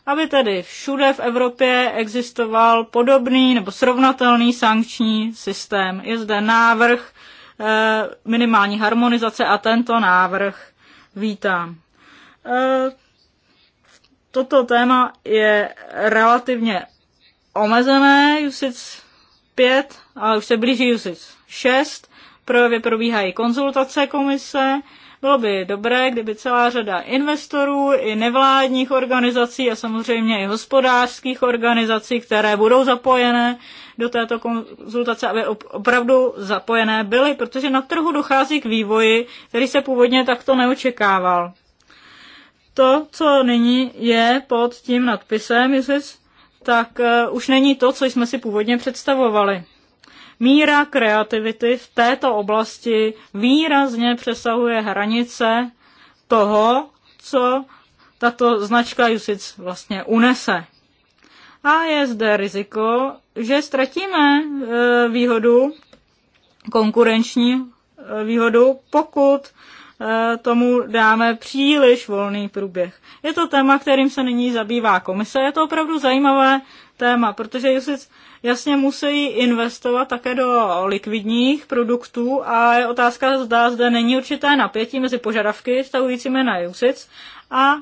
Speaker 3: aby tedy všude v Evropě existoval podobný nebo srovnatelný sankční systém. Je zde návrh eh, minimální harmonizace a tento návrh vítám. Eh, toto téma je relativně omezené, Jusic 5, ale už se blíží Jusic 6. Projevě probíhají konzultace komise, bylo by dobré, kdyby celá řada investorů i nevládních organizací a samozřejmě i hospodářských organizací, které budou zapojené do této konzultace, aby opravdu zapojené byly, protože na trhu dochází k vývoji, který se původně takto neočekával. To, co nyní je pod tím nadpisem, tak eh, už není to, co jsme si původně představovali míra kreativity v této oblasti výrazně přesahuje hranice toho, co tato značka Jusic vlastně unese. A je zde riziko, že ztratíme e, výhodu, konkurenční e, výhodu, pokud e, tomu dáme příliš volný průběh. Je to téma, kterým se nyní zabývá komise. Je to opravdu zajímavé téma, protože Jusic Jasně musí investovat také do likvidních produktů a je otázka, zda zde není určité napětí mezi požadavky stavujícími na USIC a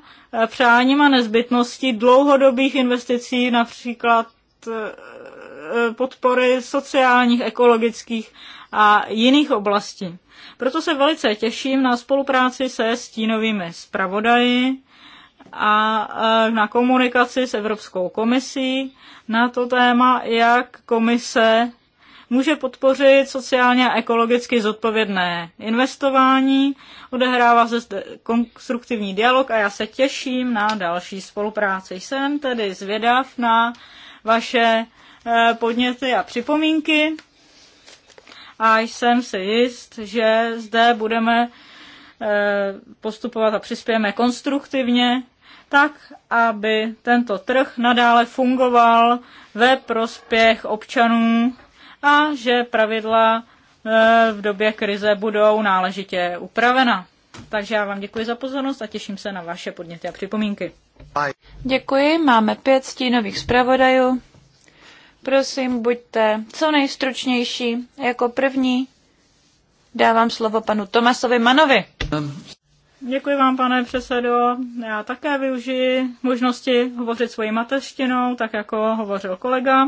Speaker 3: eh, přáním a nezbytností dlouhodobých investicí, například eh, eh, podpory sociálních, ekologických a jiných oblastí. Proto se velice těším na spolupráci se stínovými zpravodaji a e, na komunikaci s Evropskou komisí na to téma, jak komise může podpořit sociálně a ekologicky zodpovědné investování. Odehrává se zde konstruktivní dialog a já se těším na další spolupráci. Jsem tedy zvědav na vaše e, podněty a připomínky a jsem si jist, že zde budeme e, postupovat a přispějeme konstruktivně tak aby tento trh nadále fungoval ve prospěch občanů a že pravidla e, v době krize budou náležitě upravena. Takže já vám děkuji za pozornost a těším se na vaše podněty a připomínky.
Speaker 1: Děkuji, máme pět stínových zpravodajů. Prosím, buďte co nejstručnější. Jako první dávám
Speaker 3: slovo panu Tomasovi Manovi. Děkuji vám, pane předsedo. Já také využiji možnosti hovořit svojí mateřštinou, tak jako hovořil kolega.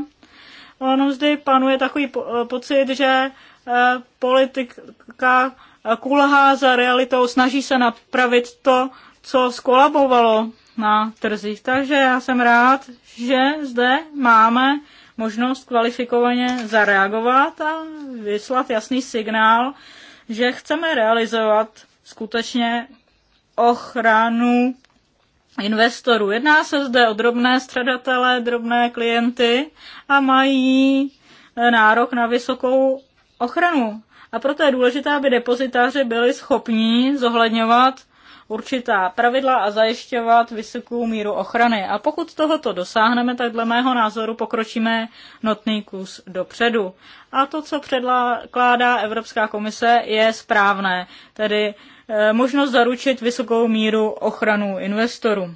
Speaker 3: Ono zde panuje takový po- eh, pocit, že eh, politika eh, kulhá za realitou, snaží se napravit to, co skolabovalo na trzích. Takže já jsem rád, že zde máme možnost kvalifikovaně zareagovat a vyslat jasný signál, že chceme realizovat skutečně ochranu investorů. Jedná se zde o drobné středatele, drobné klienty a mají eh, nárok na vysokou ochranu. A proto je důležité, aby depozitáři byli schopní zohledňovat určitá pravidla a zajišťovat vysokou míru ochrany. A pokud tohoto dosáhneme, tak dle mého názoru pokročíme notný kus dopředu. A to, co předkládá Evropská komise, je správné. Tedy Eh, možnost zaručit vysokou míru ochranu investorů.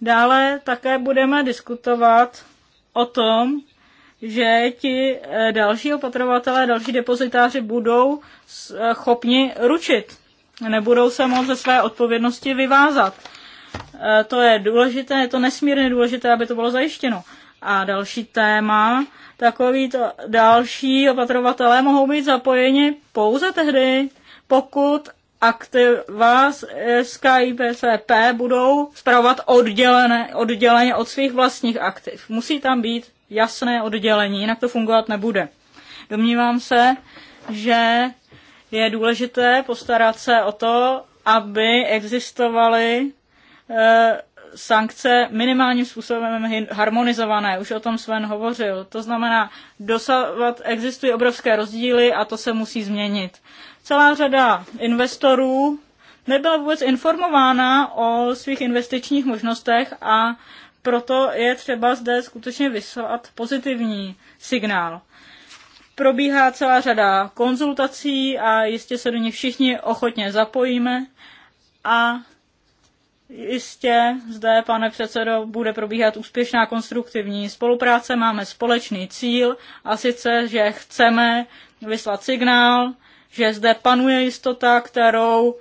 Speaker 3: Dále také budeme diskutovat o tom, že ti eh, další opatrovatelé, další depozitáři budou eh, schopni ručit. Nebudou se moc ze své odpovědnosti vyvázat. To je důležité, je to nesmírně důležité, aby to bylo zajištěno. A další téma, takový to, další opatrovatelé mohou být zapojeni pouze tehdy, pokud aktiva z budou spravovat oddělené, odděleně od svých vlastních aktiv. Musí tam být jasné oddělení, jinak to fungovat nebude. Domnívám se, že je důležité postarat se o to, aby existovaly e, sankce minimálním způsobem harmonizované. Už o tom Sven hovořil. To znamená, dosávat existují obrovské rozdíly a to se musí změnit. Celá řada investorů nebyla vůbec informována o svých investičních možnostech a proto je třeba zde skutečně vyslat pozitivní signál. Probíhá celá řada konzultací a jistě se do nich všichni ochotně zapojíme a jistě zde, pane předsedo, bude probíhat úspěšná konstruktivní spolupráce. Máme společný cíl a sice, že chceme vyslat signál, že zde panuje jistota, kterou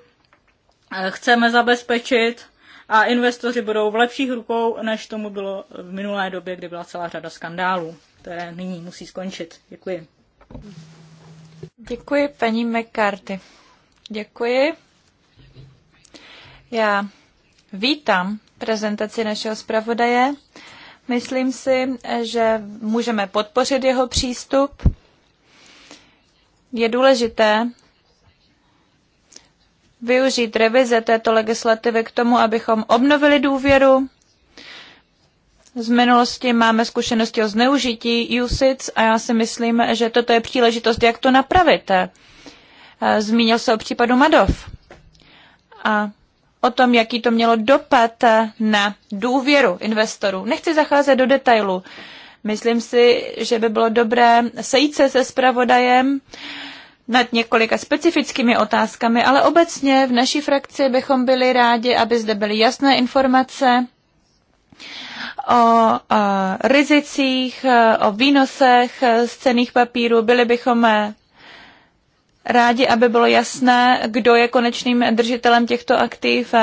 Speaker 3: eh, chceme zabezpečit a investoři budou v lepších rukou, než tomu bylo v minulé době, kdy byla celá řada skandálů, které nyní musí skončit. Děkuji. Děkuji, paní McCarthy. Děkuji.
Speaker 1: Já vítám prezentaci našeho zpravodaje. Myslím si, že můžeme podpořit jeho přístup je důležité využít revize této legislativy k tomu, abychom obnovili důvěru. Z minulosti máme zkušenosti o zneužití USIC a já si myslím, že toto je příležitost, jak to napravit. Eh, zmínil se o případu Madov a o tom, jaký to mělo dopad na důvěru investorů. Nechci zacházet do detailů. Myslím si, že by bylo dobré sejít se se spravodajem nad několika specifickými otázkami, ale obecně v naší frakci bychom byli rádi, aby zde byly jasné informace o rizicích, o výnosech z cených papírů. Byli bychom rádi, aby bylo jasné, kdo je konečným držitelem těchto aktiv,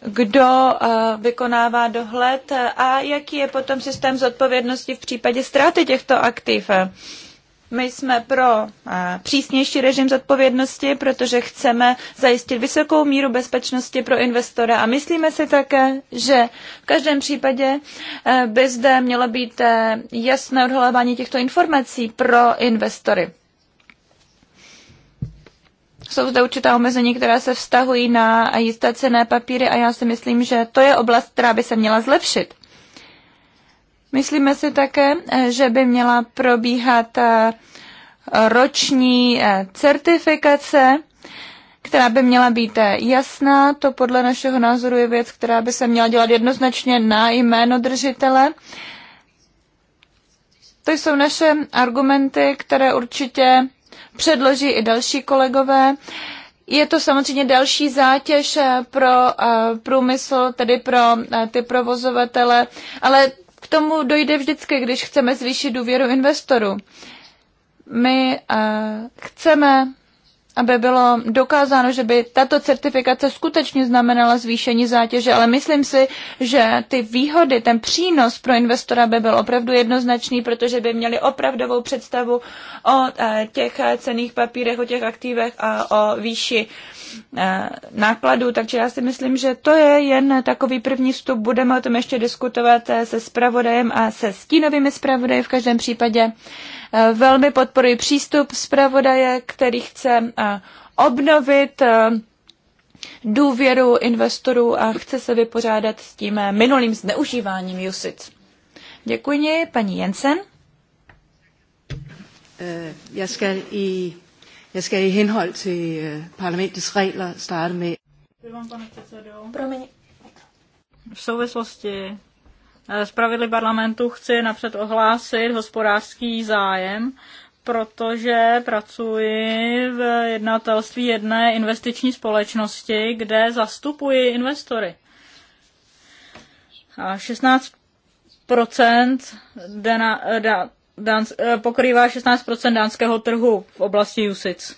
Speaker 1: kdo eh, vykonává dohled a jaký je potom systém zodpovědnosti v případě ztráty těchto aktiv. My jsme pro eh, přísnější režim zodpovědnosti, protože chceme zajistit vysokou míru bezpečnosti pro investora a myslíme si také, že v každém případě eh, by zde mělo být jasné odhalování těchto informací pro investory. Jsou zde určitá omezení, která se vztahují na jisté cené papíry a já si myslím, že to je oblast, která by se měla zlepšit. Myslíme si také, eh, že by měla probíhat eh, roční eh, certifikace, která by měla být jasná. To podle našeho názoru je věc, která by se měla dělat jednoznačně na jméno držitele. To jsou naše argumenty, které určitě předloží i další kolegové. Je to samozřejmě další zátěž eh, pro eh, průmysl, tedy pro eh, ty provozovatele, ale k tomu dojde vždycky, když chceme zvýšit důvěru investorů. My chceme aby bylo dokázáno, že by tato certifikace skutečně znamenala zvýšení zátěže, ale myslím si, že ty výhody, ten přínos pro investora by byl opravdu jednoznačný, protože by měli opravdovou představu o eh, těch eh, cených papírech, o těch aktivech a o výši Eh, nákladů, takže já si myslím, že to je jen takový první vstup. Budeme o tom ještě diskutovat eh, se spravodajem a se stínovými spravodaji v každém případě. Eh, velmi podporuji přístup spravodaje, který chce obnovit důvěru investorů a chce se vypořádat s tím minulým zneužíváním USIT. Děkuji, paní Jensen. Jeg skal
Speaker 3: i Jeg skal i henhold til øh, parlamentets regler starte med. Promiň. V souvislosti eh, s pravidly parlamentu chci napřed ohlásit hospodářský zájem, protože pracuji v jednatelství jedné investiční společnosti, kde zastupuji investory. A 16 jde na, da, Dáns- eh, pokrývá 16% dánského trhu v oblasti USIC.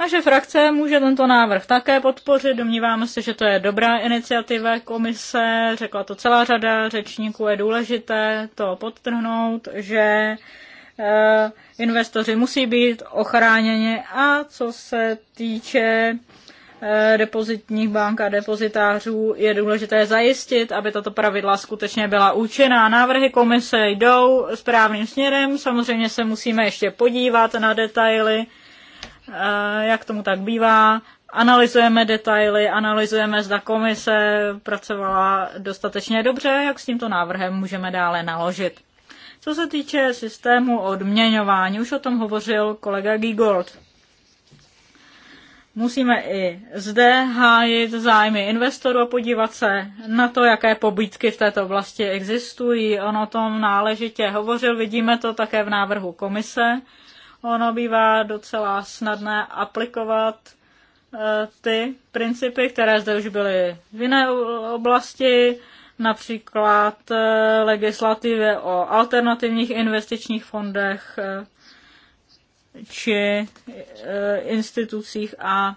Speaker 3: Naše frakce může tento návrh také podpořit. Domníváme se, že to je dobrá iniciativa komise. Řekla to celá řada řečníků. Je důležité to podtrhnout, že eh, investoři musí být ochráněni a co se týče Eh, depozitních bank a depozitářů je důležité zajistit, aby tato pravidla skutečně byla účinná. Návrhy komise jdou správným směrem, samozřejmě se musíme ještě podívat na detaily, eh, jak tomu tak bývá. Analyzujeme detaily, analyzujeme, zda komise pracovala dostatečně dobře, jak s tímto návrhem můžeme dále naložit. Co se týče systému odměňování, už o tom hovořil kolega Gigold. Musíme i zde hájit zájmy investorů a podívat se na to, jaké pobídky v této oblasti existují. On o tom náležitě hovořil, vidíme to také v návrhu komise. Ono bývá docela snadné aplikovat eh, ty principy, které zde už byly v jiné oblasti, například eh, legislativě o alternativních investičních fondech, eh, či e, institucích a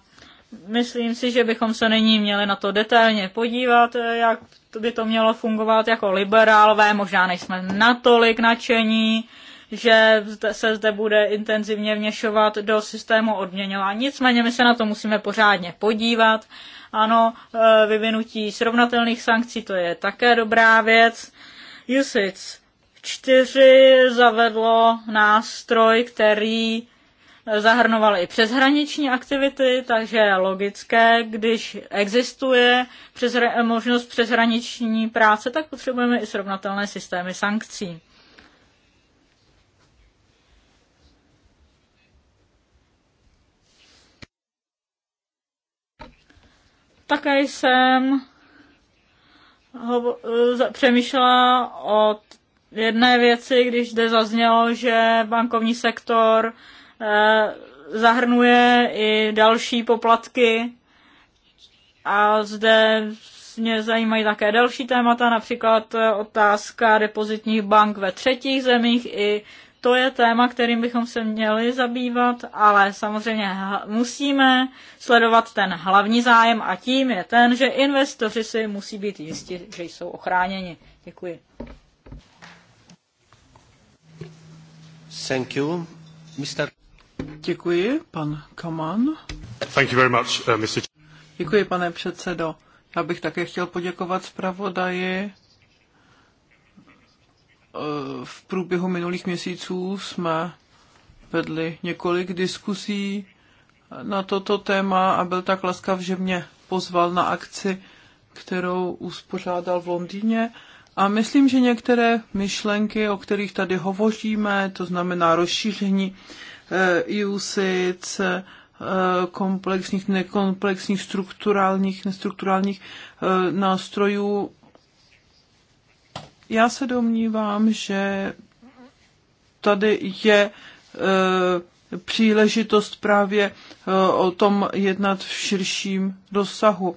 Speaker 3: myslím si, že bychom se nyní měli na to detailně podívat, e, jak by to mělo fungovat jako liberálové, možná nejsme natolik nadšení, že se zde bude intenzivně vněšovat do systému odměňování. Nicméně my se na to musíme pořádně podívat. Ano, e, vyvinutí srovnatelných sankcí to je také dobrá věc. Usage. 4 zavedlo nástroj, který zahrnoval i přeshraniční aktivity, takže je logické, když existuje přeshr- možnost přeshraniční práce, tak potřebujeme i srovnatelné systémy sankcí. Také jsem ho, přemýšlela o jedné věci, když zde zaznělo, že bankovní sektor eh, zahrnuje i další poplatky a zde mě zajímají také další témata, například eh, otázka depozitních bank ve třetích zemích. I to je téma, kterým bychom se měli zabývat, ale samozřejmě musíme sledovat ten hlavní zájem a tím je ten, že investoři si musí být jistí, že jsou ochráněni. Děkuji.
Speaker 2: Thank you. Mr. Děkuji, pan Kaman.
Speaker 4: Thank you very much, uh, Mr.
Speaker 2: Děkuji, pane předsedo. Já bych také chtěl poděkovat zpravodaji. Eh, v průběhu minulých měsíců jsme vedli několik diskusí na toto téma a byl tak laskav, že mě pozval na akci, kterou uspořádal v Londýně a myslím, že některé myšlenky, o kterých tady hovoříme, to znamená rozšíření e, eh, USIC, e, eh, komplexních, nekomplexních, strukturálních, nestrukturálních e, nástrojů, já se domnívám, že tady je příležitost právě o tom jednat v širším dosahu.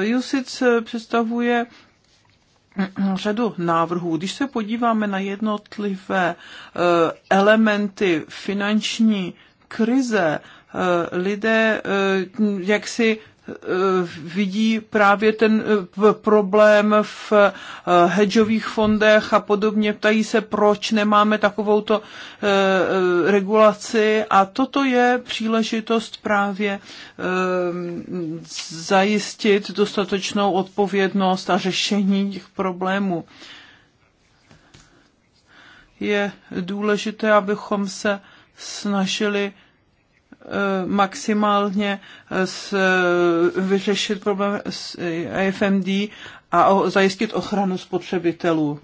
Speaker 2: Jusic představuje řadu návrhů. Když se podíváme na jednotlivé eh, elementy finanční krize, eh, lidé eh, jak si Eh, vidí právě ten eh, problém v eh, hedžových fondech a podobně. Ptají se, proč nemáme takovouto regulaci a toto je příležitost právě zajistit dostatečnou odpovědnost a řešení těch problémů. Je důležité, abychom se snažili Eh, maximálně eh, s, eh, vyřešit problém s AFMD a o, zajistit ochranu spotřebitelů.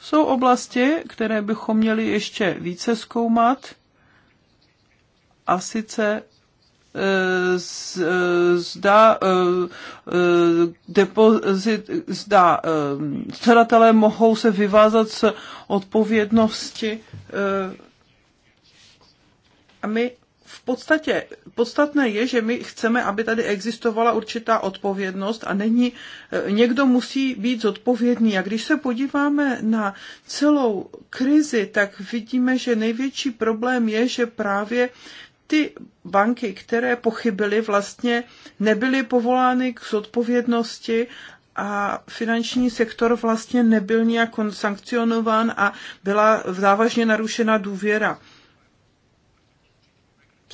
Speaker 2: Jsou oblasti, které bychom měli ještě více zkoumat, a sice zda depozit, zda mohou se vyvázat z odpovědnosti a my v podstatě, podstatné je, že my chceme, aby tady existovala určitá odpovědnost a není, eh, někdo musí být zodpovědný. A když se podíváme na celou krizi, tak vidíme, že největší problém je, že právě ty banky, které pochybily, vlastně nebyly povolány k zodpovědnosti a finanční sektor vlastně nebyl nijak sankcionován a byla závažně narušena důvěra.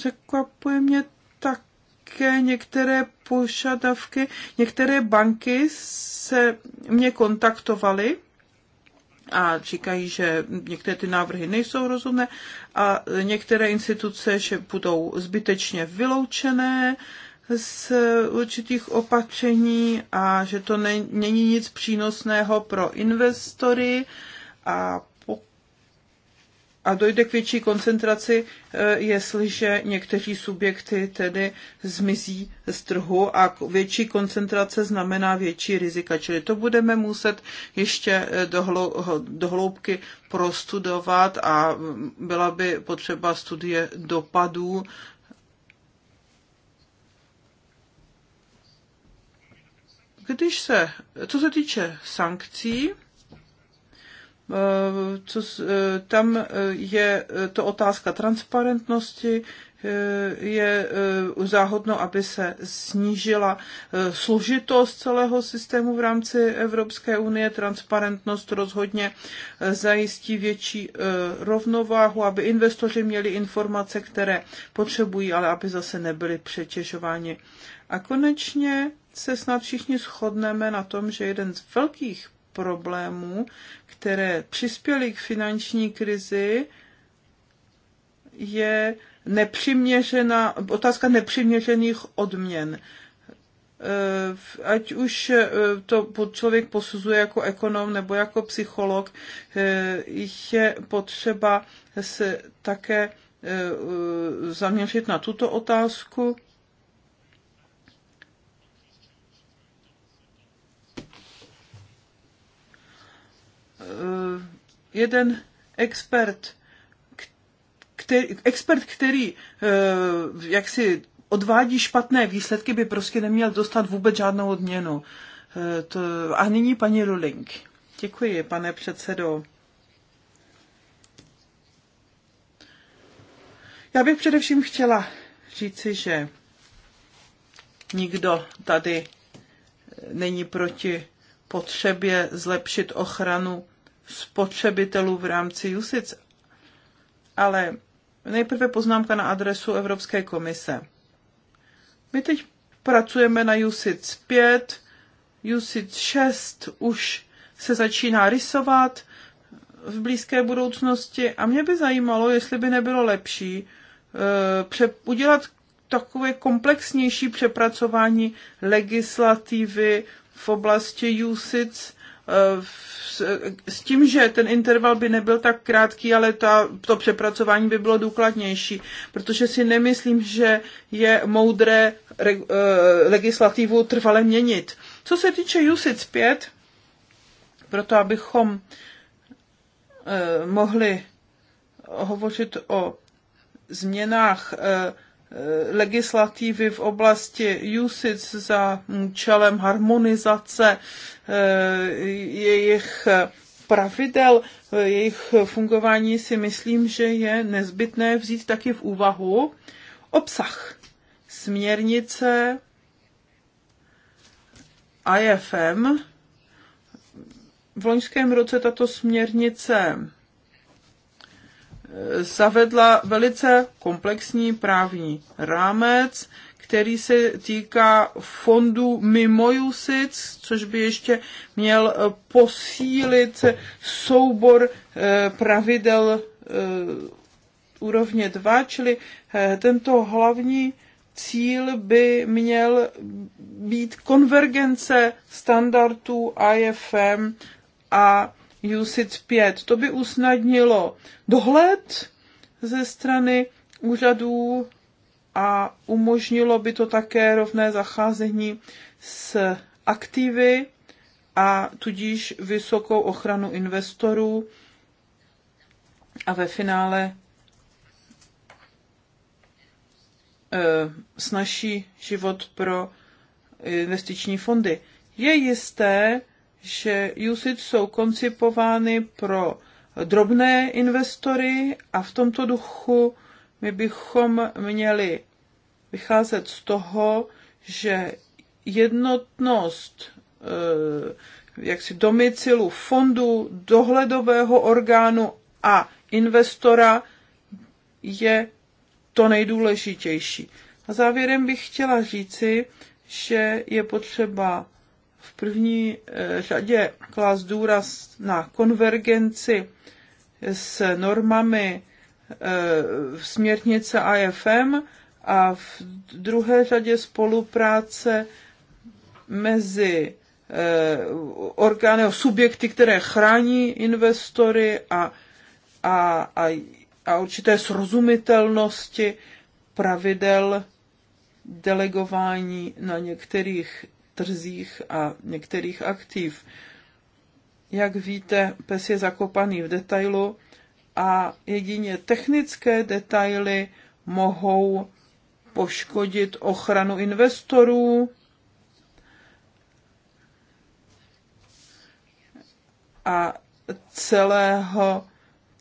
Speaker 2: Překvapuje mě také některé požadavky. Některé banky se mě kontaktovaly a říkají, že některé ty návrhy nejsou rozumné a některé instituce, že budou zbytečně vyloučené z určitých opatření a že to není nic přínosného pro investory a a dojde k větší koncentraci, e, jestliže někteří subjekty tedy zmizí z trhu a větší koncentrace znamená větší rizika. Čili to budeme muset ještě e, dohloubky prostudovat a byla by potřeba studie dopadů Když se, co se týče sankcí, Eh, co, eh, tam eh, je to otázka transparentnosti, je záhodno, aby se snížila složitost celého systému v rámci Evropské unie. Transparentnost rozhodně zajistí větší rovnováhu, aby investoři měli informace, které potřebují, ale aby zase nebyly přetěžováni. A konečně se snad všichni shodneme na tom, že jeden z velkých problémů, které přispěly k finanční krizi, je nepřiměřená, otázka nepřiměřených odměn. Eh, ať už eh, to člověk posuzuje jako ekonom nebo jako psycholog, eh, je potřeba se také zaměřit na tuto otázku Eh, jeden expert, který, expert, který eh, jak si odvádí špatné výsledky, by prostě neměl dostat vůbec žádnou odměnu. Eh, to, a nyní paní Ruling. Děkuji, pane předsedo. Já bych především chtěla říci, že nikdo tady není proti potřebě zlepšit ochranu spotřebitelů v rámci USIC. Ale nejprve poznámka na adresu Evropské komise. My teď pracujeme na USIC 5, USIC 6 už se začíná rysovat v blízké budoucnosti a mě by zajímalo, jestli by nebylo lepší eh, pře- udělat takové komplexnější přepracování legislativy v oblasti USIC, s tím, že ten interval by nebyl tak krátký, ale ta, to přepracování by bylo důkladnější, protože si nemyslím, že je moudré re, eh, legislativu trvale měnit. Co se týče USIC 5, proto abychom eh, mohli hovořit o změnách eh, Eh, legislativy v oblasti USIC za účelem harmonizace eh, jejich pravidel, eh, jejich fungování si myslím, že je nezbytné vzít taky v úvahu obsah směrnice IFM. V loňském roce tato směrnice zavedla velice komplexní právní rámec, který se týká fondu mimo což by ještě měl eh, posílit soubor eh, pravidel eh, úrovně 2, čili tento hlavní cíl by měl být konvergence standardů IFM a USIT 5. To by usnadnilo dohled ze strany úřadů a umožnilo by to také rovné zacházení s aktivy a tudíž vysokou ochranu investorů a ve finále e, snaží život pro investiční fondy. Je jisté, že USIT jsou koncipovány pro drobné investory a v tomto duchu my bychom měli vycházet z toho, že jednotnost eh, jaksi domicilu fondu, dohledového orgánu a investora je to nejdůležitější. A závěrem bych chtěla říci, že je potřeba v první eh, řadě klást důraz na konvergenci s normami v eh, směrnice AFM a v druhé řadě spolupráce mezi eh, orgány, subjekty, které chrání investory a, a, a, a určité srozumitelnosti pravidel delegování na některých trzích a některých aktiv. Jak víte, pes je zakopaný v detailu a jedině technické detaily mohou poškodit ochranu investorů a celého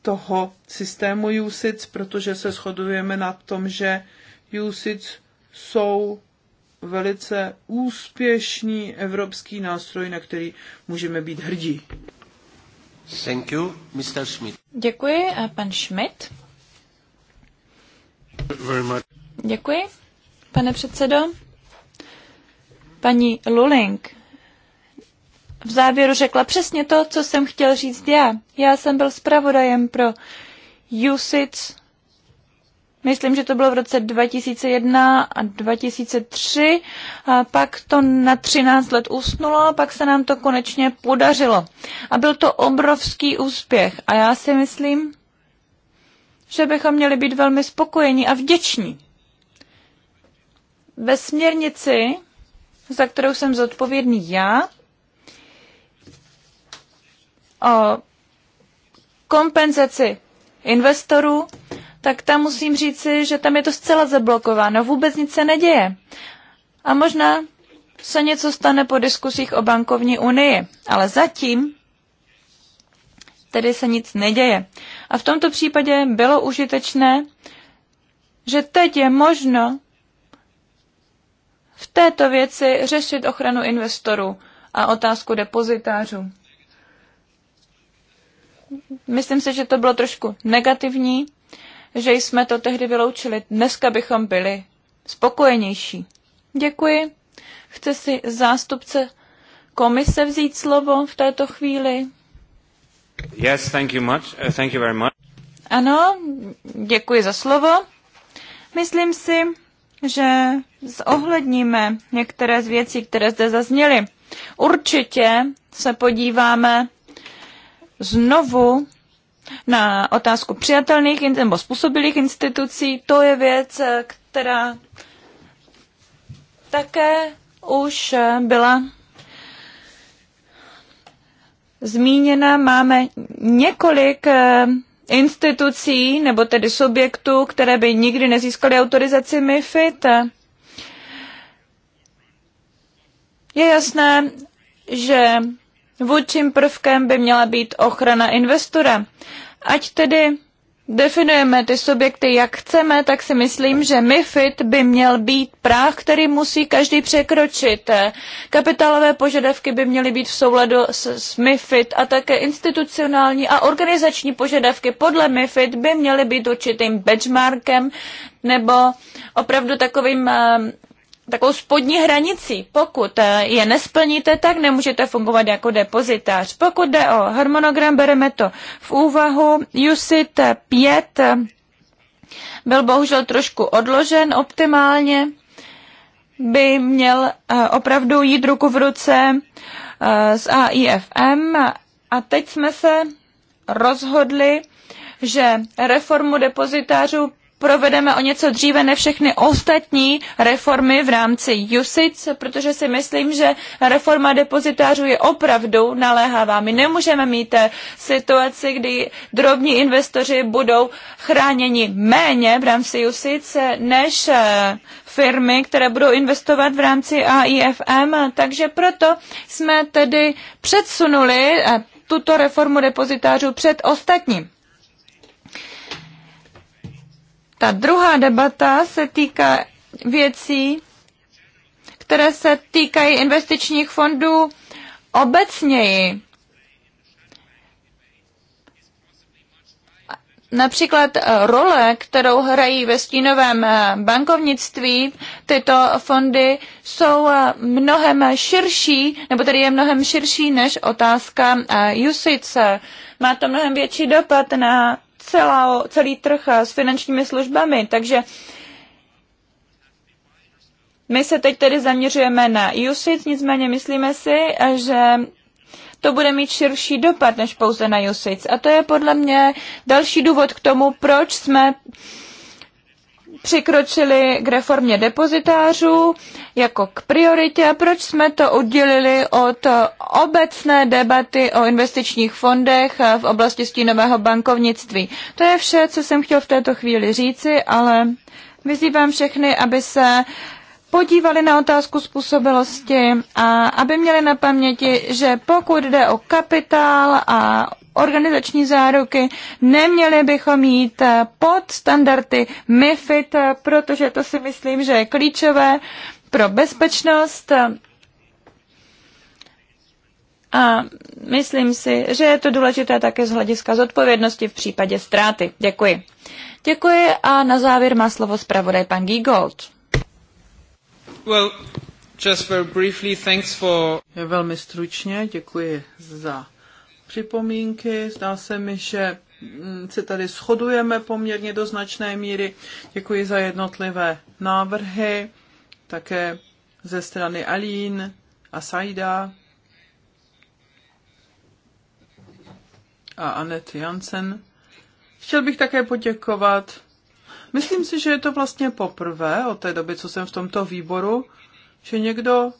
Speaker 2: toho systému USIC, protože se shodujeme na tom, že USIC jsou velice úspěšný evropský nástroj, na který můžeme být hrdí.
Speaker 4: Thank you, Mr. Schmidt.
Speaker 1: Děkuji, a pan Schmidt. Very much. Děkuji, pane předsedo. Paní Luling v závěru řekla přesně to, co jsem chtěl říct já. Já jsem byl zpravodajem pro USIC Myslím, že to bylo v roce 2001 a 2003, a pak to na 13 let usnulo, a pak se nám to konečně podařilo. A byl to obrovský úspěch a já si myslím, že bychom měli být velmi spokojení a vděční. Ve směrnici, za kterou jsem zodpovědný já, o kompenzaci investorů, tak tam musím říci, že tam je to zcela zablokováno, vůbec nic se neděje. A možná se něco stane po diskusích o bankovní unii, ale zatím tedy se nic neděje. A v tomto případě bylo užitečné, že teď je možno v této věci řešit ochranu investorů a otázku depozitářů myslím si, že to bylo trošku negativní, že jsme to tehdy vyloučili. Dneska bychom byli spokojenější. Děkuji. Chce si zástupce komise vzít slovo v této chvíli?
Speaker 4: Yes, thank you much. Uh, thank you very much.
Speaker 1: Ano, děkuji za slovo. Myslím si, že zohledníme některé z věcí, které zde zazněly. Určitě se podíváme znovu na otázku přijatelných nebo způsobilých institucí, to je věc, která také už byla zmíněna. Máme několik eh, institucí nebo tedy subjektů, které by nikdy nezískaly autorizaci MIFID. Je jasné, že Vůdčím prvkem by měla být ochrana investora. Ať tedy definujeme ty subjekty, jak chceme, tak si myslím, že MIFID by měl být práh, který musí každý překročit. Kapitálové požadavky by měly být v souladu s, s MIFID a také institucionální a organizační požadavky podle MIFID by měly být určitým benchmarkem nebo opravdu takovým eh, takovou spodní hranicí. Pokud eh, je nesplníte, tak nemůžete fungovat jako depozitář. Pokud jde o harmonogram, bereme to v úvahu. USIT 5 eh, eh, byl bohužel trošku odložen optimálně. By měl opravdu jít ruku v ruce s AIFM. A teď jsme se rozhodli, že reformu depozitářů provedeme o něco dříve ne všechny ostatní reformy v rámci USIC, protože si myslím, že reforma depozitářů je opravdu naléhavá. My nemůžeme mít situaci, kdy drobní investoři budou chráněni méně v rámci USIC než eh, firmy, které budou investovat v rámci AIFM, takže proto jsme tedy předsunuli eh, tuto reformu depozitářů před ostatním. Ta druhá debata se týká věcí, které se týkají investičních fondů obecněji. Například eh, role, kterou hrají ve stínovém eh, bankovnictví, tyto fondy jsou eh, mnohem širší, nebo tedy je mnohem širší než otázka justice. Má to mnohem větší dopad na celo, celý trh eh, s finančními službami, takže my se teď tedy zaměřujeme na USIT, nicméně myslíme si, eh, že to bude mít širší dopad než pouze na USIT. A to je podle mě další důvod k tomu, proč jsme uh, přikročili k reformě depozitářů jako k prioritě a proč jsme to oddělili od obecné debaty o investičních fondech v oblasti stínového bankovnictví. To je vše, co jsem chtěl v této chvíli říci, ale vyzývám všechny, aby se podívali na otázku způsobilosti a aby měli na paměti, že pokud jde o kapitál a organizační záruky, neměli bychom jít eh, pod standardy MIFID, eh, protože to si myslím, že je klíčové pro bezpečnost. A myslím si, že je to důležité také z hlediska zodpovědnosti v případě ztráty. Děkuji. Děkuji a na závěr má slovo zpravodaj pan Giegold.
Speaker 2: Well, just very briefly, thanks for... Velmi stručně děkuji za připomínky. Zdá se mi, že mm, se tady shodujeme poměrně do značné míry. Děkuji za jednotlivé návrhy, také ze strany Alín a Saida a Anet Jansen. Chtěl bych také poděkovat. Myslím si, že je to vlastně poprvé od té doby, co jsem v tomto výboru, že někdo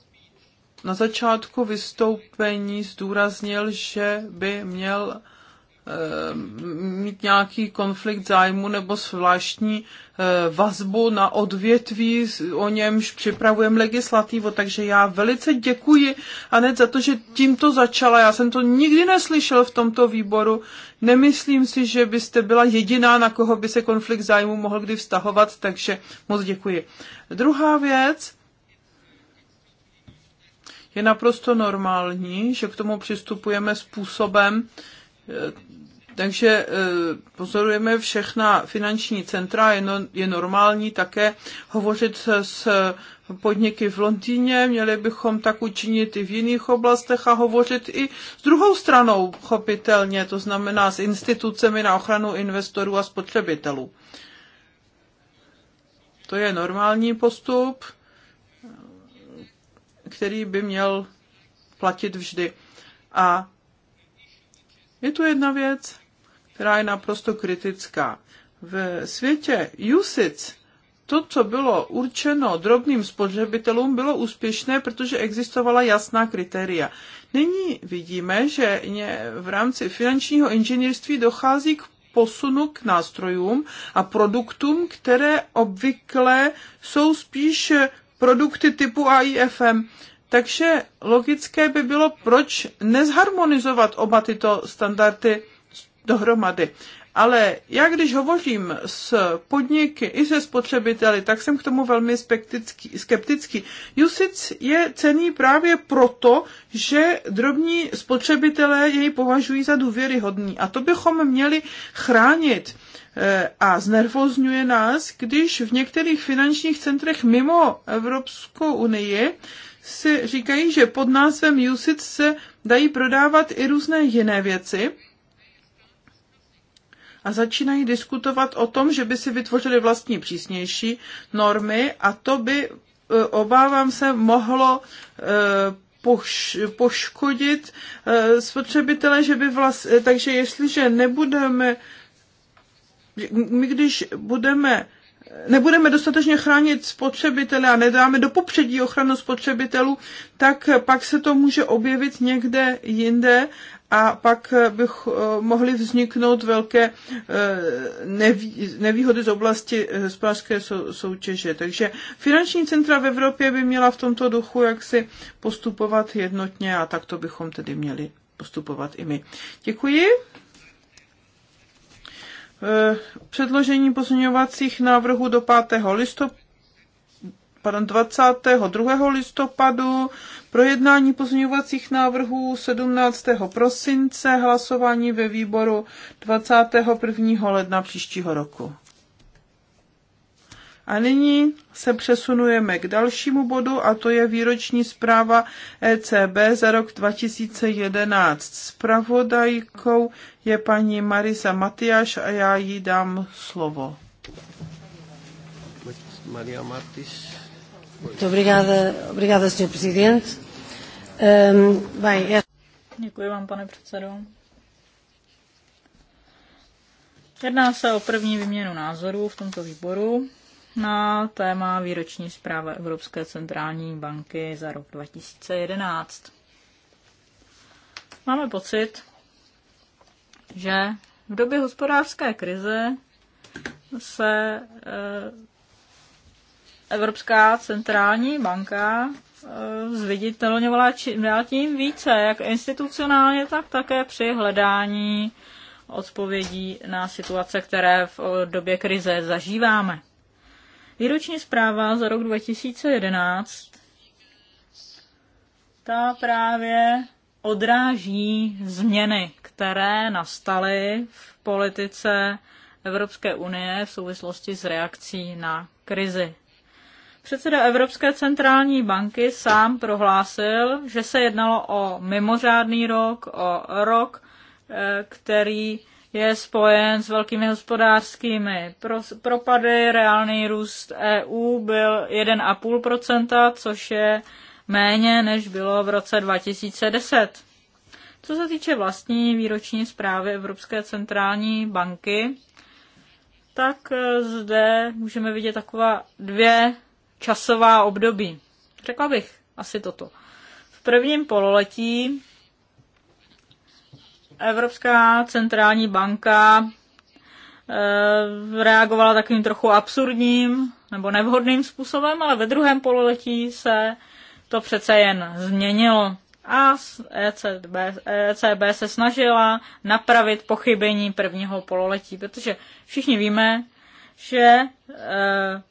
Speaker 2: na začátku vystoupení zdůraznil, že by měl eh, mít nějaký konflikt zájmu nebo zvláštní eh, vazbu na odvětví, o němž připravujeme legislativu. Takže já velice děkuji Anet za to, že tímto začala. Já jsem to nikdy neslyšel v tomto výboru. Nemyslím si, že byste byla jediná, na koho by se konflikt zájmu mohl kdy vztahovat, takže moc děkuji. Druhá věc, je naprosto normální, že k tomu přistupujeme způsobem, e, takže e, pozorujeme všechna finanční centra, je, no, je normální také hovořit s podniky v Londýně, měli bychom tak učinit i v jiných oblastech a hovořit i s druhou stranou, chopitelně, to znamená s institucemi na ochranu investorů a spotřebitelů. To je normální postup který by měl platit vždy. A je tu jedna věc, která je naprosto kritická. V světě USIC to, co bylo určeno drobným spotřebitelům, bylo úspěšné, protože existovala jasná kritéria. Nyní vidíme, že v rámci finančního inženýrství dochází k posunu k nástrojům a produktům, které obvykle jsou spíš produkty typu AIFM. Takže logické by bylo, proč nezharmonizovat oba tyto standardy dohromady. Ale já když hovořím s podniky i se spotřebiteli, tak jsem k tomu velmi skeptický. Jusic je cený právě proto, že drobní spotřebitelé jej považují za důvěryhodný. A to bychom měli chránit eh, a znervozňuje nás, když v některých finančních centrech mimo Evropskou unii si říkají, že pod názvem Jusic se dají prodávat i různé jiné věci, a začínají diskutovat o tom, že by si vytvořili vlastní přísnější normy a to by, e, obávám se, mohlo e, poškodit e, spotřebitele, že by vlast... takže jestliže nebudeme, my když budeme nebudeme dostatečně chránit spotřebitele a nedáme do popředí ochranu spotřebitelů, tak pak se to může objevit někde jinde a pak eh, bych eh, mohly vzniknout velké eh, nevýhody z oblasti hospodářské soutěže. Takže finanční centra v Evropě by měla v tomto duchu jaksi postupovat jednotně a tak to bychom tedy měli postupovat i my. Děkuji. Předložení pozměňovacích návrhů do 5. listopadu pardon, 22. listopadu, projednání pozměňovacích návrhů 17. prosince, hlasování ve výboru 21. ledna příštího roku. A nyní se přesunujeme k dalšímu bodu a to je výroční zpráva ECB za rok 2011. Spravodajkou je paní Marisa Matyáš a já jí dám slovo. Maria Martis.
Speaker 4: Muito obrigada, obrigada, Sr. Presidente. Um, bem, é...
Speaker 3: Děkuji vám, pane předsedo. Jedná se o první výměnu názorů v tomto výboru na téma výroční zpráva Evropské centrální banky za rok 2011. Máme pocit, že v době hospodářské krize se eh, Evropská centrální banka eh, zviditelňovala čím dál tím více, jak institucionálně, tak také při hledání odpovědí na situace, které v době krize zažíváme. Výroční zpráva za rok 2011 ta právě odráží změny, které nastaly v politice Evropské unie v souvislosti s reakcí na krizi. Předseda Evropské centrální banky sám prohlásil, že se jednalo o mimořádný rok, o rok, eh, který je spojen s velkými hospodářskými propady. Reálný růst EU byl 1,5%, což je méně, než bylo v roce 2010. Co se týče vlastní výroční zprávy Evropské centrální banky, tak eh, zde můžeme vidět taková dvě časová období. Řekla bych asi toto. V prvním pololetí Evropská centrální banka eh, reagovala takovým trochu absurdním nebo nevhodným způsobem, ale ve druhém pololetí se to přece jen změnilo. A ECB, ECB se snažila napravit pochybení prvního pololetí, protože všichni víme, že eh,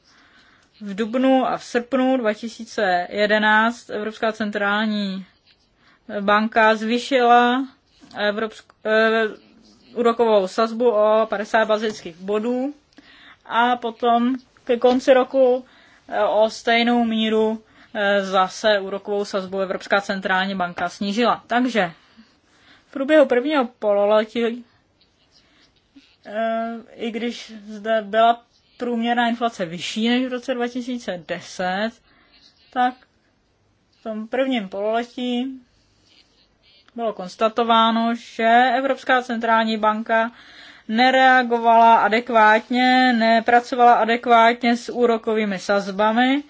Speaker 3: v dubnu a v srpnu 2011 Evropská centrální banka zvýšila evropsk- eh, úrokovou sazbu o 50 bazických bodů a potom ke konci roku eh, o stejnou míru eh, zase úrokovou sazbu Evropská centrální banka snížila. Takže v průběhu prvního pololetí, eh, i když zde byla průměrná inflace vyšší než v roce 2010, tak v tom prvním pololetí bylo konstatováno, že Evropská centrální banka nereagovala adekvátně, nepracovala adekvátně s úrokovými sazbami.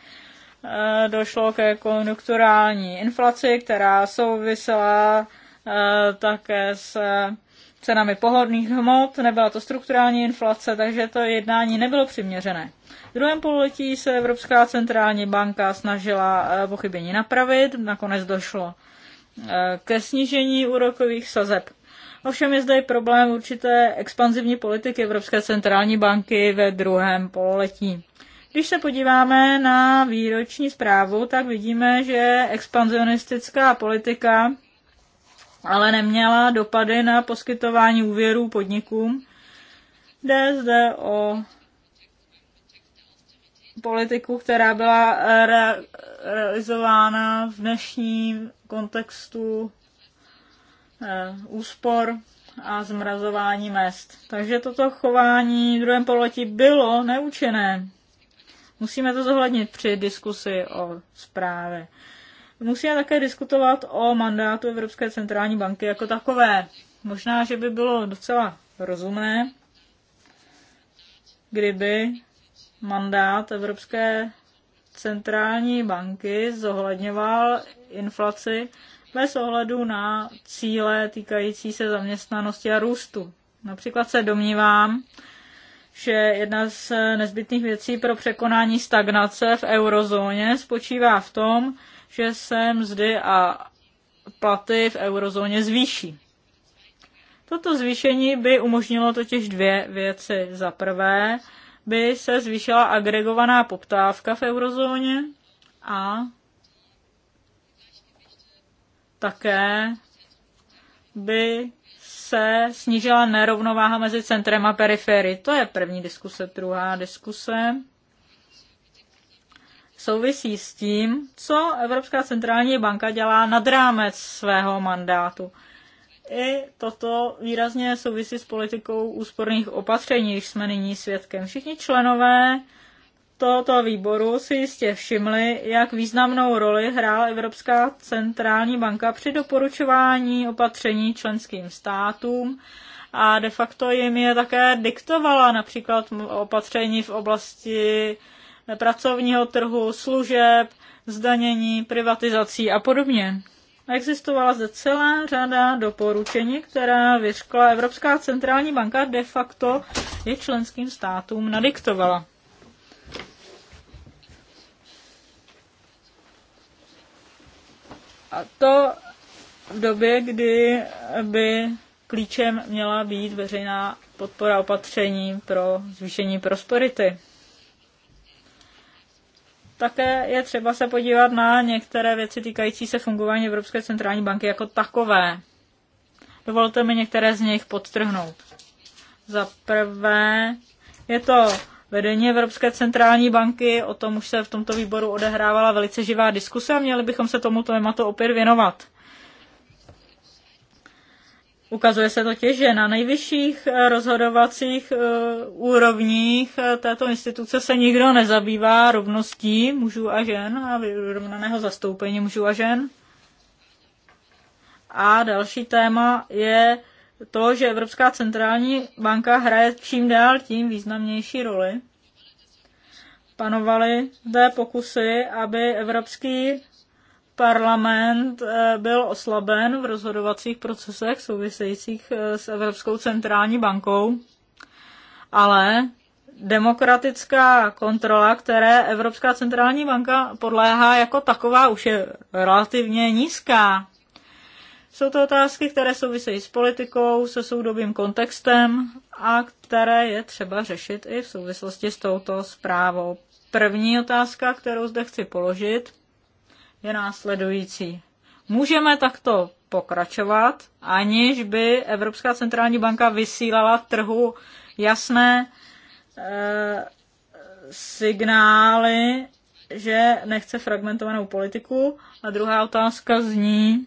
Speaker 3: Eh, došlo ke konjunkturální inflaci, která souvisela eh, také se cenami pohodných hmot, nebyla to strukturální inflace, takže to jednání nebylo přiměřené. V druhém pololetí se Evropská centrální banka snažila eh, pochybení napravit, nakonec došlo eh, ke snížení úrokových sazeb. Ovšem je zde i problém určité expanzivní politiky Evropské centrální banky ve druhém pololetí. Když se podíváme na výroční zprávu, tak vidíme, že expanzionistická politika ale neměla dopady na poskytování úvěrů podnikům. Jde zde o politiku, která byla re- realizována v dnešním kontextu eh, úspor a zmrazování mest. Takže toto chování v druhém pololetí bylo neúčinné. Musíme to zohlednit při diskusi o zprávě. Musíme také diskutovat o mandátu Evropské centrální banky jako takové. Možná, že by bylo docela rozumné, kdyby mandát Evropské centrální banky zohledňoval inflaci bez ohledu na cíle týkající se zaměstnanosti a růstu. Například se domnívám, že jedna z nezbytných věcí pro překonání stagnace v eurozóně spočívá v tom, že se mzdy a platy v eurozóně zvýší. Toto zvýšení by umožnilo totiž dvě věci. Za prvé by se zvýšila agregovaná poptávka v eurozóně a také by se snížila nerovnováha mezi centrem a periferií. To je první diskuse. Druhá diskuse souvisí s tím, co Evropská centrální banka dělá nad rámec svého mandátu. I toto výrazně souvisí s politikou úsporných opatření, když jsme nyní svědkem. Všichni členové tohoto výboru si jistě všimli, jak významnou roli hrála Evropská centrální banka při doporučování opatření členským státům a de facto jim je také diktovala například opatření v oblasti pracovního trhu, služeb, zdanění, privatizací a podobně. Existovala zde celá řada doporučení, která vyřkla Evropská centrální banka de facto je členským státům nadiktovala. A to v době, kdy by klíčem měla být veřejná podpora opatření pro zvýšení prosperity. Také je třeba se podívat na některé věci týkající se fungování Evropské centrální banky jako takové. Dovolte mi některé z nich podtrhnout. Za prvé je to vedení Evropské centrální banky, o tom už se v tomto výboru odehrávala velice živá diskuse a měli bychom se tomu tématu opět věnovat. Ukazuje se totiž, že na nejvyšších eh, rozhodovacích eh, úrovních eh, této instituce se nikdo nezabývá rovností mužů a žen a vyrovnaného zastoupení mužů a žen. A další téma je to, že Evropská centrální banka hraje čím dál tím významnější roli. Panovaly zde pokusy, aby Evropský parlament eh, byl oslaben v rozhodovacích procesech souvisejících eh, s Evropskou centrální bankou, ale demokratická kontrola, které Evropská centrální banka podléhá jako taková, už je relativně nízká. Jsou to otázky, které souvisejí s politikou, se soudobým kontextem a které je třeba řešit i v souvislosti s touto zprávou. První otázka, kterou zde chci položit, je následující. Můžeme takto pokračovat, aniž by Evropská centrální banka vysílala trhu jasné e, signály, že nechce fragmentovanou politiku. A druhá otázka zní,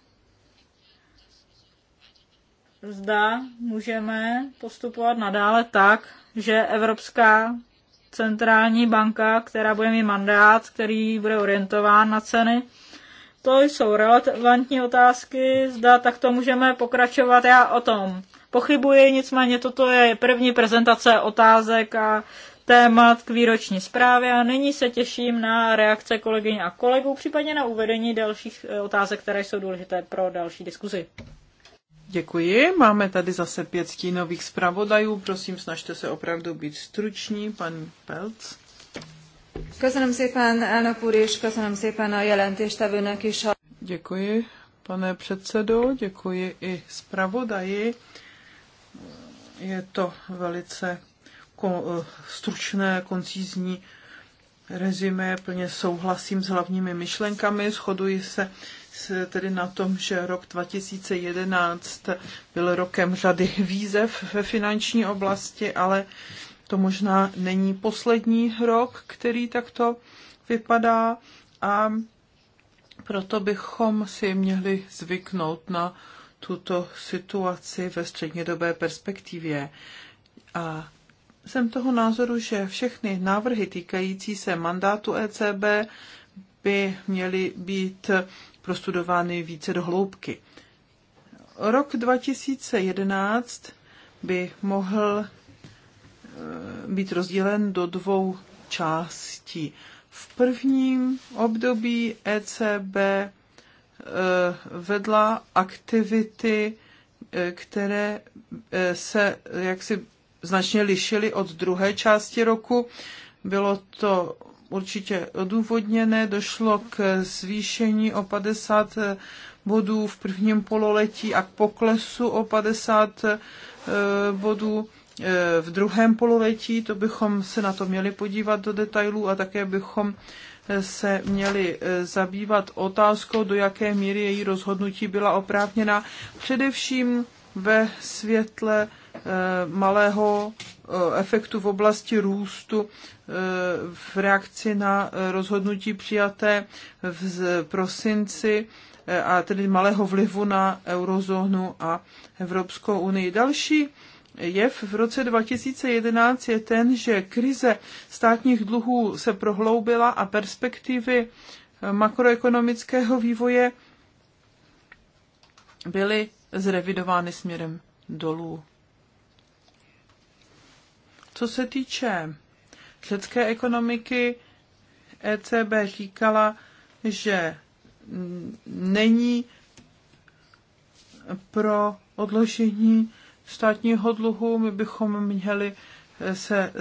Speaker 3: zda můžeme postupovat nadále tak, že Evropská centrální banka, která bude mít mandát, který bude orientován na ceny, to jsou relevantní otázky, zda takto můžeme pokračovat. Já o tom pochybuji, nicméně toto je první prezentace otázek a témat k výroční zprávě a nyní se těším na reakce kolegyň a kolegů, případně na uvedení dalších eh, otázek, které jsou důležité pro další diskuzi.
Speaker 2: Děkuji. Máme tady zase pět stínových zpravodajů. Prosím, snažte se opravdu být struční. Pan Pelc. Köszönöm szépen, elnök úr, és köszönöm szépen a jelentéstevőnek is. Děkuji, pane předsedo, děkuji i zpravodaji. Je to velice stručné, koncízní rezime, plně souhlasím s hlavními myšlenkami, shoduji se tedy na tom, že rok 2011 byl rokem řady výzev ve finanční oblasti, ale to možná není poslední rok, který takto vypadá a proto bychom si měli zvyknout na tuto situaci ve střednědobé perspektivě. A jsem toho názoru, že všechny návrhy týkající se mandátu ECB by měly být prostudovány více do hloubky. Rok 2011 by mohl Eh, být rozdělen do dvou částí. V prvním období ECB eh, vedla aktivity, eh, které se jaksi značně lišily od druhé části roku. Bylo to určitě odůvodněné, došlo k zvýšení o 50 bodů v prvním pololetí a k poklesu o 50 bodů v druhém pololetí, to bychom se na to měli podívat do detailů a také bychom se měli eh, zabývat otázkou, do jaké míry její rozhodnutí byla oprávněna, především ve světle eh, malého eh, efektu v oblasti růstu v reakci na rozhodnutí přijaté v prosinci a tedy malého vlivu na eurozónu a Evropskou unii. Další jev v roce 2011 je ten, že krize státních dluhů se prohloubila a perspektivy eh, makroekonomického vývoje byly zrevidovány směrem dolů. Co se týče řecké ekonomiky, ECB říkala, že není pro odložení státního dluhu, my bychom měli eh, se eh,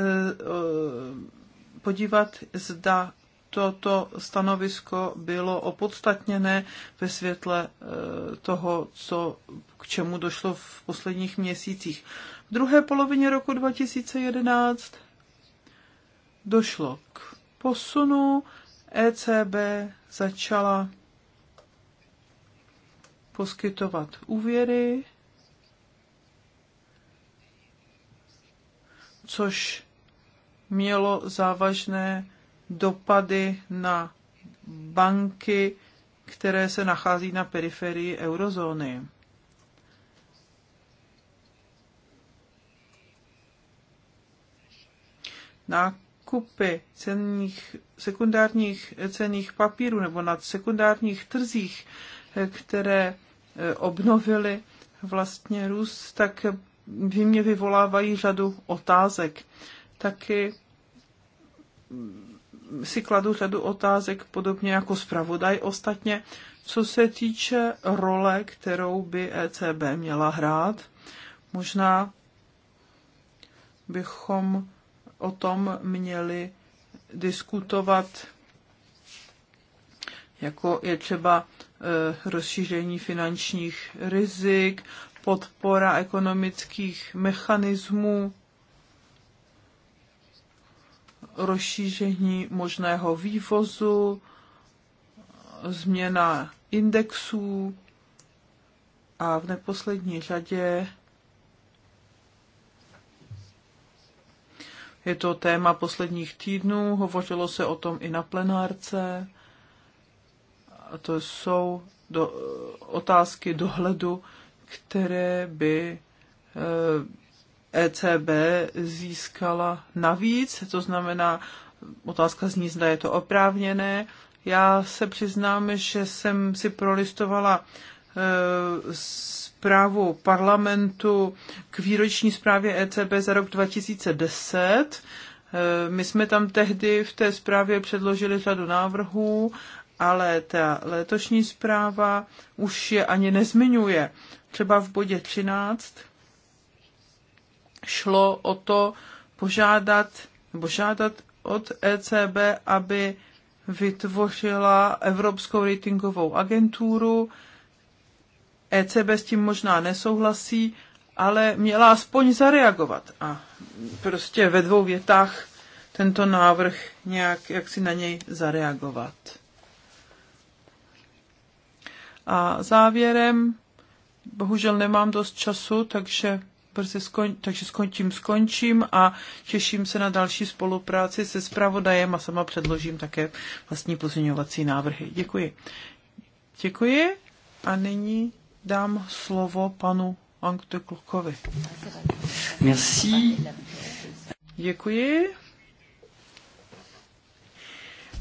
Speaker 2: podívat, zda toto stanovisko bylo opodstatněné ve světle eh, toho, co, k čemu došlo v posledních měsících. V druhé polovině roku 2011 došlo k posunu, ECB začala poskytovat úvěry což mělo závažné dopady na banky, které se nachází na periferii eurozóny. Nákupy cenných, sekundárních cenných papírů nebo na sekundárních trzích, které eh, obnovily vlastně růst, tak vy mě vyvolávají řadu otázek. Taky si kladu řadu otázek, podobně jako zpravodaj ostatně, co se týče role, kterou by ECB měla hrát. Možná bychom o tom měli diskutovat, jako je třeba eh, rozšíření finančních rizik, podpora ekonomických mechanismů, rozšíření možného vývozu, změna indexů a v neposlední řadě je to téma posledních týdnů, hovořilo se o tom i na plenárce. A to jsou do, otázky dohledu které by ECB eh, e získala navíc, to znamená, otázka zní, zda je to oprávněné. Já se přiznám, že jsem si prolistovala eh, zprávu parlamentu k výroční zprávě ECB za rok 2010. Eh, my jsme tam tehdy v té zprávě předložili řadu návrhů, ale ta letošní zpráva už je ani nezmiňuje třeba v bodě 13 šlo o to požádat, nebo žádat od ECB, aby vytvořila Evropskou ratingovou agenturu. ECB s tím možná nesouhlasí, ale měla aspoň zareagovat. A prostě ve dvou větách tento návrh nějak, jak si na něj zareagovat. A závěrem bohužel nemám dost času, takže brzy skon, takže skončím, skončím a těším se na další spolupráci se zpravodajem a sama předložím také vlastní pozměňovací návrhy. Děkuji. Děkuji a nyní dám slovo panu Ankte Klukovi. Merci. Děkuji.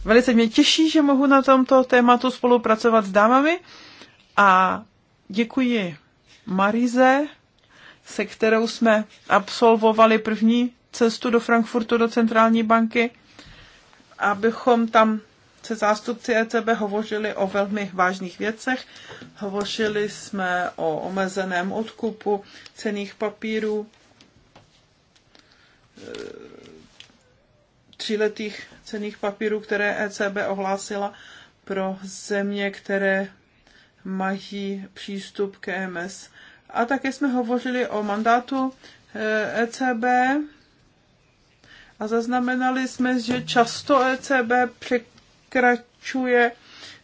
Speaker 2: Velice mě těší, že mohu na tomto tématu spolupracovat s dámami a Děkuji Marize, se kterou jsme absolvovali první cestu do Frankfurtu do centrální banky, abychom tam se zástupci ECB hovořili o velmi vážných věcech. Hovořili jsme o omezeném odkupu cených papírů, eh, tříletých cených papírů, které ECB ohlásila pro země, které mají přístup k EMS. A také jsme hovořili o mandátu ECB eh, e a zaznamenali jsme, že často ECB překračuje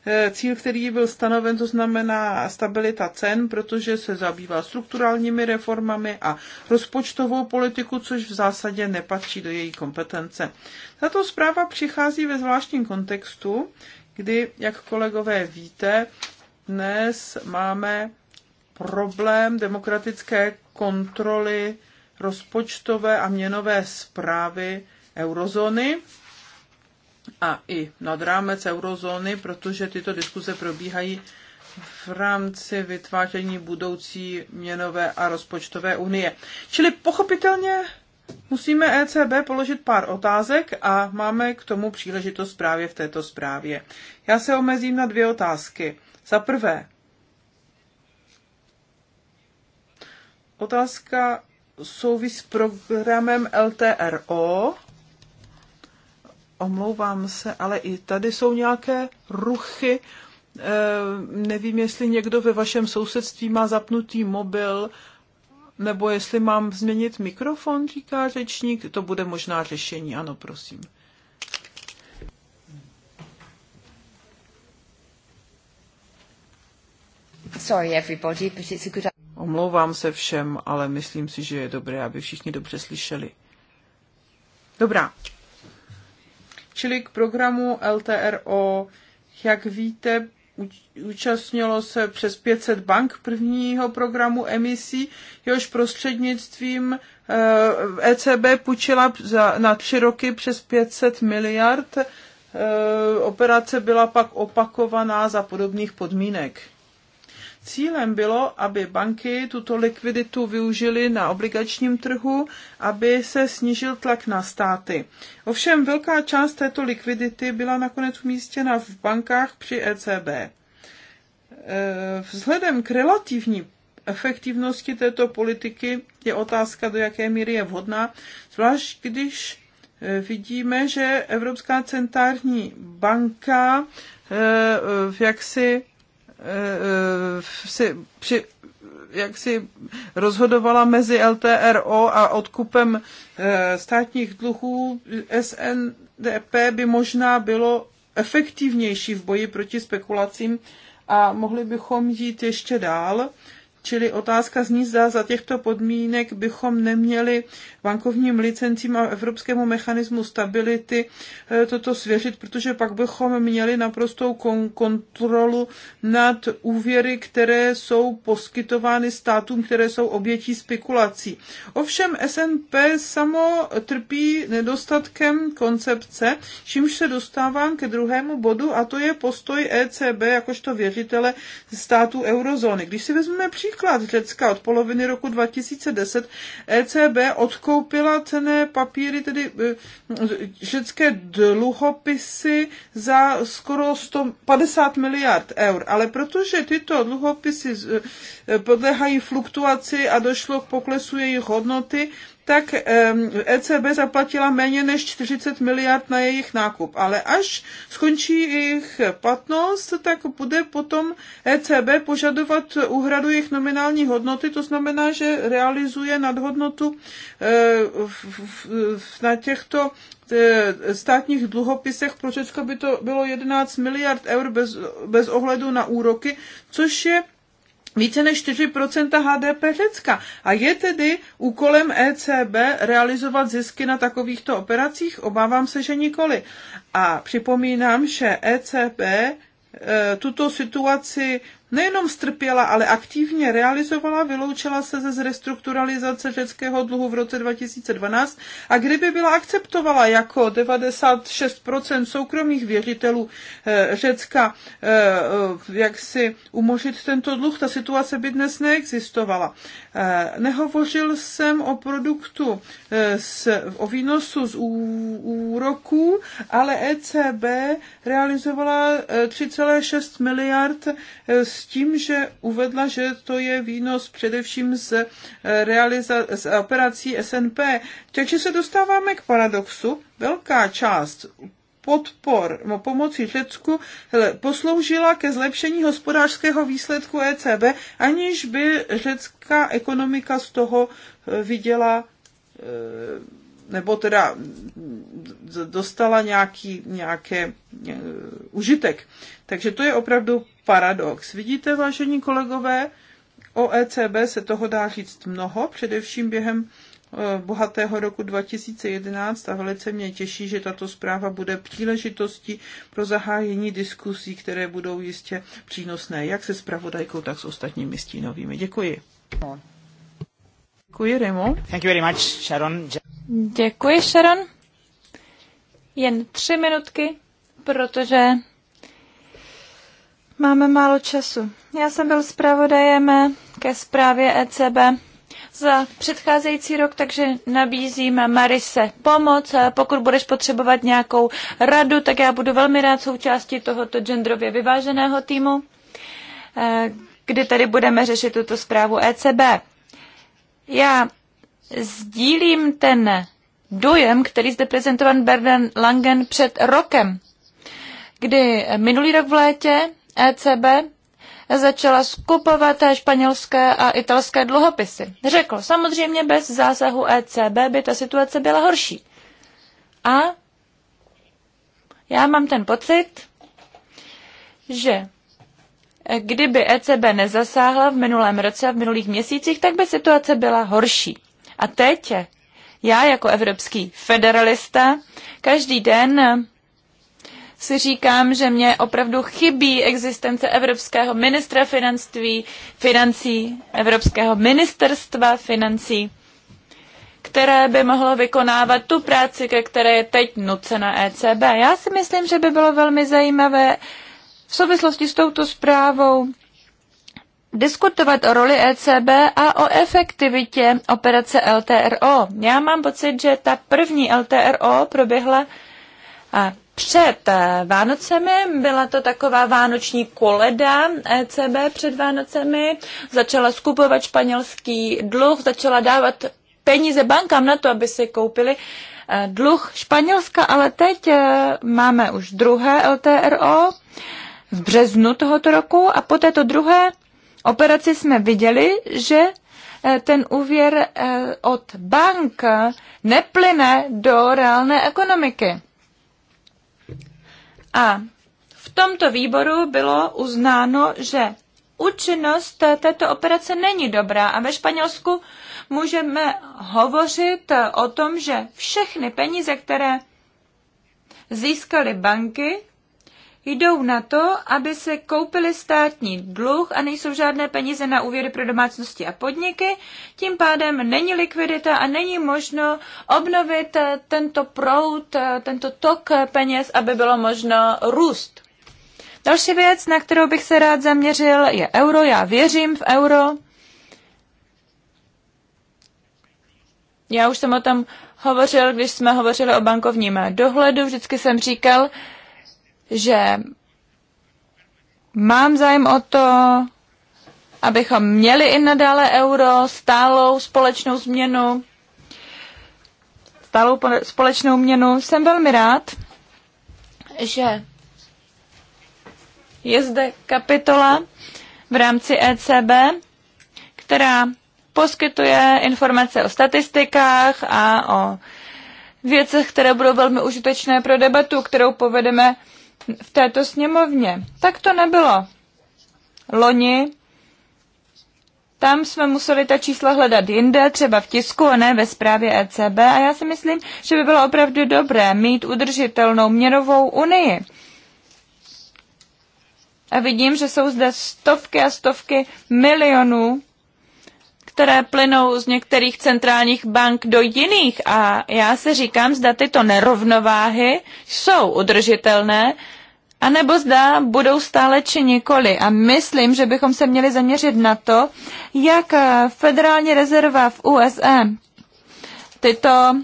Speaker 2: eh, cíl, který byl stanoven, to znamená stabilita cen, protože se zabývá strukturálními reformami a rozpočtovou politiku, což v zásadě nepatří do její kompetence. Tato zpráva přichází ve zvláštním kontextu, kdy, jak kolegové víte, dnes máme problém demokratické kontroly rozpočtové a měnové zprávy eurozóny a i nad rámec eurozóny, protože tyto diskuze probíhají v rámci vytváření budoucí měnové a rozpočtové unie. Čili pochopitelně musíme ECB položit pár otázek a máme k tomu příležitost právě v této zprávě. Já se omezím na dvě otázky. Za prvé, otázka souvisí s programem LTRO. Omlouvám se, ale i tady jsou nějaké ruchy. Eh, nevím, jestli někdo ve vašem sousedství má zapnutý mobil, nebo jestli mám změnit mikrofon, říká řečník. To bude možná řešení, ano, prosím. sorry everybody, but it's a good... Omlouvám se všem, ale myslím si, že je dobré, aby všichni dobře slyšeli. Dobrá. Čili k programu LTRO, jak víte, účastnilo se přes 500 bank prvního programu emisí, jehož prostřednictvím ECB eh, e půjčila na tři roky přes 500 miliard. Eh, operace byla pak opakovaná za podobných podmínek. Cílem bylo, aby banky tuto likviditu využily na obligačním trhu, aby se snížil tlak na státy. Ovšem velká část této likvidity byla nakonec umístěna v bankách při ECB. E, vzhledem k relativní efektivnosti této politiky je otázka, do jaké míry je vhodná, zvlášť když e, vidíme, že Evropská centrální banka e, jaksi Eh, eh, si při, jak si rozhodovala mezi LTRO a odkupem eh, státních dluhů, SNDP by možná bylo efektivnější v boji proti spekulacím a mohli bychom jít ještě dál Čili otázka zní, zda za těchto podmínek bychom neměli bankovním licencím a evropskému mechanismu stability eh, toto svěřit, protože pak bychom měli naprostou kontrolu nad úvěry, které jsou poskytovány státům, které jsou obětí spekulací. Ovšem SNP samo trpí nedostatkem koncepce, čímž se dostávám ke druhému bodu a to je postoj ECB jakožto věřitele států eurozóny. Když si vezmeme příklad, odklad Řecka od poloviny roku 2010 ECB odkoupila cené papíry, tedy e, řecké dluhopisy za skoro 150 miliard eur. Ale protože tyto dluhopisy e, podléhají fluktuaci a došlo k poklesu jejich hodnoty, tak ECB e zaplatila méně než 40 miliard na jejich nákup. Ale až skončí jejich platnost, tak bude potom ECB požadovat úhradu jejich nominální hodnoty, to znamená, že realizuje nadhodnotu eh, na těchto eh, státních dluhopisech pro Řecko by to bylo 11 miliard eur bez, bez ohledu na úroky, což je více než 4% HDP Řecka. A je tedy úkolem ECB realizovat zisky na takovýchto operacích? Obávám se, že nikoli. A připomínám, že ECB e, tuto situaci nejenom strpěla, ale aktivně realizovala, vyloučila se ze zrestrukturalizace řeckého dluhu v roce 2012 a kdyby byla akceptovala jako 96% soukromých věřitelů eh, Řecka, eh, eh, jak si umožnit tento dluh, ta situace by dnes neexistovala. Nehovořil jsem o produktu, s, o výnosu z úroků, ale ECB realizovala 3,6 miliard z tím, že uvedla, že to je výnos především z, eh, realiza- z operací SNP. Takže se dostáváme k paradoxu. Velká část podpor no, pomoci Řecku posloužila ke zlepšení hospodářského výsledku ECB, aniž by řecká ekonomika z toho eh, viděla eh, nebo teda dostala nějaký, nějaké eh, užitek. Takže to je opravdu paradox. Vidíte, vážení kolegové, o ECB se toho dá říct mnoho, především během eh, bohatého roku 2011 a velice mě těší, že tato zpráva bude příležitostí pro zahájení diskusí, které budou jistě přínosné jak se zpravodajkou, tak s ostatními stínovými. Děkuji. No. Děkuji, Remo. Thank you very much, Sharon. Děkuji,
Speaker 1: Sharon. Jen tři minutky, protože máme málo času. Já jsem byl zpravodajem ke zprávě ECB za předcházející rok, takže nabízím Marise pomoc. Pokud budeš potřebovat nějakou radu, tak já budu velmi rád součástí tohoto genderově vyváženého týmu, eh, kdy tady budeme řešit tuto zprávu ECB. Já sdílím ten dojem, který zde prezentovan Berden Langen před rokem, kdy minulý rok v létě ECB začala skupovat španělské a italské dluhopisy. Řekl, samozřejmě bez zásahu ECB by ta situace byla horší. A já mám ten pocit, že kdyby ECB nezasáhla v minulém roce a v minulých měsících, tak by situace byla horší. A teď já jako evropský federalista každý den si říkám, že mě opravdu chybí existence Evropského ministra financí, financí Evropského ministerstva financí, které by mohlo vykonávat tu práci, ke které je teď nucena ECB. Já si myslím, že by bylo velmi zajímavé v souvislosti s touto zprávou diskutovat o roli ECB a o efektivitě operace LTRO. Já mám pocit, že ta první LTRO proběhla před eh, Vánocemi, byla to taková vánoční koleda ECB před Vánocemi, začala skupovat španělský dluh, začala dávat peníze bankám na to, aby si koupili eh, dluh Španělska, ale teď eh, máme už druhé LTRO v březnu tohoto roku a po této druhé operaci jsme viděli, že eh, ten úvěr eh, od bank neplyne do reálné ekonomiky. A v tomto výboru bylo uznáno, že účinnost této operace není dobrá a ve Španělsku můžeme hovořit o tom, že všechny peníze, které získaly banky, jdou na to, aby se koupili státní dluh a nejsou žádné peníze na úvěry pro domácnosti a podniky. Tím pádem není likvidita a není možno obnovit eh, tento proud, eh, tento tok peněz, aby bylo možno růst. Další věc, na kterou bych se rád zaměřil, je euro. Já věřím v euro. Já už jsem o tom hovořil, když jsme hovořili o bankovním dohledu. Vždycky jsem říkal, že mám zájem o to, abychom měli i nadále euro, stálou společnou změnu, stálou společnou měnu. Jsem velmi rád, že je zde kapitola v rámci ECB, která poskytuje informace o statistikách a o věcech, které budou velmi užitečné pro debatu, kterou povedeme v této sněmovně. Tak to nebylo. Loni tam jsme museli ta čísla hledat jinde, třeba v tisku a ne ve zprávě ECB a já si myslím, že by bylo opravdu dobré mít udržitelnou měnovou unii. A vidím, že jsou zde stovky a stovky milionů které plynou z některých centrálních bank do jiných. A já se říkám, zda tyto nerovnováhy jsou udržitelné, anebo zda budou stále či nikoli. A myslím, že bychom se měli zaměřit na to, jak Federální rezerva v USA tyto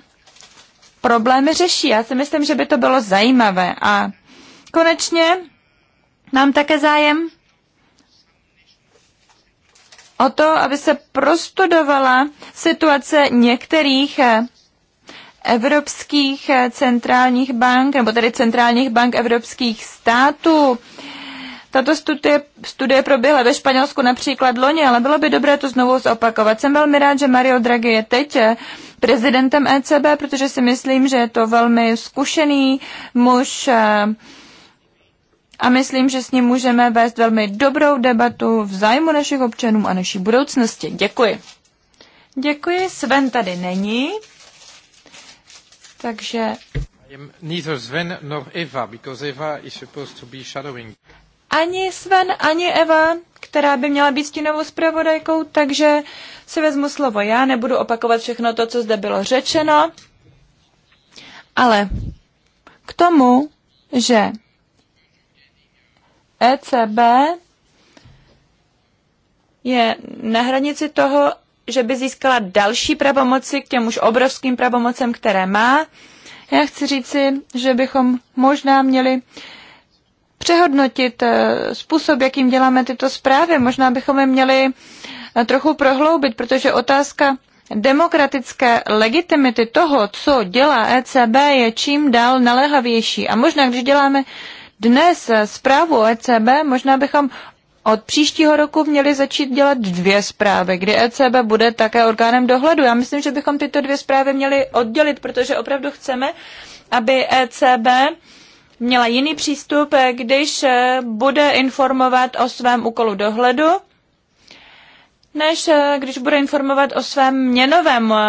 Speaker 1: problémy řeší. Já si myslím, že by to bylo zajímavé. A konečně nám také zájem o to, aby se prostudovala situace některých eh, evropských eh, centrálních bank, nebo tedy centrálních bank evropských států. Tato studie, studie proběhla ve Španělsku například loni, ale bylo by dobré to znovu zopakovat. Jsem velmi rád, že Mario Draghi je teď eh, prezidentem ECB, protože si myslím, že je to velmi zkušený muž, a myslím, že s ním můžeme vést velmi dobrou debatu v zájmu našich občanů a naší budoucnosti. Děkuji. Děkuji, Sven tady není, takže...
Speaker 6: Neither Sven nor Eva, because Eva is supposed to be shadowing.
Speaker 1: Ani Sven, ani Eva, která by měla být stínovou zpravodajkou, takže si vezmu slovo já, nebudu opakovat všechno to, co zde bylo řečeno, ale k tomu, že ECB je na hranici toho, že by získala další pravomoci k těm už obrovským pravomocem, které má. Já chci říci, že bychom možná měli přehodnotit eh, způsob, jakým děláme tyto zprávy. Možná bychom je měli eh, trochu prohloubit, protože otázka demokratické legitimity toho, co dělá ECB, je čím dál naléhavější. A možná, když děláme dnes zprávu ECB, možná bychom od příštího roku měli začít dělat dvě zprávy, kdy ECB bude také orgánem dohledu. Já myslím, že bychom tyto dvě zprávy měli oddělit, protože opravdu chceme, aby ECB měla jiný přístup, když bude informovat o svém úkolu dohledu než eh, když bude informovat o svém měnovém eh,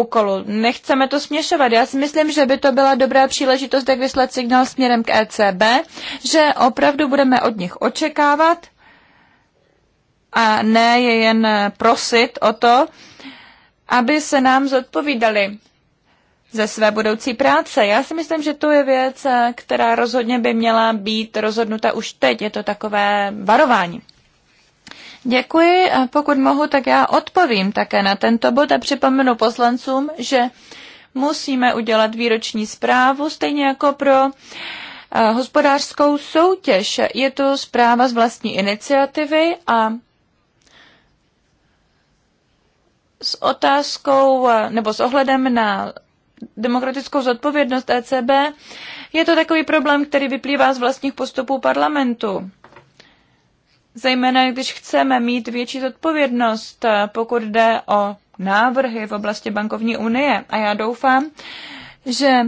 Speaker 1: úkolu. Nechceme to směšovat. Já si myslím, že by to byla dobrá příležitost, jak vyslat signál směrem k ECB, že opravdu budeme od nich očekávat a ne je jen eh, prosit o to, aby se nám zodpovídali ze své budoucí práce. Já si myslím, že to je věc, která rozhodně by měla být rozhodnuta už teď. Je to takové varování. Děkuji. Pokud mohu, tak já odpovím také na tento bod a připomenu poslancům, že musíme udělat výroční zprávu, stejně jako pro eh, hospodářskou soutěž. Je to zpráva z vlastní iniciativy a s otázkou eh, nebo s ohledem na demokratickou zodpovědnost ECB je to takový problém, který vyplývá z vlastních postupů parlamentu zejména když chceme mít větší zodpovědnost, eh, pokud jde o návrhy v oblasti bankovní unie. A já doufám, že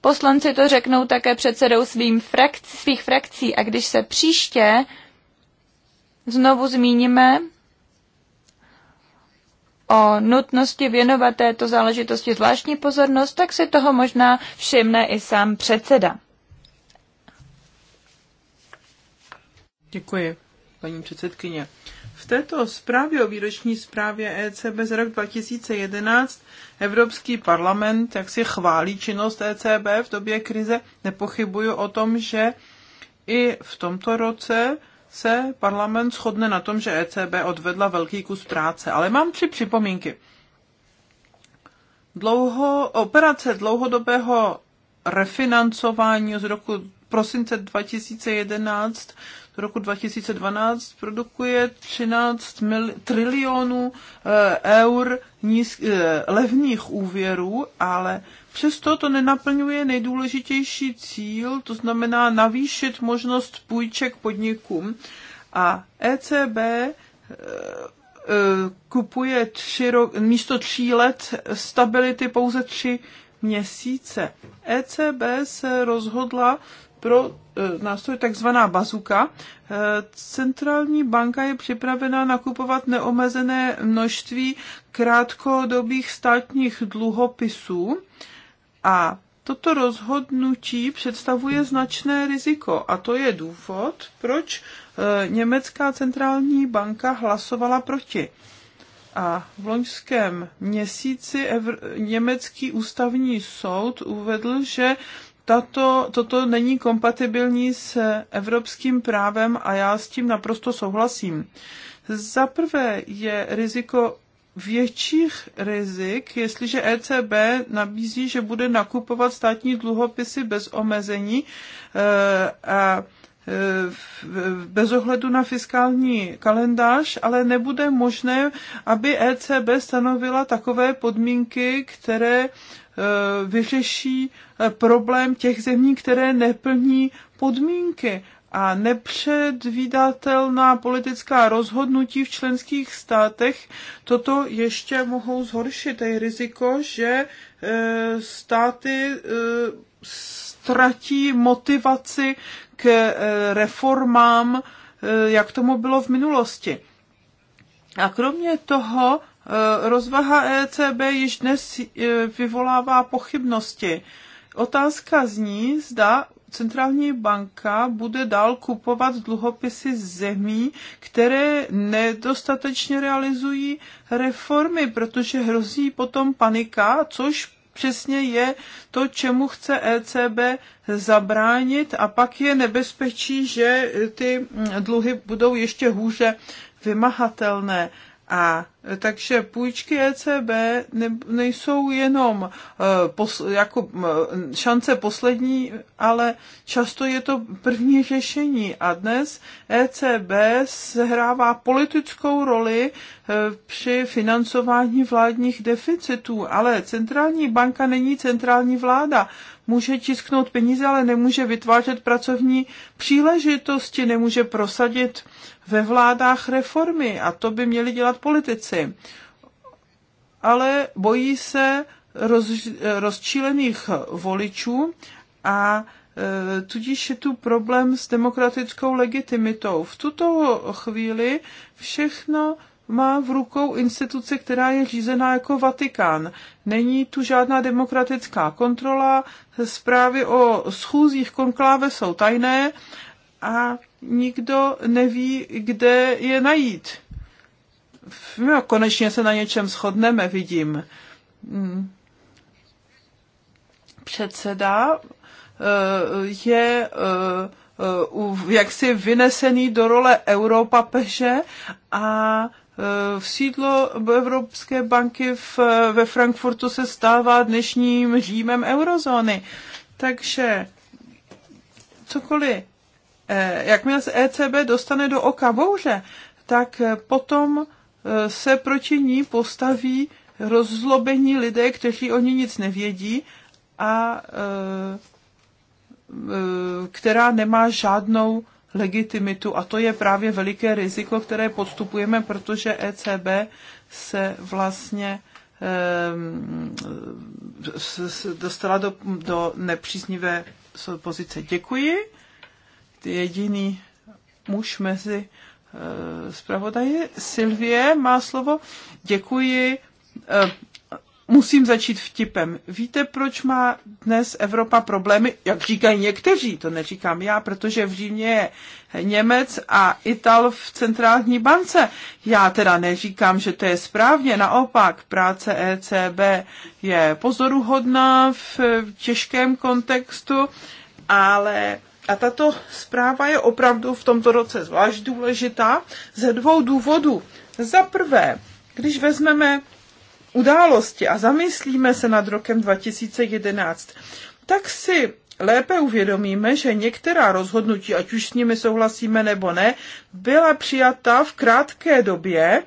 Speaker 1: poslanci to řeknou také předsedou svým frakc, svých frakcí. A když se příště znovu zmíníme o nutnosti věnovat této záležitosti zvláštní pozornost, tak si toho možná všimne i sám předseda.
Speaker 2: Děkuji, paní předsedkyně. V této zprávě o výroční zprávě ECB z rok 2011 Evropský parlament jak si chválí činnost ECB v době krize. Nepochybuju o tom, že i v tomto roce se parlament shodne na tom, že ECB odvedla velký kus práce. Ale mám tři připomínky. Dlouho, operace dlouhodobého refinancování z roku prosince 2011 do roku 2012 produkuje 13 mil, trilionů eh, eur nízk, eh, levných úvěrů, ale přesto to nenaplňuje nejdůležitější cíl, to znamená navýšit možnost půjček podnikům. A ECB eh, kupuje tři ro- místo tří let stability pouze tři měsíce. ECB se rozhodla pro e, nástroj takzvaná bazuka. E, centrální banka je připravena nakupovat neomezené množství krátkodobých státních dluhopisů a toto rozhodnutí představuje značné riziko a to je důvod, proč e, Německá centrální banka hlasovala proti. A v loňském měsíci Evr- Německý ústavní soud uvedl, že tato, toto není kompatibilní s evropským právem a já s tím naprosto souhlasím. Za prvé je riziko větších rizik, jestliže ECB nabízí, že bude nakupovat státní dluhopisy bez omezení eh, a bez ohledu na fiskální kalendář, ale nebude možné, aby ECB stanovila takové podmínky, které e, vyřeší e, problém těch zemí, které neplní podmínky a nepředvídatelná politická rozhodnutí v členských státech toto ještě mohou zhoršit. Je riziko, že e, státy ztratí motivaci k eh, reformám, eh, jak tomu bylo v minulosti. A kromě toho eh, rozvaha ECB již dnes vyvolává pochybnosti. Otázka zní, zda centrální banka bude dál kupovat dluhopisy z zemí, které nedostatečně realizují reformy, protože hrozí potom panika, což přesně je to, čemu chce ECB zabránit a pak je nebezpečí, že ty dluhy budou ještě hůře vymahatelné. A takže půjčky ECB ne, nejsou jenom uh, pos, jako uh, šance poslední, ale často je to první řešení. A dnes ECB sehrává politickou roli uh, při financování vládních deficitů, ale centrální banka není centrální vláda. Uh, může tisknout peníze, ale nemůže vytvářet pracovní příležitosti, nemůže prosadit ve vládách reformy a to by měli dělat politici. Ale bojí se roz, rozčílených voličů a e, tudíž je tu problém s demokratickou legitimitou. V tuto chvíli všechno má v rukou instituce, která je řízená jako Vatikán. Není tu žádná demokratická kontrola, zprávy o schůzích konkláve jsou tajné a nikdo neví, kde je najít. No, konečně se na něčem shodneme, vidím. Hmm. Předseda eh, je eh, jaksi vynesený do role europapeže a Eh, v sídlo Evropské banky v, ve Frankfurtu se stává dnešním Římem eurozóny. Takže cokoliv, eh, jakmile se ECB dostane do oka bouře, tak eh, potom se proti ní postaví rozlobení lidé, kteří o ní nic nevědí a která nemá žádnou legitimitu. A to je právě veliké riziko, které podstupujeme, protože ECB se vlastně ehm, dostala do, do nepříznivé pozice. Děkuji. Ty jediný muž mezi eh, zpravodaji. Silvie má slovo. Děkuji eh, musím začít vtipem. Víte, proč má dnes Evropa problémy? Jak říkají někteří, to neříkám já, protože v Římě je Němec a Ital v centrální bance. Já teda neříkám, že to je správně, naopak práce ECB je pozoruhodná v těžkém kontextu, ale a tato zpráva je opravdu v tomto roce zvlášť důležitá ze dvou důvodů. Za prvé, když vezmeme události a zamyslíme se nad rokem 2011, tak si lépe uvědomíme, že některá rozhodnutí, ať už s nimi souhlasíme nebo ne, byla přijata v krátké době,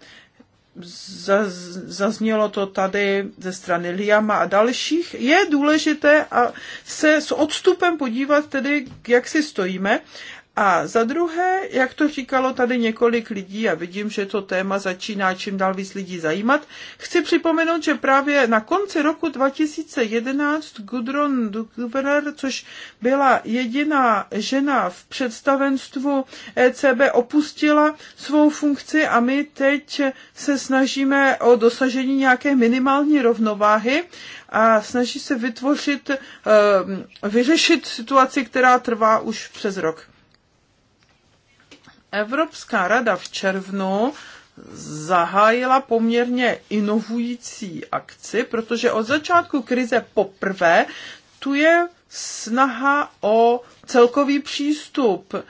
Speaker 2: zaznělo to tady ze strany Liama a dalších, je důležité a se s odstupem podívat tedy, jak si stojíme a za druhé, jak to říkalo tady několik lidí a vidím, že to téma začíná čím dál víc lidí zajímat, chci připomenout, že právě na konci roku 2011 Gudrun Dugverer, což byla jediná žena v představenstvu ECB, opustila svou funkci a my teď se snažíme o dosažení nějaké minimální rovnováhy a snaží se vytvořit, eh, vyřešit situaci, která trvá už přes rok. Evropská rada v červnu zahájila poměrně inovující akci, protože od začátku krize poprvé tu je snaha o celkový přístup eh,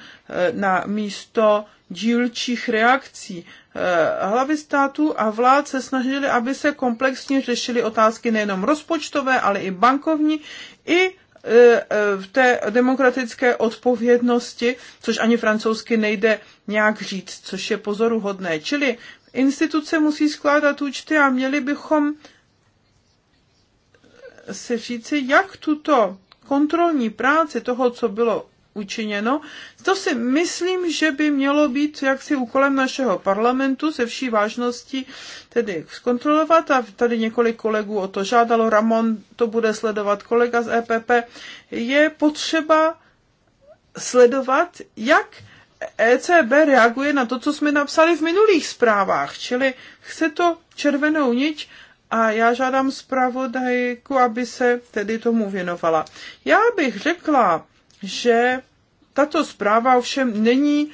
Speaker 2: na místo dílčích reakcí. Eh, hlavy států a vlád se snažili, aby se komplexně řešily otázky nejenom rozpočtové, ale i bankovní, i E, e, v té demokratické odpovědnosti, což ani francouzsky nejde nějak říct, což je pozoruhodné. Čili instituce musí skládat účty a měli bychom se říci, jak tuto kontrolní práci toho, co bylo učiněno. To si myslím, že by mělo být jaksi úkolem našeho parlamentu se vší vážností tedy zkontrolovat a tady několik kolegů o to žádalo, Ramon to bude sledovat, kolega z EPP, je potřeba sledovat, jak ECB reaguje na to, co jsme napsali v minulých zprávách, čili chce to červenou niť a já žádám zpravodajku, aby se tedy tomu věnovala. Já bych řekla, že tato zpráva ovšem není e,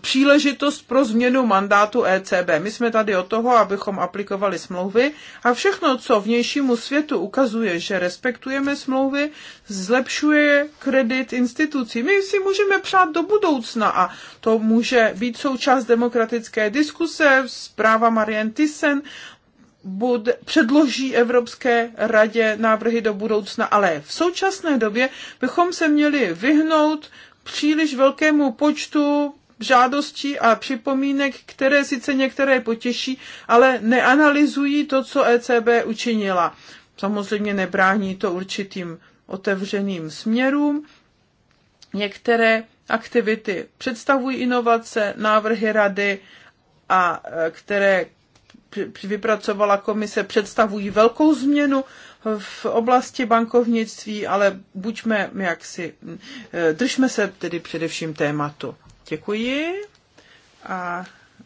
Speaker 2: příležitost pro změnu mandátu ECB. My jsme tady o toho, abychom aplikovali smlouvy a všechno, co vnějšímu světu ukazuje, že respektujeme smlouvy, zlepšuje kredit institucí. My si můžeme přát do budoucna a to může být součást demokratické diskuse, zpráva Marian Thyssen, bude, předloží Evropské radě návrhy do budoucna, ale v současné době bychom se měli vyhnout příliš velkému počtu žádostí a připomínek, které sice některé potěší, ale neanalyzují to, co ECB učinila. Samozřejmě nebrání to určitým otevřeným směrům. Některé aktivity představují inovace, návrhy rady, a e, které vypracovala komise, představují velkou změnu v oblasti bankovnictví, ale buďme jaksi, eh, držme se tedy především tématu. Děkuji a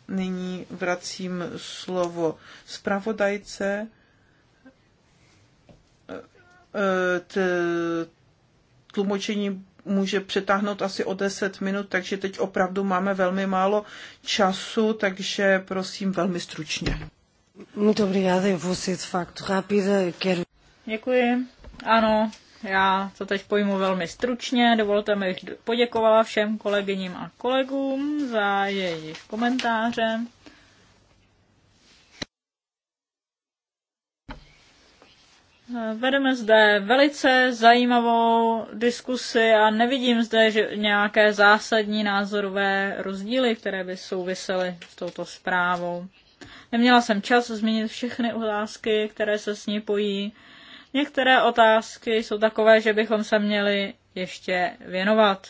Speaker 2: nyní vracím slovo zpravodajce eh, tlumočení může přetáhnout asi o 10 minut, takže teď opravdu máme velmi málo času, takže prosím velmi stručně.
Speaker 3: Muito obrigada, eu vou ser de facto rápida. Quero... Děkuji. Ano, já to teď pojmu velmi stručně. Dovolte mi poděkovala všem kolegyním a kolegům za jejich komentáře. Vedeme zde velice zajímavou diskusi a nevidím zde že nějaké zásadní názorové rozdíly, které by souvisely s touto zprávou. Neměla jsem čas zmínit všechny otázky, které se s ní pojí. Některé otázky jsou takové, že bychom se měli ještě věnovat.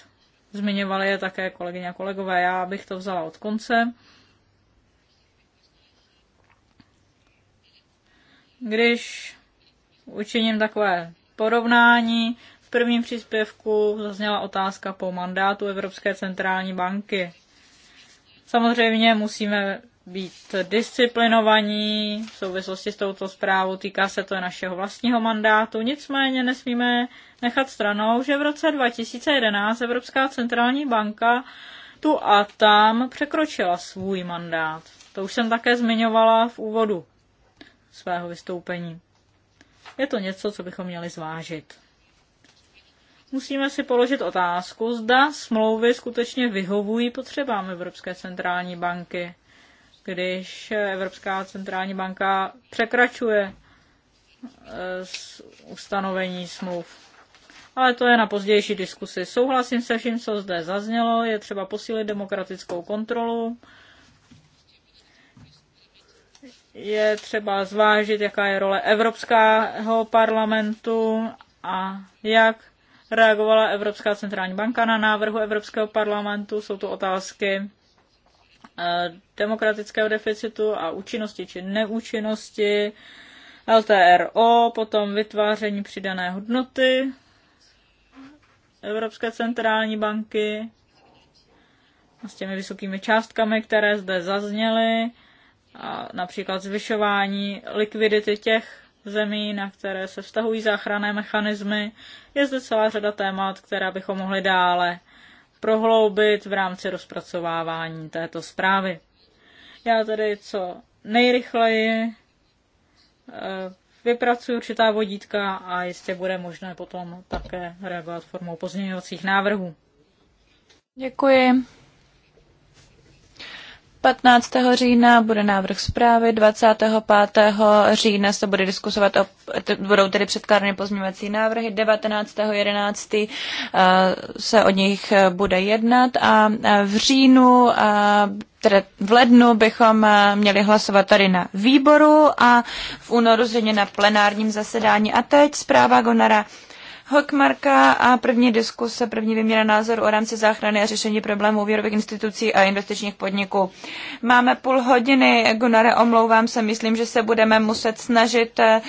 Speaker 3: Zmiňovali je také kolegyně a kolegové, já bych to vzala od konce. Když učiním takové porovnání, v prvním příspěvku zazněla otázka po mandátu Evropské centrální banky. Samozřejmě musíme být disciplinovaní v souvislosti s touto zprávou, týká se to i našeho vlastního mandátu. Nicméně nesmíme nechat stranou, že v roce 2011 Evropská centrální banka tu a tam překročila svůj mandát. To už jsem také zmiňovala v úvodu svého vystoupení. Je to něco, co bychom měli zvážit. Musíme si položit otázku, zda smlouvy skutečně vyhovují potřebám Evropské centrální banky když Evropská centrální banka překračuje z eh, ustanovení smluv. Ale to je na pozdější diskusi. Souhlasím se vším, co zde zaznělo. Je třeba posílit demokratickou kontrolu. Je třeba zvážit, jaká je role Evropského parlamentu a jak reagovala Evropská centrální banka na návrhu Evropského parlamentu. Jsou to otázky, demokratického deficitu a účinnosti či neúčinnosti, LTRO, potom vytváření přidané hodnoty Evropské centrální banky a s těmi vysokými částkami, které zde zazněly, a například zvyšování likvidity těch zemí, na které se vztahují záchranné mechanismy. Je zde celá řada témat, která bychom mohli dále prohloubit v rámci rozpracovávání této zprávy. Já tedy co nejrychleji eh, vypracuji určitá vodítka a jistě bude možné potom také reagovat formou pozměňovacích návrhů.
Speaker 1: Děkuji. 15. října bude návrh zprávy, 25. října se bude diskusovat, o, budou tedy předkládány pozměňovací návrhy, 19. 11. Eh, se o nich eh, bude jednat a eh, v říjnu, tedy v lednu bychom měli hlasovat tady na výboru a v únoru zřejmě na plenárním zasedání. A teď zpráva Gonara Hokmarka a první diskuse, první vyměna názoru o rámci záchrany a řešení problémů úvěrových institucí a investičních podniků. Máme půl hodiny, Gunare, omlouvám se, myslím, že se budeme muset snažit eh,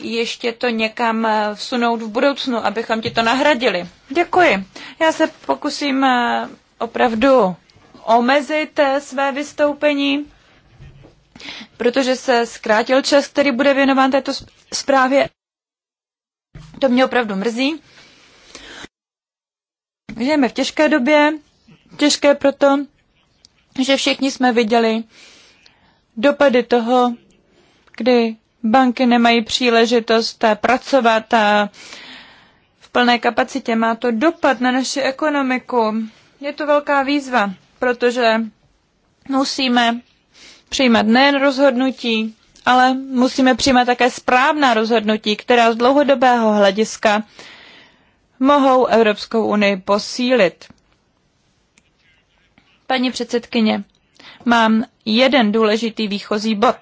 Speaker 1: ještě to někam eh, vsunout v budoucnu, abychom ti to nahradili. Děkuji. Já se pokusím eh, opravdu omezit své vystoupení, protože se zkrátil čas, který bude věnován této zprávě. To mě opravdu mrzí. Žijeme v těžké době, těžké proto, že všichni jsme viděli dopady toho, kdy banky nemají příležitost pracovat a v plné kapacitě. Má to dopad na naši ekonomiku. Je to velká výzva, protože musíme přijímat nejen rozhodnutí, ale musíme přijímat také správná rozhodnutí, která z dlouhodobého hlediska mohou Evropskou unii posílit. Paní předsedkyně, mám jeden důležitý výchozí bod,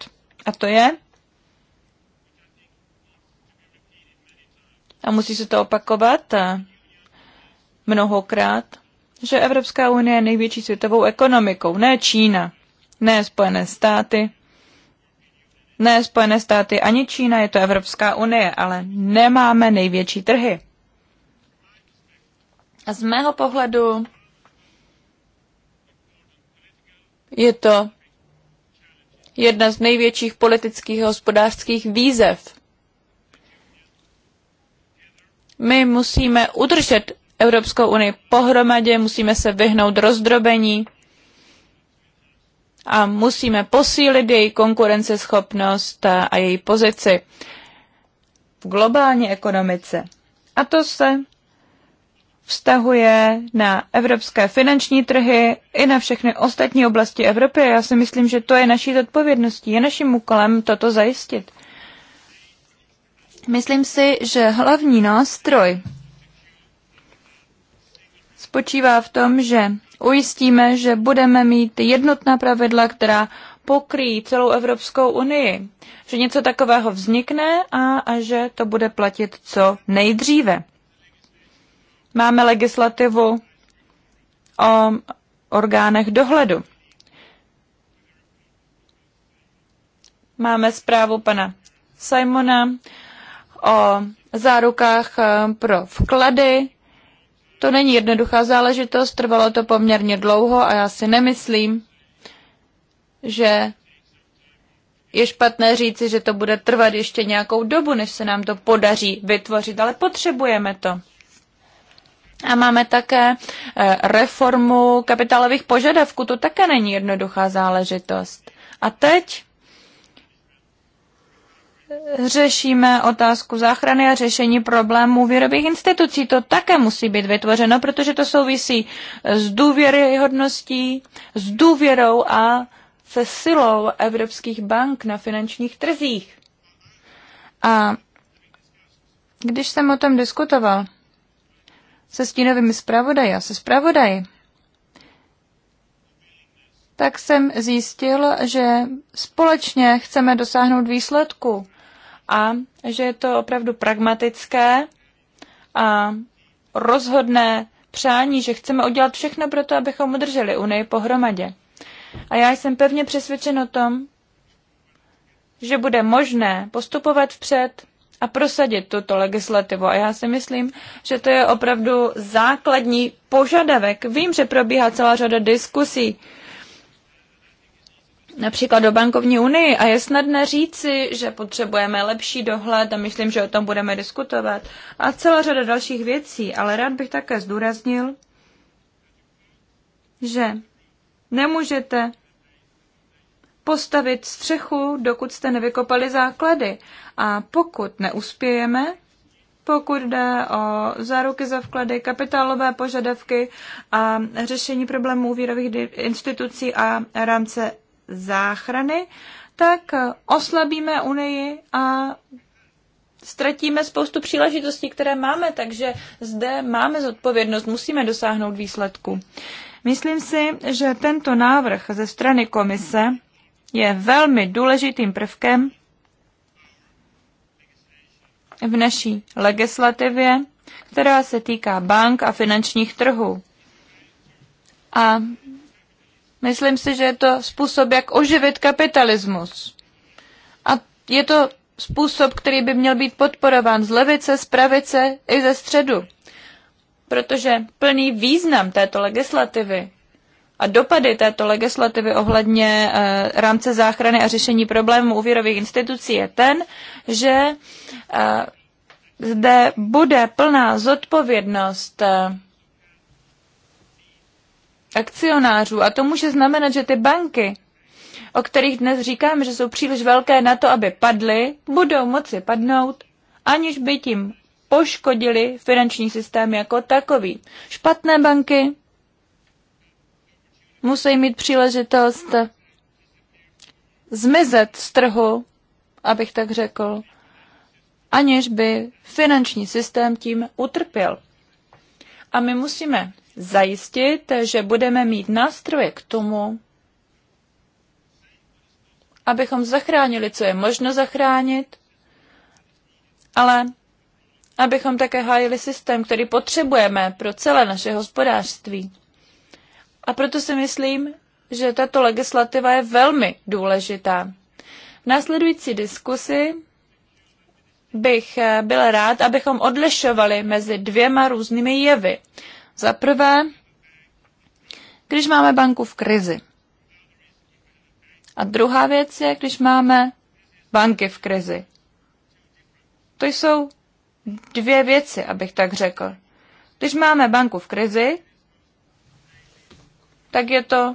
Speaker 1: a to je, a musí se to opakovat mnohokrát, že Evropská unie je největší světovou ekonomikou, ne Čína, ne Spojené státy, ne Spojené státy ani Čína, je to Evropská unie, ale nemáme největší trhy. A z mého pohledu je to jedna z největších politických a hospodářských výzev. My musíme udržet Evropskou unii pohromadě, musíme se vyhnout rozdrobení a musíme posílit její konkurenceschopnost a její pozici v globální ekonomice. A to se vztahuje na evropské finanční trhy i na všechny ostatní oblasti Evropy. Já si myslím, že to je naší zodpovědností, je naším úkolem toto zajistit. Myslím si, že hlavní nástroj spočívá v tom, že ujistíme, že budeme mít jednotná pravidla, která pokryjí celou Evropskou unii, že něco takového vznikne a, a že to bude platit co nejdříve. Máme legislativu o orgánech dohledu. Máme zprávu pana Simona o zárukách eh, pro vklady to není jednoduchá záležitost, trvalo to poměrně dlouho a já si nemyslím, že je špatné říci, že to bude trvat ještě nějakou dobu, než se nám to podaří vytvořit, ale potřebujeme to. A máme také eh, reformu kapitálových požadavků, to také není jednoduchá záležitost. A teď řešíme otázku záchrany a řešení problémů výrobních institucí. To také musí být vytvořeno, protože to souvisí s důvěryhodností, s důvěrou a se silou evropských bank na finančních trzích. A když jsem o tom diskutoval se stínovými zpravodaji a se zpravodaji, tak jsem zjistil, že společně chceme dosáhnout výsledku a že je to opravdu pragmatické a rozhodné přání, že chceme udělat všechno pro to, abychom udrželi Unii pohromadě. A já jsem pevně přesvědčen o tom, že bude možné postupovat vpřed a prosadit tuto legislativu. A já si myslím, že to je opravdu základní požadavek. Vím, že probíhá celá řada diskusí například do bankovní unii a je snadné říci, že potřebujeme lepší dohled a myslím, že o tom budeme diskutovat a celá řada dalších věcí, ale rád bych také zdůraznil, že nemůžete postavit střechu, dokud jste nevykopali základy. A pokud neuspějeme, pokud jde o záruky za vklady, kapitálové požadavky a řešení problémů úvěrových institucí a rámce záchrany, tak oslabíme Unii a ztratíme spoustu příležitostí, které máme, takže zde máme zodpovědnost, musíme dosáhnout výsledku. Myslím si, že tento návrh ze strany komise je velmi důležitým prvkem v naší legislativě, která se týká bank a finančních trhů. A Myslím si, že je to způsob, jak oživit kapitalismus. A je to způsob, který by měl být podporován z levice, z pravice i ze středu. Protože plný význam této legislativy a dopady této legislativy ohledně eh, rámce záchrany a řešení problémů úvěrových institucí je ten, že eh, zde bude plná zodpovědnost eh, akcionářů. A to může znamenat, že ty banky, o kterých dnes říkáme, že jsou příliš velké na to, aby padly, budou moci padnout, aniž by tím poškodili finanční systém jako takový. Špatné banky musí mít příležitost zmizet z trhu, abych tak řekl, aniž by finanční systém tím utrpěl. A my musíme zajistit, že budeme mít nástroje k tomu, abychom zachránili, co je možno zachránit, ale abychom také hájili systém, který potřebujeme pro celé naše hospodářství. A proto si myslím, že tato legislativa je velmi důležitá. V následující diskusi bych eh, byl rád, abychom odlišovali mezi dvěma různými jevy. Za prvé, když máme banku v krizi. A druhá věc je, když máme banky v krizi. To jsou dvě věci, abych tak řekl. Když máme banku v krizi, tak je to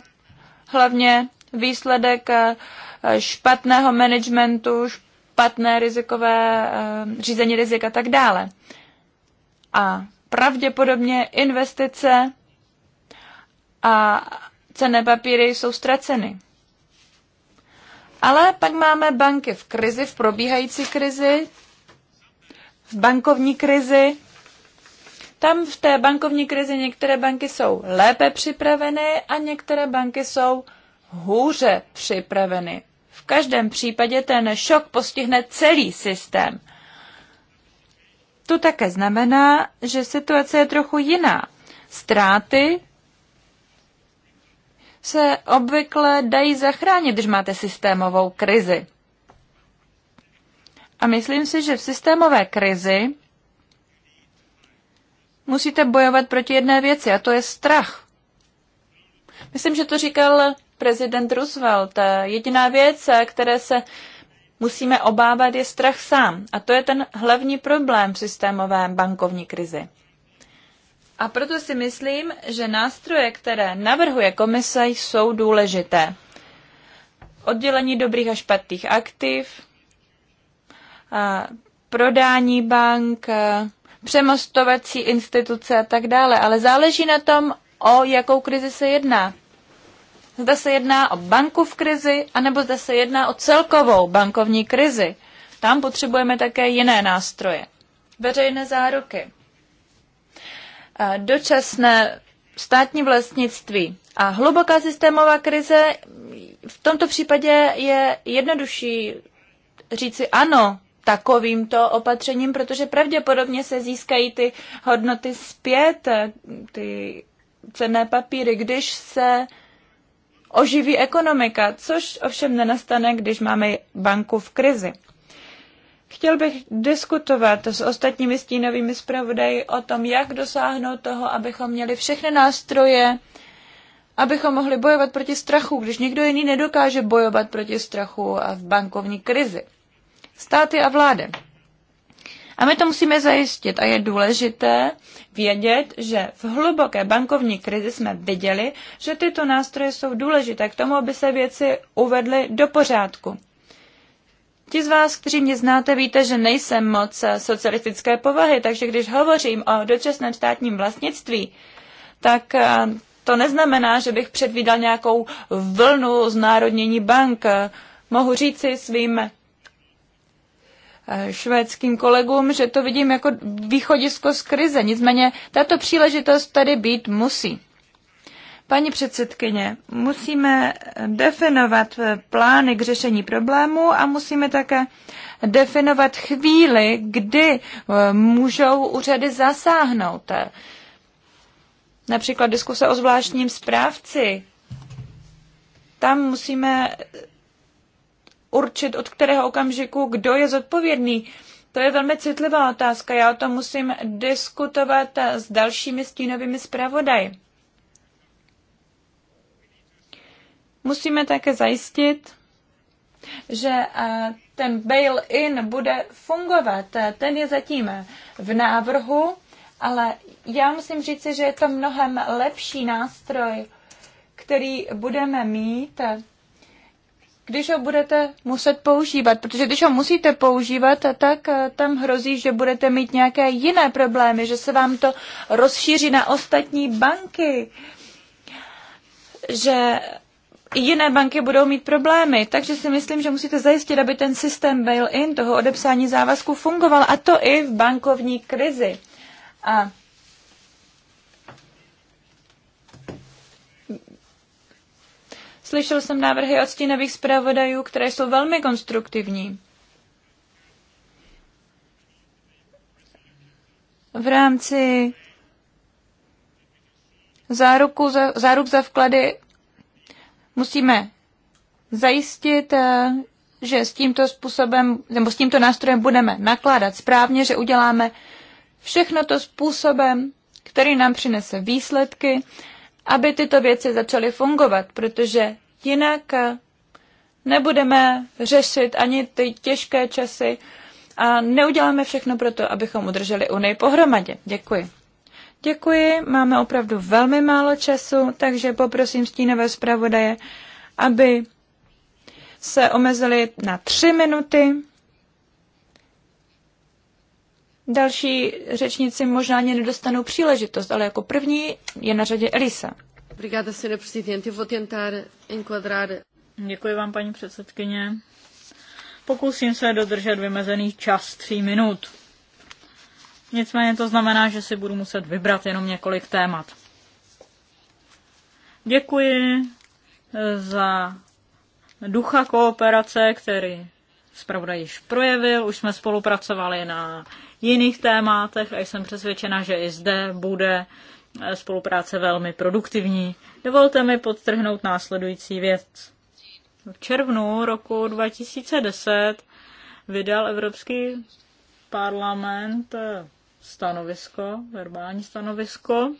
Speaker 1: hlavně výsledek eh, špatného managementu, špatné rizikové eh, řízení rizik a tak dále. A pravděpodobně investice a cenné papíry jsou ztraceny. Ale pak máme banky v krizi, v probíhající krizi, v bankovní krizi. Tam v té bankovní krizi některé banky jsou lépe připraveny a některé banky jsou hůře připraveny. V každém případě ten šok postihne celý systém. To také znamená, že situace je trochu jiná. Ztráty se obvykle dají zachránit, když máte systémovou krizi. A myslím si, že v systémové krizi musíte bojovat proti jedné věci, a to je strach. Myslím, že to říkal prezident Roosevelt. Jediná věc, které se musíme obávat, je strach sám. A to je ten hlavní problém v systémové bankovní krizi. A proto si myslím, že nástroje, které navrhuje komise, jsou důležité. Oddělení dobrých a špatných aktiv, a prodání bank, přemostovací instituce a tak dále. Ale záleží na tom, o jakou krizi se jedná. Zda se jedná o banku v krizi, anebo zda se jedná o celkovou bankovní krizi. Tam potřebujeme také jiné nástroje. Veřejné záruky, dočasné státní vlastnictví a hluboká systémová krize v tomto případě je jednodušší říci ano takovýmto opatřením, protože pravděpodobně se získají ty hodnoty zpět, ty cenné papíry, když se oživí ekonomika, což ovšem nenastane, když máme banku v krizi. Chtěl bych diskutovat s ostatními stínovými zpravodaji o tom, jak dosáhnout toho, abychom měli všechny nástroje, abychom mohli bojovat proti strachu, když někdo jiný nedokáže bojovat proti strachu a v bankovní krizi. Státy a vlády. A my to musíme zajistit a je důležité vědět, že v hluboké bankovní krizi jsme viděli, že tyto nástroje jsou důležité k tomu, aby se věci uvedly do pořádku. Ti z vás, kteří mě znáte, víte, že nejsem moc socialistické povahy, takže když hovořím o dočasném státním vlastnictví, tak eh, to neznamená, že bych předvídal nějakou vlnu znárodnění bank. Mohu říci svým Eh, švédským kolegům, že to vidím jako východisko z krize. Nicméně tato příležitost tady být musí. Paní předsedkyně, musíme definovat plány k řešení problému a musíme také definovat chvíli, kdy eh, můžou úřady zasáhnout. Například diskuse o zvláštním správci. Tam musíme určit, od kterého okamžiku, kdo je zodpovědný. To je velmi citlivá otázka. Já o tom musím diskutovat s dalšími stínovými zpravodaji. Musíme také zajistit, že eh, ten bail-in bude fungovat. Ten je zatím v návrhu, ale já musím říci, že je to mnohem lepší nástroj, který budeme mít když ho budete muset používat, protože když ho musíte používat, tak eh, tam hrozí, že budete mít nějaké jiné problémy, že se vám to rozšíří na ostatní banky, že jiné banky budou mít problémy. Takže si myslím, že musíte zajistit, aby ten systém bail-in, toho odepsání závazku fungoval, a to i v bankovní krizi. A Slyšel jsem návrhy od stínových zpravodajů, které jsou velmi konstruktivní. V rámci záruku za, záruk za vklady musíme zajistit, eh, že s tímto způsobem nebo s tímto nástrojem budeme nakládat správně, že uděláme všechno to způsobem, který nám přinese výsledky aby tyto věci začaly fungovat, protože jinak nebudeme řešit ani ty těžké časy a neuděláme všechno pro to, abychom udrželi Unii pohromadě. Děkuji. Děkuji, máme opravdu velmi málo času, takže poprosím stínové zpravodaje, aby se omezili na tři minuty Další řečníci možná ani nedostanou příležitost, ale jako první je na řadě Elisa.
Speaker 3: Děkuji vám, paní předsedkyně. Pokusím se dodržet vymezený čas tří minut. Nicméně to znamená, že si budu muset vybrat jenom několik témat. Děkuji eh, za ducha kooperace, který zpravodaj již projevil. Už jsme spolupracovali na jiných tématech a jsem přesvědčena, že i zde bude eh, spolupráce velmi produktivní. Dovolte mi podtrhnout následující věc. V červnu roku 2010 vydal Evropský parlament eh, stanovisko, verbální stanovisko,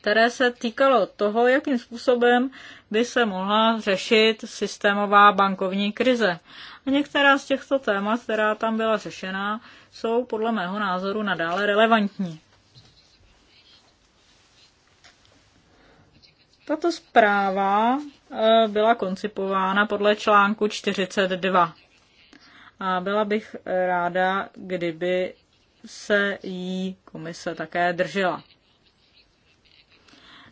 Speaker 3: které se týkalo toho, jakým způsobem by se mohla řešit systémová bankovní krize. A některá z těchto témat, která tam byla řešena, jsou podle mého názoru nadále relevantní. Tato zpráva e, byla koncipována podle článku 42. A byla bych ráda, kdyby se jí komise také držela.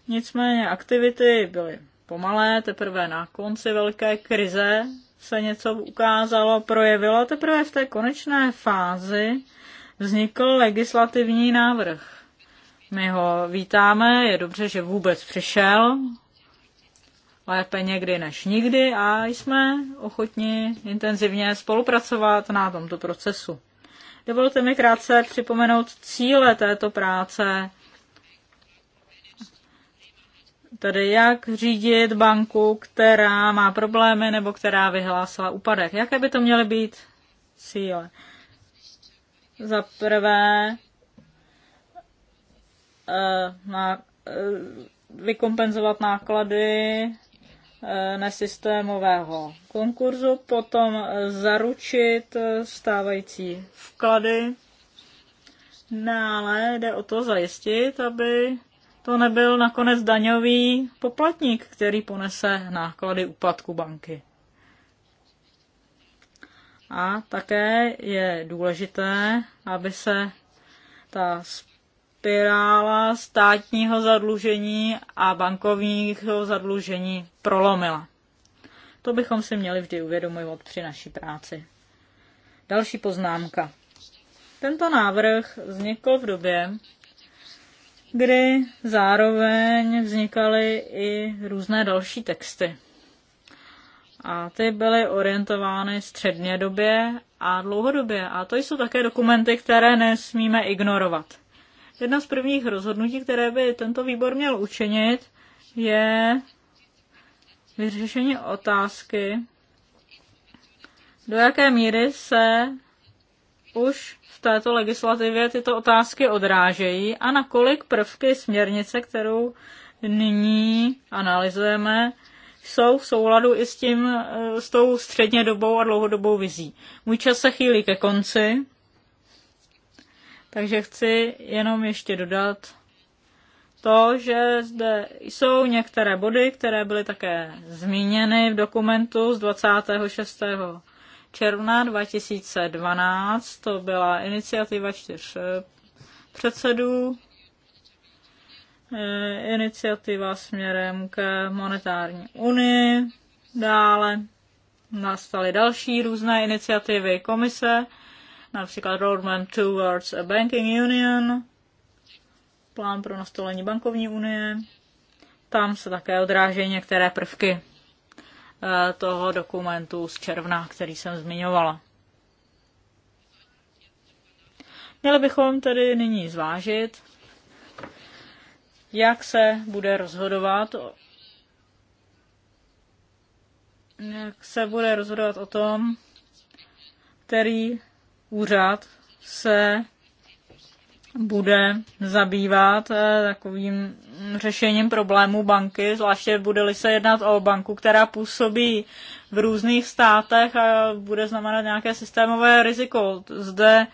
Speaker 3: Nicméně aktivity byly pomalé, teprve na konci velké krize se něco ukázalo, projevilo. Teprve v té konečné fázi vznikl legislativní návrh. My ho vítáme, je dobře, že vůbec přišel, lépe někdy než nikdy a jsme ochotni intenzivně spolupracovat na tomto procesu. Dovolte mi krátce připomenout cíle této práce Tedy jak řídit banku, která má problémy nebo která vyhlásila úpadek. Jaké by to měly být cíle? Za prvé, eh, na, eh, vykompenzovat náklady eh, nesystémového konkurzu, potom zaručit stávající vklady. Dále jde o to zajistit, aby to nebyl nakonec daňový poplatník, který ponese náklady úpadku banky. A také je důležité, aby se ta spirála státního zadlužení a bankovního zadlužení prolomila. To bychom si měli vždy uvědomovat při naší práci. Další poznámka. Tento návrh vznikl v době, kdy zároveň vznikaly i různé další texty. A ty byly orientovány středně době a dlouhodobě. A to jsou také dokumenty, které nesmíme ignorovat. Jedna z prvních rozhodnutí, které by tento výbor měl učinit, je vyřešení otázky, do jaké míry se už této legislativě tyto otázky odrážejí a nakolik prvky směrnice, kterou nyní analyzujeme, jsou v souladu i s, tím, eh, s tou střednědobou a dlouhodobou vizí. Můj čas se chýlí ke konci, takže chci jenom ještě dodat to, že zde jsou některé body, které byly také zmíněny v dokumentu z 26 června 2012. To byla iniciativa čtyř eh, předsedů, eh, iniciativa směrem k monetární unii, dále nastaly další různé iniciativy komise, například Roadmap Towards a Banking Union, plán pro nastolení bankovní unie. Tam se také odrážejí některé prvky Eh, toho dokumentu z června, který jsem zmiňovala. Měli bychom tedy nyní zvážit, jak se bude rozhodovat jak se bude rozhodovat o tom, který úřad se bude zabývat eh, takovým řešením problémů banky, zvláště bude-li se jednat o banku, která působí v různých státech a bude znamenat nějaké systémové riziko. Zde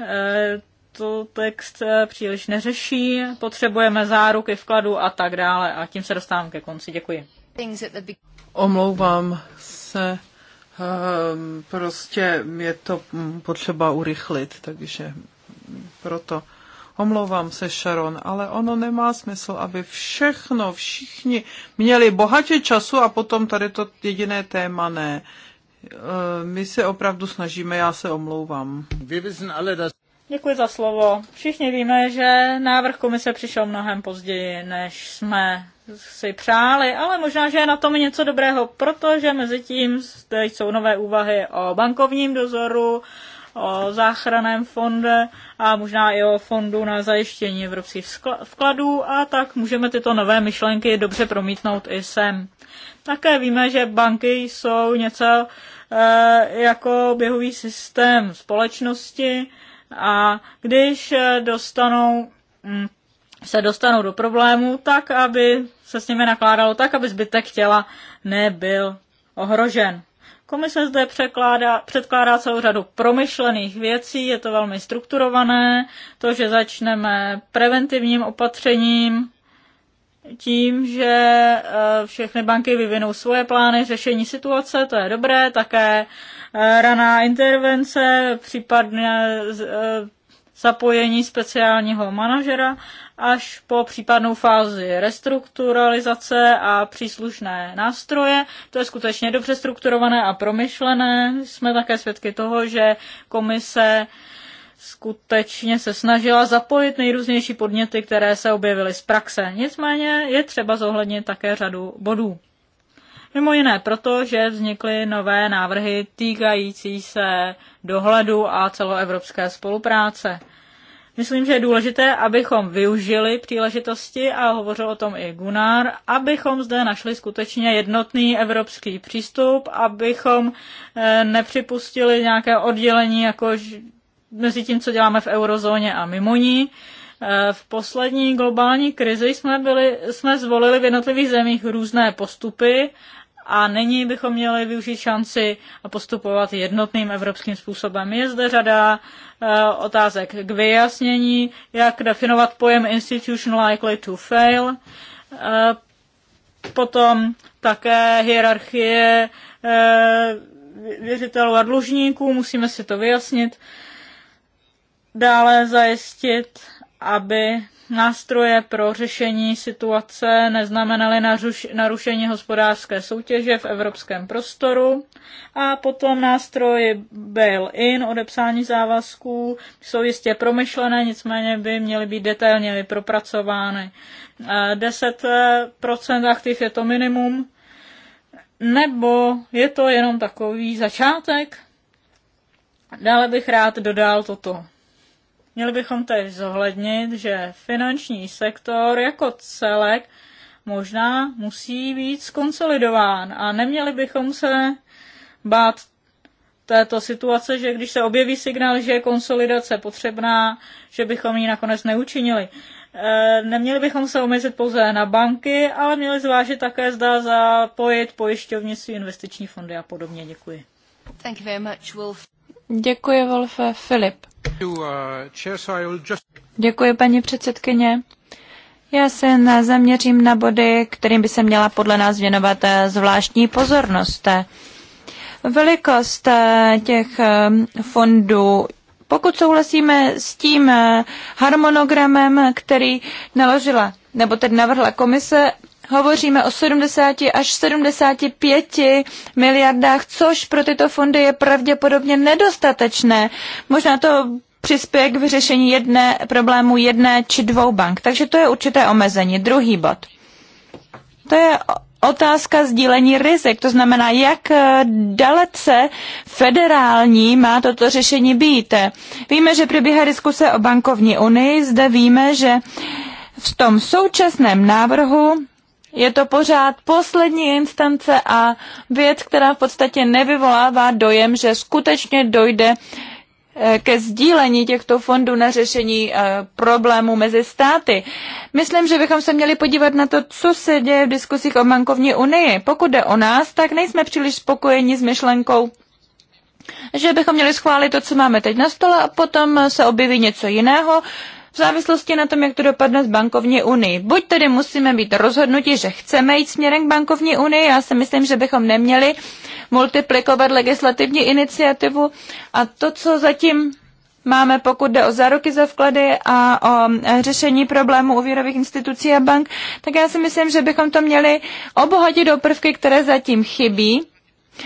Speaker 3: eh, to text eh, příliš neřeší, potřebujeme záruky vkladu a tak dále. A tím
Speaker 2: se dostávám ke konci. Děkuji. Omlouvám se, ehm, prostě je to mm, potřeba urychlit, takže proto. Omlouvám se, Sharon, ale ono nemá smysl, aby všechno, všichni měli bohatě času a potom tady to jediné téma ne. E, my se opravdu snažíme, já se omlouvám.
Speaker 3: Děkuji za slovo. Všichni víme, že návrh komise přišel mnohem později, než jsme si přáli, ale možná, že je na tom něco dobrého, protože mezi tím jsou nové úvahy o bankovním dozoru, o záchraném fonde a možná i o fondu na zajištění evropských vkladů a tak můžeme tyto nové myšlenky dobře promítnout i sem. Také víme, že banky jsou něco eh, jako běhový systém společnosti a když eh, dostanou hm, se dostanou do problému, tak aby se s nimi nakládalo tak, aby zbytek těla nebyl ohrožen. Komise zde překládá, předkládá celou řadu promyšlených věcí, je to velmi strukturované, to, že začneme preventivním opatřením, tím, že eh, všechny banky vyvinou svoje plány řešení situace, to je dobré, také eh, raná intervence, případně zapojení speciálního manažera až po případnou fázi restrukturalizace a příslušné nástroje. To je skutečně dobře strukturované a promyšlené. Jsme také svědky toho, že komise skutečně se snažila zapojit nejrůznější podněty, které se objevily z praxe. Nicméně je třeba zohlednit také řadu bodů. Mimo jiné proto, že vznikly nové návrhy týkající se dohledu a celoevropské spolupráce. Myslím, že je důležité, abychom využili příležitosti a hovořil o tom i Gunnar, abychom zde našli skutečně jednotný evropský přístup, abychom eh, nepřipustili nějaké oddělení jako mezi tím, co děláme v eurozóně a mimo ní. Eh, v poslední globální krizi jsme, byli, jsme zvolili v jednotlivých zemích různé postupy a nyní bychom měli využít šanci a postupovat jednotným evropským způsobem. Je zde řada eh, otázek k vyjasnění, jak definovat pojem institution likely to fail, eh, potom také hierarchie eh, věřitelů a dlužníků, musíme si to vyjasnit. Dále zajistit aby nástroje pro řešení situace neznamenaly narušení hospodářské soutěže v evropském prostoru a potom nástroj bail-in, odepsání závazků, jsou jistě promyšlené, nicméně by měly být detailně propracovány. 10% eh, aktiv je to minimum, nebo je to jenom takový začátek? Dále bych rád dodal toto. Měli bychom tedy zohlednit, že finanční sektor jako celek možná musí být skonsolidován a neměli bychom se bát této situace, že když se objeví signál, že je konsolidace potřebná, že bychom ji nakonec neučinili. E, neměli bychom se omezit pouze na banky, ale měli zvážit také zda zapojit pojišťovnictví, investiční fondy a podobně. Děkuji.
Speaker 1: Thank you very much, Wolf. Děkuji, Wolfe. Filip. Děkuji, paní předsedkyně. Já se zaměřím na body, kterým by se měla podle nás věnovat eh, zvláštní pozornost. Velikost eh, těch eh, fondů pokud souhlasíme s tím harmonogramem, který naložila nebo tedy navrhla komise, hovoříme o 70 až 75 miliardách, což pro tyto fondy je pravděpodobně nedostatečné. Možná to přispěje k vyřešení jedné, problému jedné či dvou bank. Takže to je určité omezení. Druhý bod. To je otázka sdílení rizik, to znamená, jak eh, dalece federální má toto řešení být. Víme, že probíhá diskuse o bankovní unii, zde víme, že v tom současném návrhu je to pořád poslední instance a věc, která v podstatě nevyvolává dojem, že skutečně dojde eh, ke sdílení těchto fondů na řešení eh, problémů mezi státy. Myslím, že bychom se měli podívat na to, co se děje v diskusích o bankovní unii. Pokud jde o nás, tak nejsme příliš spokojeni s myšlenkou že bychom měli schválit to, co máme teď na stole a potom se objeví něco jiného, v závislosti na tom, jak to dopadne s bankovní unii. Buď tedy musíme být rozhodnuti, že chceme jít směrem k bankovní unii, já si myslím, že bychom neměli multiplikovat legislativní iniciativu a to, co zatím máme, pokud jde o záruky za vklady a o e, řešení problémů úvěrových institucí a bank, tak já si myslím, že bychom to měli obohatit do prvky, které zatím chybí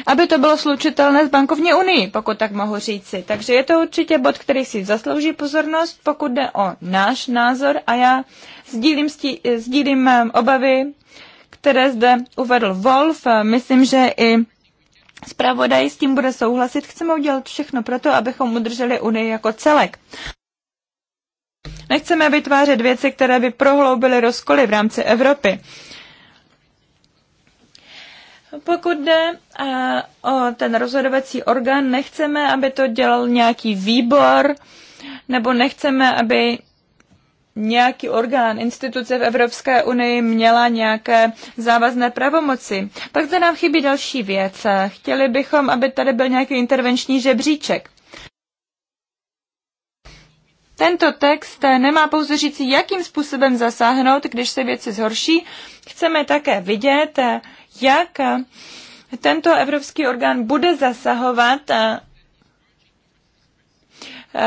Speaker 1: aby to bylo slučitelné s bankovní unii, pokud tak mohu říci. Takže je to určitě bod, který si zaslouží pozornost, pokud jde o náš názor a já sdílím, stí, sdílím eh, obavy, které zde uvedl Wolf. Myslím, že i zpravodaj s tím bude souhlasit. Chceme udělat všechno pro to, abychom udrželi Unii jako celek. Nechceme vytvářet věci, které by prohloubily rozkoly v rámci Evropy. Pokud jde eh, o ten rozhodovací orgán, nechceme, aby to dělal nějaký výbor, nebo nechceme, aby nějaký orgán, instituce v Evropské unii měla nějaké závazné pravomoci. Pak zde nám chybí další věc. Chtěli bychom, aby tady byl nějaký intervenční žebříček. Tento text nemá pouze říci, jakým způsobem zasáhnout, když se věci zhorší. Chceme také vidět, jak eh, tento evropský orgán bude zasahovat eh,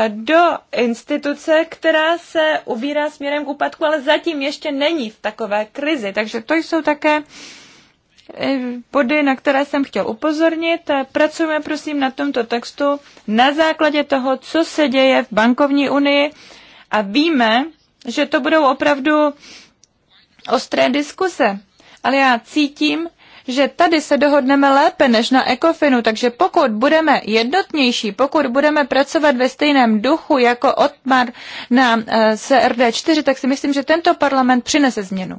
Speaker 1: do instituce, která se ubírá směrem k úpadku, ale zatím ještě není v takové krizi. Takže to jsou také eh, body, na které jsem chtěl upozornit. Pracujeme prosím na tomto textu na základě toho, co se děje v bankovní unii a víme, že to budou opravdu ostré diskuse. Ale já cítím, že tady se dohodneme lépe než na ECOFINu, takže pokud budeme jednotnější, pokud budeme pracovat ve stejném duchu jako Otmar na eh, CRD4, tak si myslím, že tento parlament přinese změnu.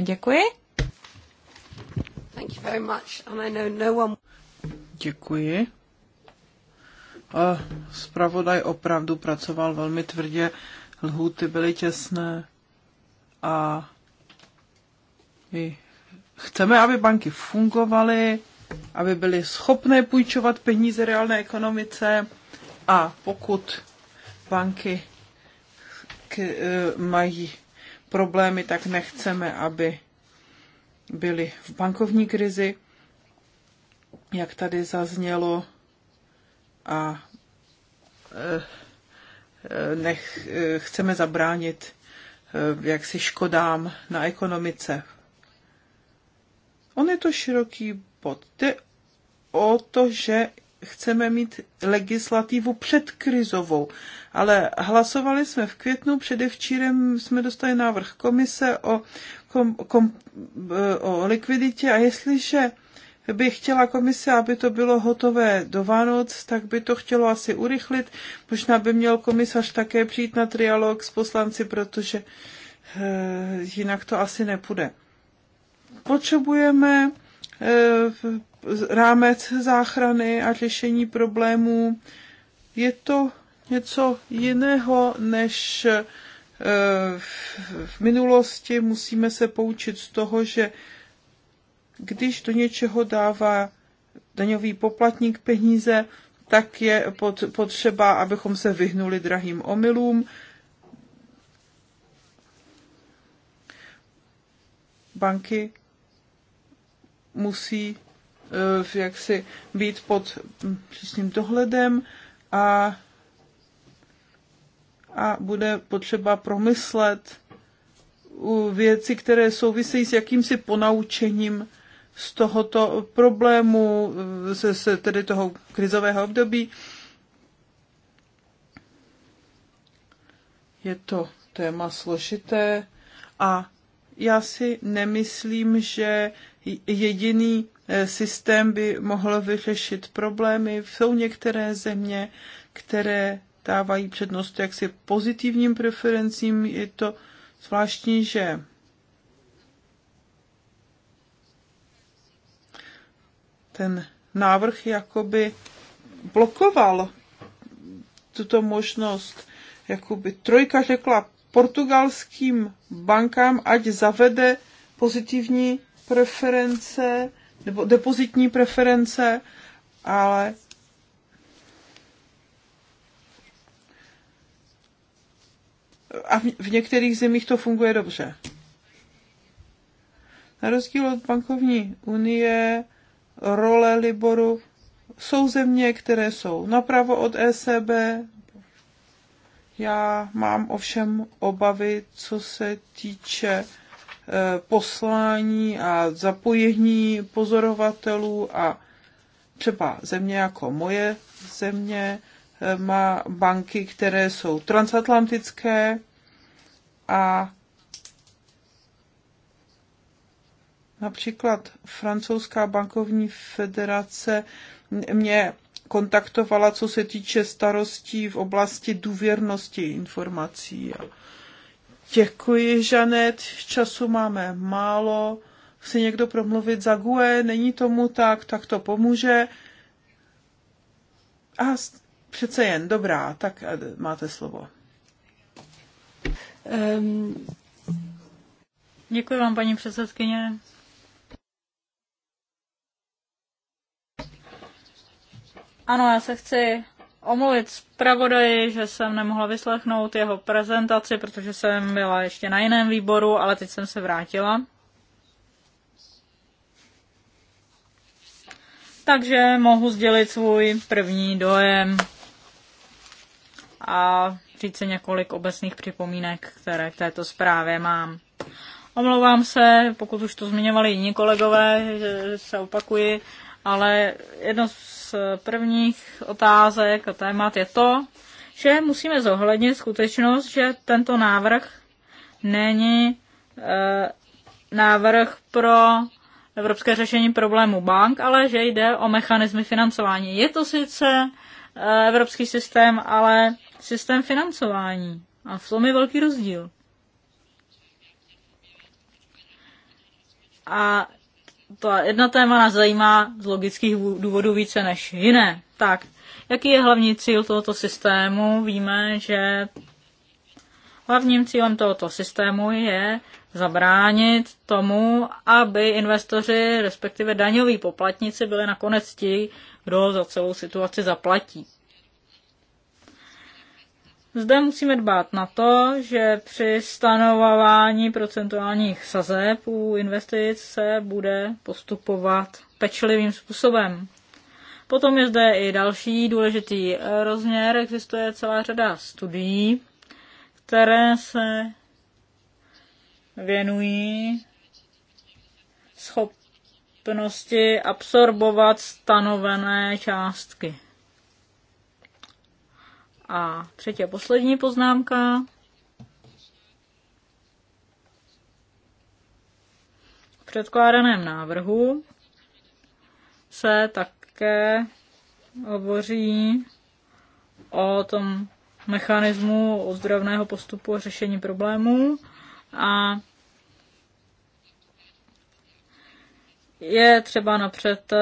Speaker 1: Děkuji.
Speaker 4: Děkuji.
Speaker 2: Spravodaj opravdu pracoval velmi tvrdě, lhůty byly těsné a i Chceme, aby banky fungovaly, aby byly schopné půjčovat peníze reálné ekonomice a pokud banky k, e, mají problémy, tak nechceme, aby byly v bankovní krizi, jak tady zaznělo, a e, e, nech, chceme zabránit jaksi škodám na ekonomice On je to široký bod. Jde o to, že chceme mít legislativu předkrizovou. Ale hlasovali jsme v květnu, předevčírem jsme dostali návrh komise o, kom, kom, o likviditě a jestliže by chtěla komise, aby to bylo hotové do Vánoc, tak by to chtělo asi urychlit. Možná by měl komisař také přijít na trialog s poslanci, protože e, jinak to asi nepůjde. Potřebujeme eh, rámec záchrany a řešení problémů. Je to něco jiného než eh, v minulosti. Musíme se poučit z toho, že když do něčeho dává daňový poplatník peníze, tak je potřeba, abychom se vyhnuli drahým omylům. Banky musí eh, jaksi být pod hm, přísným dohledem a, a bude potřeba promyslet věci, které souvisejí s jakýmsi ponaučením z tohoto problému, eh, se, se tedy toho krizového období. Je to téma složité a já si nemyslím, že jediný eh, systém by mohl vyřešit problémy. Jsou některé země, které dávají přednost jaksi pozitivním preferencím. Je to zvláštní, že ten návrh jakoby blokoval tuto možnost. Jakoby trojka řekla portugalským bankám, ať zavede pozitivní preference nebo depozitní preference, ale a v některých zemích to funguje dobře. Na rozdíl od bankovní unie, role Liboru jsou země, které jsou napravo od ECB. Já mám ovšem obavy, co se týče Eh, poslání a zapojení pozorovatelů a třeba země jako moje země eh, má banky, které jsou transatlantické a například francouzská bankovní federace mě kontaktovala, co se týče starostí v oblasti důvěrnosti informací. A Děkuji, Žanet. Času máme málo. Chce někdo promluvit za GUE? Není tomu tak, tak to pomůže. A přece jen, dobrá, tak eh, máte slovo. Um, děkuji vám, paní předsedkyně.
Speaker 3: Ano, já se chci omluvit zpravodaji, že jsem nemohla vyslechnout jeho prezentaci, protože jsem byla ještě na jiném výboru, ale teď jsem se vrátila. Takže mohu sdělit svůj první dojem a říct si několik obecných připomínek, které k této zprávě mám. Omlouvám se, pokud už to zmiňovali jiní kolegové, že se opakuji, ale jedno z prvních otázek a témat je to, že musíme zohlednit skutečnost, že tento návrh není e, návrh pro evropské řešení problému bank, ale že jde o mechanismy financování. Je to sice e, evropský systém, ale systém financování. A v tom je velký rozdíl. A to jedna téma nás zajímá z logických důvodů více než jiné. Tak, jaký je hlavní cíl tohoto systému? Víme, že hlavním cílem tohoto systému je zabránit tomu, aby investoři, respektive daňoví poplatníci, byli nakonec ti, kdo za celou situaci zaplatí. Zde musíme dbát na to, že při stanovování procentuálních sazeb u investic se bude postupovat pečlivým způsobem. Potom je zde i další důležitý rozměr. Existuje celá řada studií, které se věnují schopnosti absorbovat stanovené částky. A třetí a poslední poznámka. V předkládaném návrhu se také hovoří o tom mechanismu ozdravného postupu a řešení problémů a je třeba napřed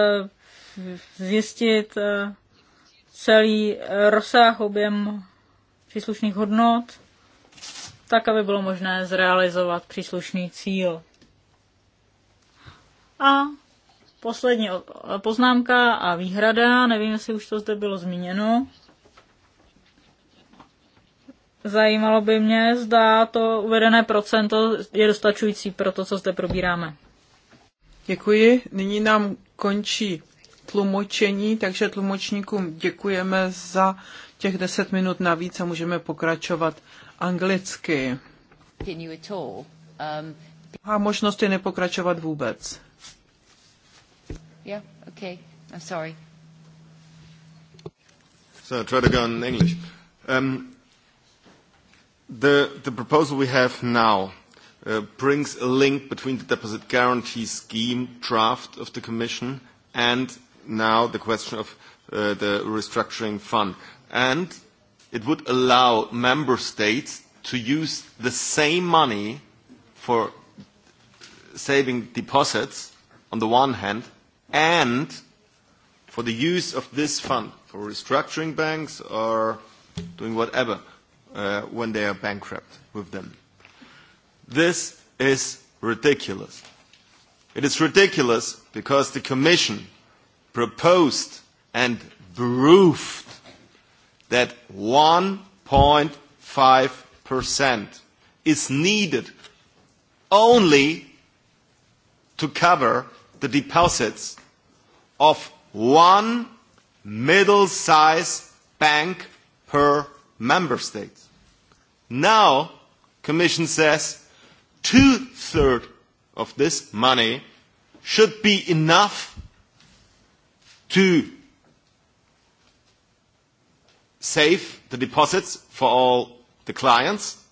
Speaker 3: zjistit, celý eh, rozsah, objem příslušných hodnot, tak aby bylo možné zrealizovat příslušný cíl. A poslední eh, poznámka a výhrada, nevím, jestli už to zde bylo zmíněno. Zajímalo by mě, zda to uvedené procento je dostačující pro to, co zde probíráme.
Speaker 2: Děkuji. Nyní nám končí tlumočení, takže tlumočníkům děkujeme za těch 10 minut navíc a můžeme pokračovat anglicky. A možnost je nepokračovat vůbec.
Speaker 1: Yeah, okay. I'm sorry.
Speaker 5: So try to go in English. Um, the, the proposal we have now uh, brings a link between the deposit guarantee scheme draft of the Commission and now the question of uh, the restructuring fund. And it would allow member states to use the same money for saving deposits on the one hand and for the use of this fund for restructuring banks or doing whatever uh, when they are bankrupt with them. This is ridiculous. It is ridiculous because the Commission proposed and proved that 1.5% is needed only to cover the deposits of one middle-sized bank per member state. Now, Commission says two-thirds of this money should be enough to save the deposits for all the clients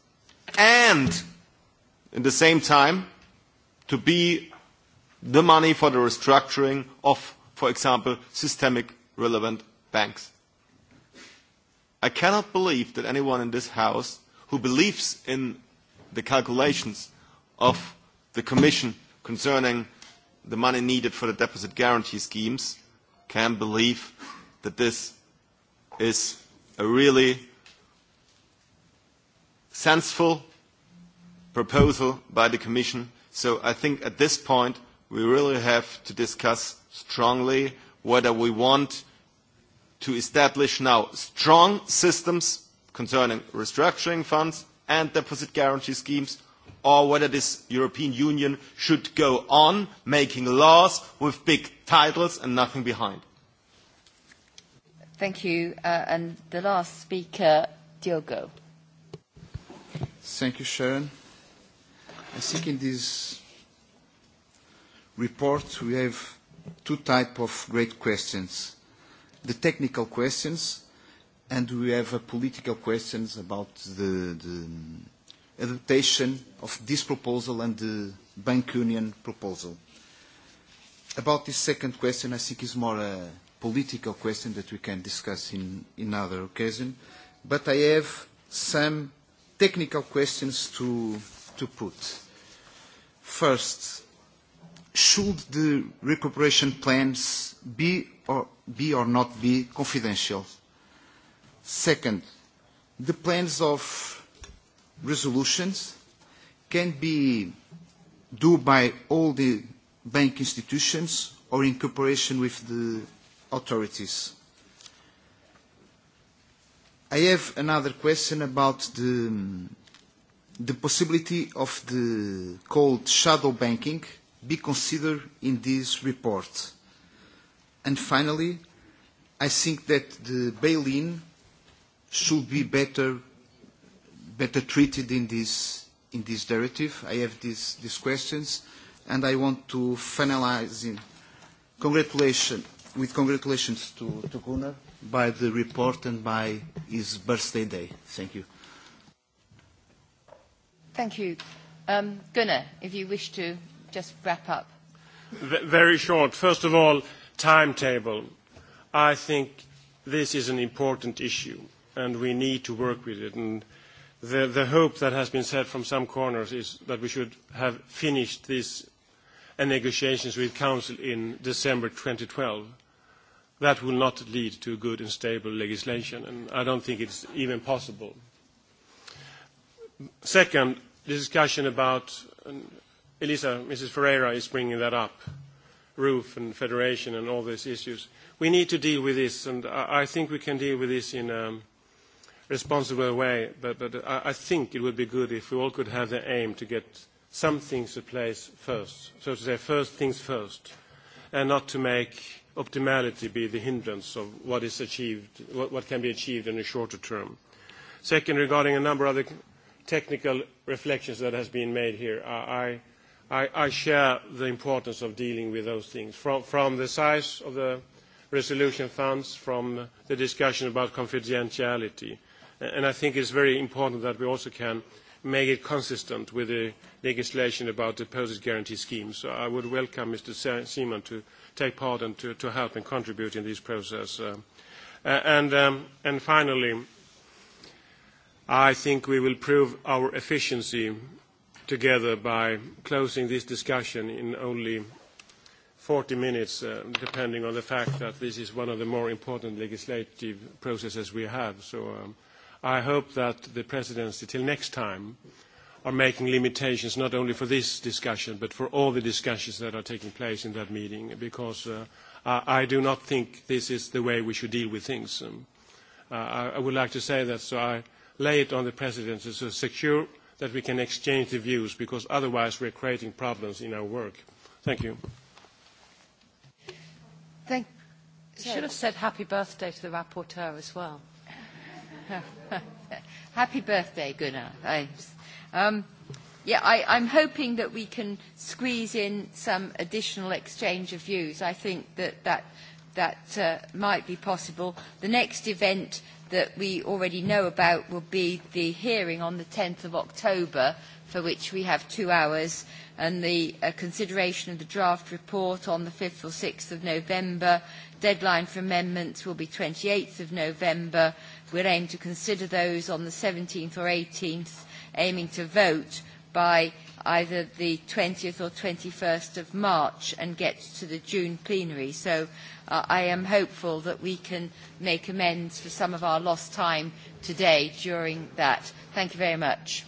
Speaker 5: and in the same time to be the money for the restructuring of, for example, systemic relevant banks. I cannot believe that anyone in this House who believes in the calculations of the Commission concerning the money needed for the deposit guarantee schemes can believe that this is a really sensible proposal by the Commission. So I think at this point we really have to discuss strongly whether we want to establish now strong systems concerning restructuring funds and deposit guarantee schemes or whether this European Union should go on making laws with big titles and nothing behind.
Speaker 1: Thank you. Uh, and the last speaker, Diogo.
Speaker 6: Thank you, Sharon. I think in this report we have two types of great questions. The technical questions and we have a political questions about the, the adaptation of this proposal and the bank union proposal. About this second question, I think is more a political question that we can discuss in, in other occasion, but I have some technical questions to, to put. First, should the recuperation plans be or, be or not be confidential? Second, the plans of resolutions can be do by all the bank institutions or in cooperation with the authorities. I have another question about the, the possibility of the called shadow banking be considered in this report. And finally, I think that the bail-in should be better better treated in this, in this directive. I have these, these questions, and I want to finalize in congratulation, with congratulations to, to Gunnar by the report and by his birthday day. Thank you.
Speaker 1: Thank you. Um, Gunnar, if you wish to just wrap up.
Speaker 4: V very short. First of all, timetable. I think this is an important issue, and we need to work with it. And the, the hope that has been said from some corners is that we should have finished these uh, negotiations with Council in December 2012. That will not lead to good and stable legislation, and I don't think it's even possible. Second, the discussion about, and um, Elisa, Mrs. Ferreira is bringing that up, roof and federation and all these issues. We need to deal with this, and I, I think we can deal with this in... Um, responsible way, but, I, think it would be good if we all could have the aim to get some things in place first, so to say, first things first, and not to make optimality be the hindrance of what is achieved, what, what can be achieved in the shorter term. Second, regarding a number of the technical reflections that has been made here, I, I, I share the importance of dealing with those things, from, from the size of the resolution funds, from the discussion about confidentiality, and I think it's very important that we also can make it consistent with the legislation about deposit guarantee schemes. So I would welcome Mr. Seaman to take part and to, to help and contribute in this process. Uh, and, um, and finally, I think we will prove our efficiency together by closing this discussion in only 40 minutes, uh, depending on the fact that this is one of the more important legislative processes we have. So, um, i hope that the presidency, till next time, are making limitations not only for this discussion, but for all the discussions that are taking place in that meeting, because uh, I, I do not think this is the way we should deal with things. Um, uh, I, I would like to say that, so I lay it on the presidency to so secure that we can exchange the views, because otherwise we're creating problems in our work. Thank you.
Speaker 5: Thank you. Should have said happy birthday to the rapporteur as well. Happy birthday, Gunnar. Thanks.
Speaker 1: Um, yeah, I, I'm hoping that we can squeeze in some additional exchange of views. I think that that, that uh, might be possible. The next event that we already know about will be the hearing on the 10th of October, for which we have two hours, and the uh, consideration of the draft report on the 5th or 6th of November. Deadline for amendments will be 28th of November we'll aim to consider those on the 17th or 18th, aiming to vote by either the 20th or 21st of March and get to the June plenary. So uh, I am hopeful that we can make amends for some of our lost time today during that. Thank you very much.